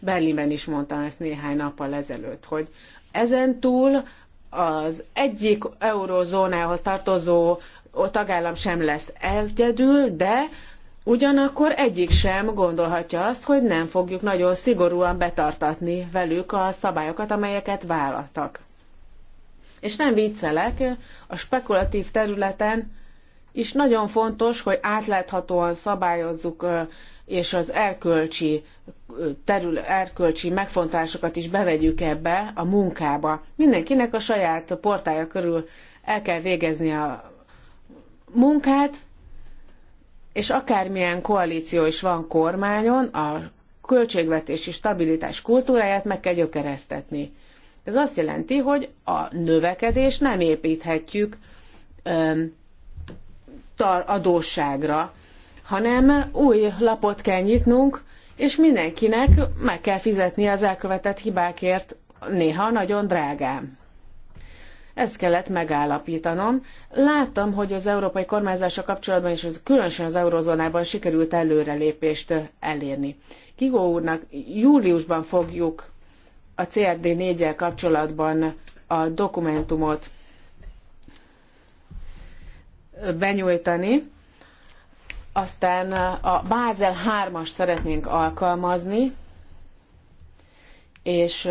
Berlinben is mondtam ezt néhány nappal ezelőtt, hogy ezen túl az egyik eurozónához tartozó a tagállam sem lesz egyedül, de ugyanakkor egyik sem gondolhatja azt, hogy nem fogjuk nagyon szigorúan betartatni velük a szabályokat, amelyeket vállaltak. És nem viccelek, a spekulatív területen is nagyon fontos, hogy átláthatóan szabályozzuk és az erkölcsi, terül, erkölcsi megfontásokat is bevegyük ebbe a munkába. Mindenkinek a saját portája körül el kell végezni a munkát, és akármilyen koalíció is van kormányon, a költségvetési stabilitás kultúráját meg kell gyökeresztetni. Ez azt jelenti, hogy a növekedést nem építhetjük öm, adósságra, hanem új lapot kell nyitnunk, és mindenkinek meg kell fizetni az elkövetett hibákért, néha nagyon drágán. Ezt kellett megállapítanom. Láttam, hogy az európai kormányzása kapcsolatban és különösen az eurozónában sikerült előrelépést elérni. Kigó úrnak júliusban fogjuk a CRD 4 kapcsolatban a dokumentumot benyújtani. Aztán a Bázel 3-as szeretnénk alkalmazni, és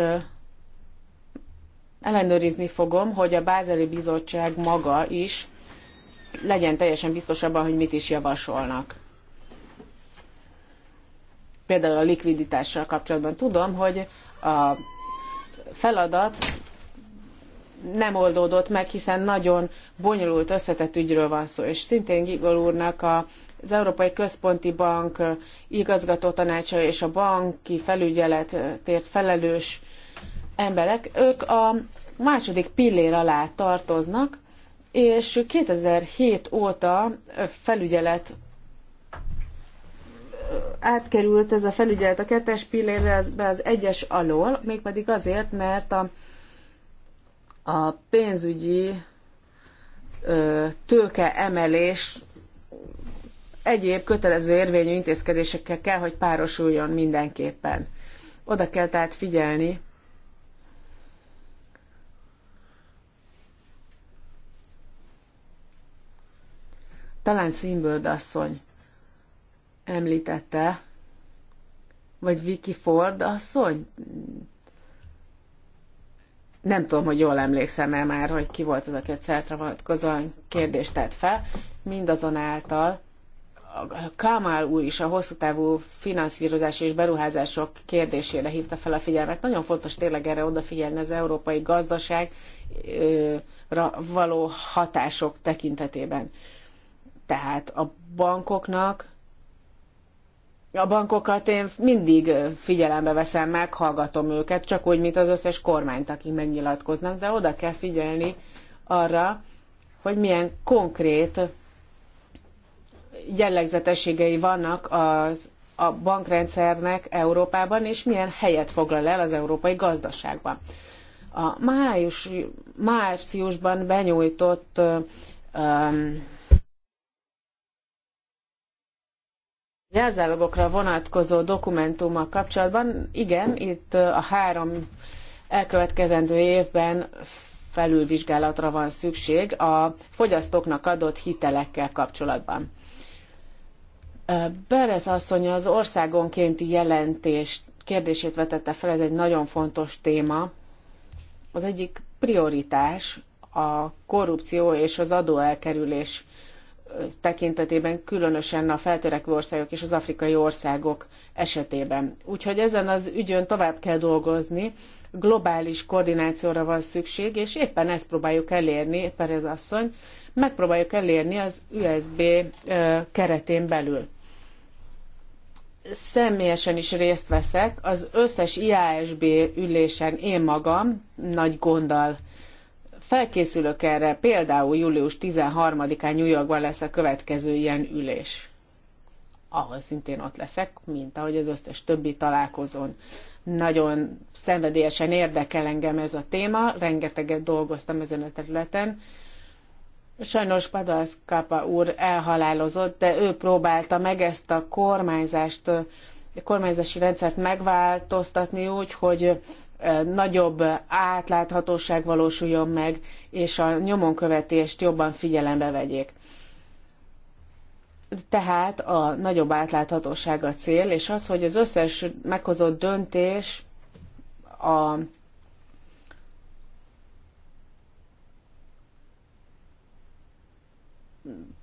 ellenőrizni fogom, hogy a Bázeli Bizottság maga is legyen teljesen biztos abban, hogy mit is javasolnak. Például a likviditással kapcsolatban tudom, hogy a feladat nem oldódott meg, hiszen nagyon bonyolult, összetett ügyről van szó. És szintén Gigol úrnak a, az Európai Központi Bank tanácsa és a banki felügyelet tért felelős emberek, ők a második pillér alá tartoznak, és 2007 óta felügyelet átkerült ez a felügyelet a kettes pillérre az, az egyes alól, mégpedig azért, mert a, a pénzügyi ö, tőke emelés egyéb kötelező érvényű intézkedésekkel kell, hogy párosuljon mindenképpen. Oda kell tehát figyelni Talán Swinbird asszony említette, vagy Vicky Ford asszony? Nem tudom, hogy jól emlékszem-e már, hogy ki volt az, aki egy szertre vonatkozóan kérdést tett fel. Mindazonáltal a Kamal úr is a hosszú távú finanszírozási és beruházások kérdésére hívta fel a figyelmet. Nagyon fontos tényleg erre odafigyelni az európai gazdaságra való hatások tekintetében. Tehát a bankoknak, a bankokat én mindig figyelembe veszem, meghallgatom őket, csak úgy, mint az összes kormányt, akik megnyilatkoznak, de oda kell figyelni arra, hogy milyen konkrét jellegzetességei vannak az, a bankrendszernek Európában, és milyen helyet foglal el az európai gazdaságban. A május, márciusban benyújtott um, Jelzálogokra vonatkozó dokumentummal kapcsolatban, igen, itt a három elkövetkezendő évben felülvizsgálatra van szükség a fogyasztóknak adott hitelekkel kapcsolatban. Beres asszony az országonkénti jelentés kérdését vetette fel, ez egy nagyon fontos téma. Az egyik prioritás a korrupció és az adóelkerülés tekintetében, különösen a feltörekvő országok és az afrikai országok esetében. Úgyhogy ezen az ügyön tovább kell dolgozni, globális koordinációra van szükség, és éppen ezt próbáljuk elérni, Perez asszony, megpróbáljuk elérni az USB keretén belül. Személyesen is részt veszek, az összes IASB ülésen én magam nagy gonddal Felkészülök erre, például július 13-án New Yorkban lesz a következő ilyen ülés, ahol szintén ott leszek, mint ahogy az összes többi találkozón. Nagyon szenvedélyesen érdekel engem ez a téma, rengeteget dolgoztam ezen a területen, Sajnos Padasz Kapa úr elhalálozott, de ő próbálta meg ezt a kormányzást, a kormányzási rendszert megváltoztatni úgy, hogy nagyobb átláthatóság valósuljon meg, és a nyomonkövetést jobban figyelembe vegyék. Tehát a nagyobb átláthatóság a cél, és az, hogy az összes meghozott döntés a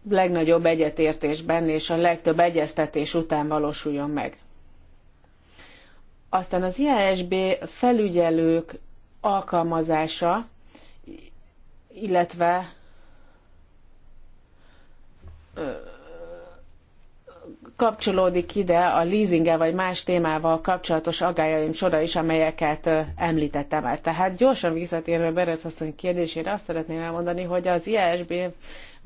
legnagyobb egyetértésben és a legtöbb egyeztetés után valósuljon meg. Aztán az IASB felügyelők alkalmazása, illetve kapcsolódik ide a leasinggel vagy más témával kapcsolatos agályaim sora is, amelyeket említettem már. Tehát gyorsan visszatérve Berez asszony kérdésére azt szeretném elmondani, hogy az iasb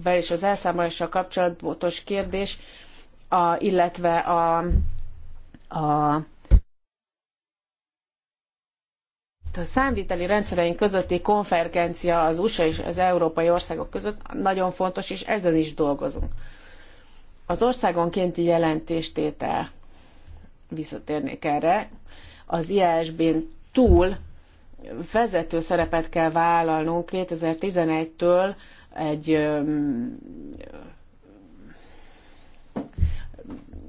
vel és az elszámolással kapcsolatos kérdés, a, illetve a, a a számviteli rendszereink közötti konvergencia az USA és az európai országok között nagyon fontos, és ezen is dolgozunk. Az országonkénti jelentéstétel, visszatérnék erre, az IASB-n túl vezető szerepet kell vállalnunk 2011-től egy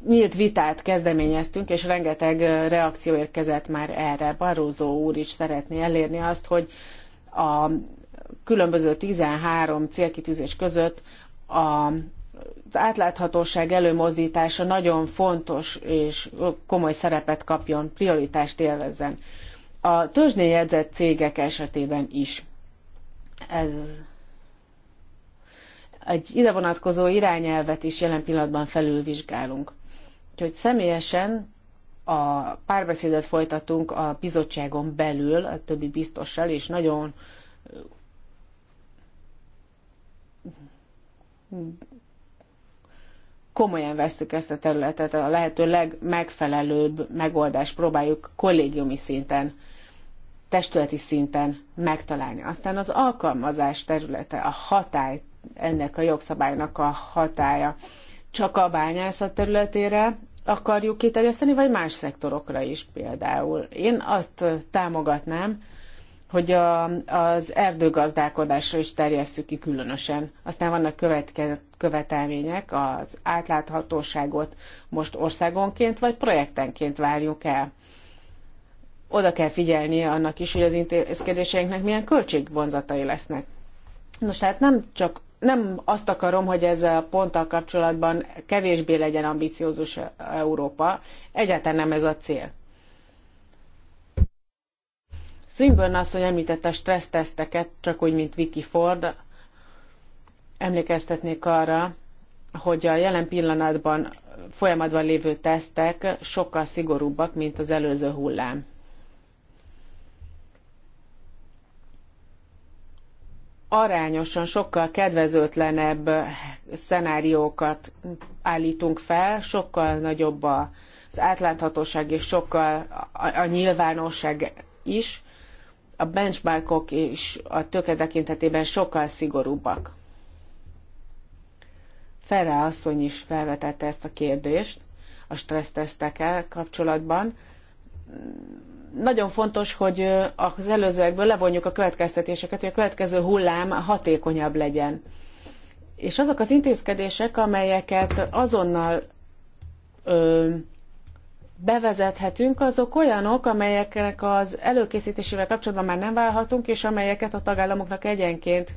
nyílt vitát kezdeményeztünk, és rengeteg reakció érkezett már erre. Barózó úr is szeretné elérni azt, hogy a különböző 13 célkitűzés között a az átláthatóság előmozdítása nagyon fontos és komoly szerepet kapjon, prioritást élvezzen. A tőzsdén jegyzett cégek esetében is. Ez egy ide vonatkozó irányelvet is jelen pillanatban felülvizsgálunk. Úgyhogy személyesen a párbeszédet folytatunk a bizottságon belül a többi biztossal, és nagyon komolyan vesszük ezt a területet, a lehető legmegfelelőbb megoldást próbáljuk kollégiumi szinten, testületi szinten megtalálni. Aztán az alkalmazás területe, a hatály, ennek a jogszabálynak a hatája csak a bányászat területére akarjuk kiterjeszteni, vagy más szektorokra is például. Én azt támogatnám, hogy a, az erdőgazdálkodásra is terjesszük ki különösen. Aztán vannak követke, követelmények, az átláthatóságot most országonként vagy projektenként várjuk el. Oda kell figyelni annak is, hogy az intézkedéseinknek milyen költségvonzatai lesznek. Nos, tehát nem csak nem azt akarom, hogy ezzel a ponttal kapcsolatban kevésbé legyen ambiciózus Európa. Egyáltalán nem ez a cél. Swinburne asszony említette a stresszteszteket, csak úgy, mint Vicky Ford. Emlékeztetnék arra, hogy a jelen pillanatban folyamatban lévő tesztek sokkal szigorúbbak, mint az előző hullám. arányosan sokkal kedvezőtlenebb szenáriókat állítunk fel, sokkal nagyobb az átláthatóság és sokkal a, nyilvánosság is, a benchmarkok és a töke tekintetében sokkal szigorúbbak. Ferre asszony is felvetette ezt a kérdést a stressztesztekkel kapcsolatban nagyon fontos, hogy az előzőekből levonjuk a következtetéseket, hogy a következő hullám hatékonyabb legyen. És azok az intézkedések, amelyeket azonnal ö, bevezethetünk, azok olyanok, amelyeknek az előkészítésével kapcsolatban már nem válhatunk, és amelyeket a tagállamoknak egyenként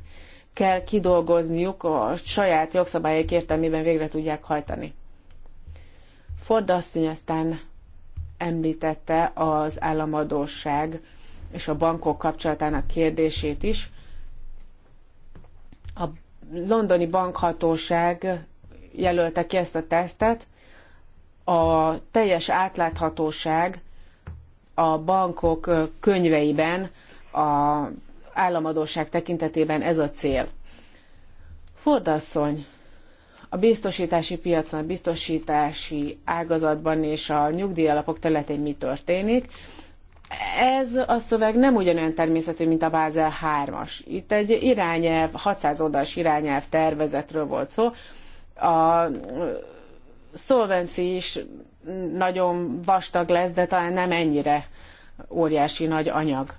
kell kidolgozniuk, a saját jogszabályok értelmében végre tudják hajtani. Ford asszony aztán említette az államadóság és a bankok kapcsolatának kérdését is. A londoni bankhatóság jelölte ki ezt a tesztet. A teljes átláthatóság a bankok könyveiben, az államadóság tekintetében ez a cél. Fordasszony a biztosítási piacon, a biztosítási ágazatban és a nyugdíjalapok területén mi történik. Ez a szöveg nem ugyanolyan természetű, mint a Bázel 3-as. Itt egy irányelv, 600 oldalas irányelv tervezetről volt szó. A szolvenci is nagyon vastag lesz, de talán nem ennyire óriási nagy anyag.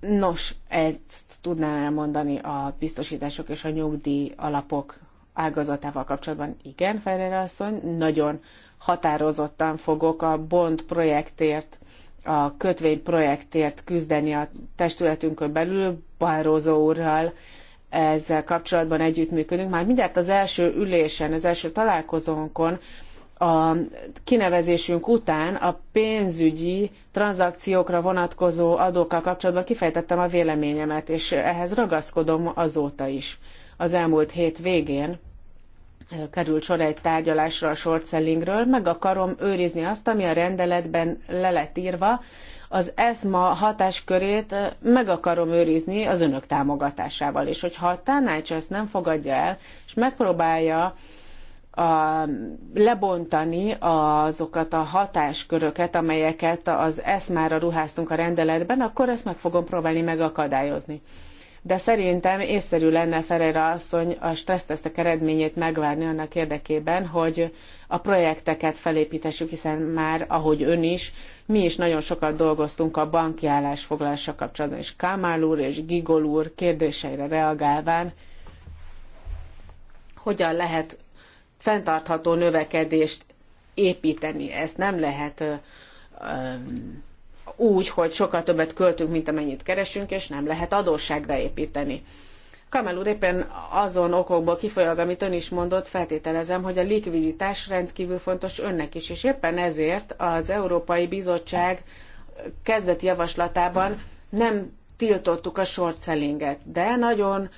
Nos, ezt tudnám elmondani a biztosítások és a nyugdíj alapok ágazatával kapcsolatban igen, Ferrer asszony, nagyon határozottan fogok a Bond projektért, a kötvény projektért küzdeni a testületünkön belül, bárózó úrral ezzel kapcsolatban együttműködünk. Már mindjárt az első ülésen, az első találkozónkon a kinevezésünk után a pénzügyi tranzakciókra vonatkozó adókkal kapcsolatban kifejtettem a véleményemet, és ehhez ragaszkodom azóta is az elmúlt hét végén került sor egy tárgyalásra a short sellingről, meg akarom őrizni azt, ami a rendeletben le lett írva, az ESMA hatáskörét meg akarom őrizni az önök támogatásával, és hogyha a tanács ezt nem fogadja el, és megpróbálja a, lebontani azokat a hatásköröket, amelyeket az ESMA-ra ruháztunk a rendeletben, akkor ezt meg fogom próbálni megakadályozni de szerintem észszerű lenne Ferreira asszony a stressztesztek eredményét megvárni annak érdekében, hogy a projekteket felépítessük, hiszen már, ahogy ön is, mi is nagyon sokat dolgoztunk a banki állásfoglalása kapcsolatban, és Kámál úr és Gigol úr kérdéseire reagálván, hogyan lehet fenntartható növekedést építeni. Ezt nem lehet ö, ö, úgy, hogy sokkal többet költünk, mint amennyit keresünk, és nem lehet adósságra építeni. Kamel úr éppen azon okokból kifolyólag, amit ön is mondott, feltételezem, hogy a likviditás rendkívül fontos önnek is, és éppen ezért az Európai Bizottság kezdeti javaslatában nem tiltottuk a short sellinget, de nagyon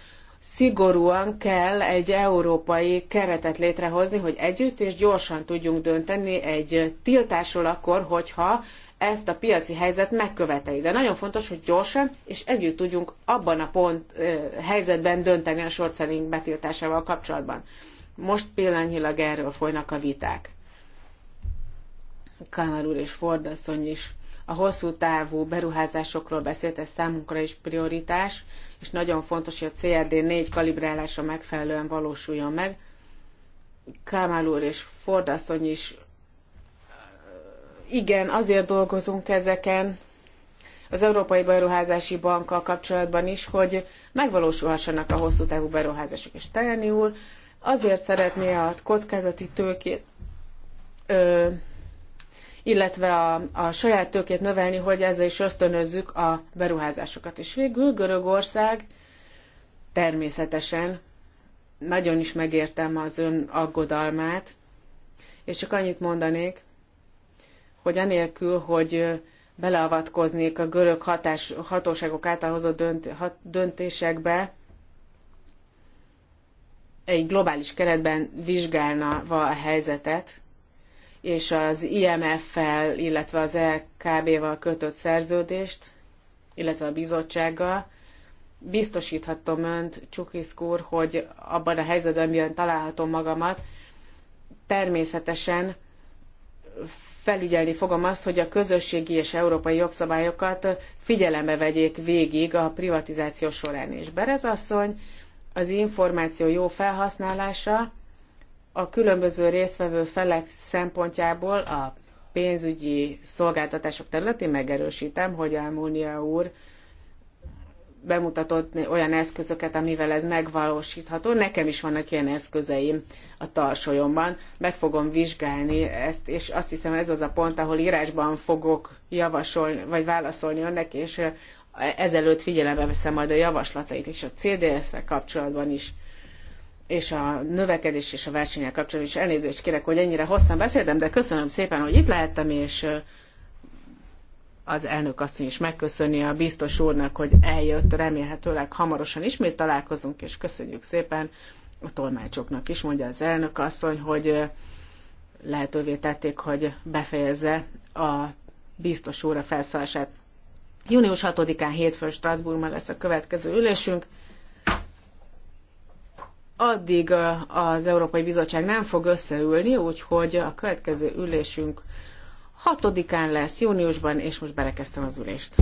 szigorúan kell egy európai keretet létrehozni, hogy együtt és gyorsan tudjunk dönteni egy tiltásról akkor, hogyha ezt a piaci helyzet megköveteli. De nagyon fontos, hogy gyorsan és együtt tudjunk abban a pont helyzetben dönteni a short selling betiltásával kapcsolatban. Most pillanatnyilag erről folynak a viták. Kámer úr és Fordasszony is a hosszú távú beruházásokról beszélt, ez számunkra is prioritás, és nagyon fontos, hogy a CRD 4 kalibrálása megfelelően valósuljon meg. Kámál úr és Fordasszony is igen, azért dolgozunk ezeken az Európai Beruházási Bankkal kapcsolatban is, hogy megvalósulhassanak a hosszú távú beruházások. És Tajani úr azért szeretné a kockázati tőkét, ö, illetve a, a saját tőkét növelni, hogy ezzel is ösztönözzük a beruházásokat. És végül Görögország természetesen nagyon is megértem az ön aggodalmát, és csak annyit mondanék, hogy anélkül, hogy beleavatkoznék a görög hatás, hatóságok által hozott dönt, hat, döntésekbe, egy globális keretben vizsgálna a helyzetet, és az IMF-fel, illetve az LKB-val e kötött szerződést, illetve a bizottsággal, biztosíthatom önt, Csukisz úr, hogy abban a helyzetben, amiben találhatom magamat, természetesen felügyelni fogom azt, hogy a közösségi és európai jogszabályokat figyelembe vegyék végig a privatizáció során is. Berez asszony az információ jó felhasználása a különböző résztvevő felek szempontjából a pénzügyi szolgáltatások területén megerősítem, hogy Almónia úr bemutatott olyan eszközöket, amivel ez megvalósítható. Nekem is vannak ilyen eszközeim a tarsolyomban. Meg fogom vizsgálni ezt, és azt hiszem ez az a pont, ahol írásban fogok javasolni, vagy válaszolni önnek, és ezelőtt figyelembe veszem majd a javaslatait, és a CDS-szel kapcsolatban is és a növekedés és a versenyel kapcsolatban is elnézést kérek, hogy ennyire hosszan beszéltem, de köszönöm szépen, hogy itt lehettem, és az elnök asszony is megköszöni a biztos úrnak, hogy eljött, remélhetőleg hamarosan ismét találkozunk, és köszönjük szépen a tolmácsoknak is, mondja az elnök asszony, hogy lehetővé tették, hogy befejezze a biztos úr a felszállását. Június 6-án hétfőn Strasbourgban lesz a következő ülésünk. Addig az Európai Bizottság nem fog összeülni, úgyhogy a következő ülésünk 6-án lesz, júniusban, és most berekeztem az ülést.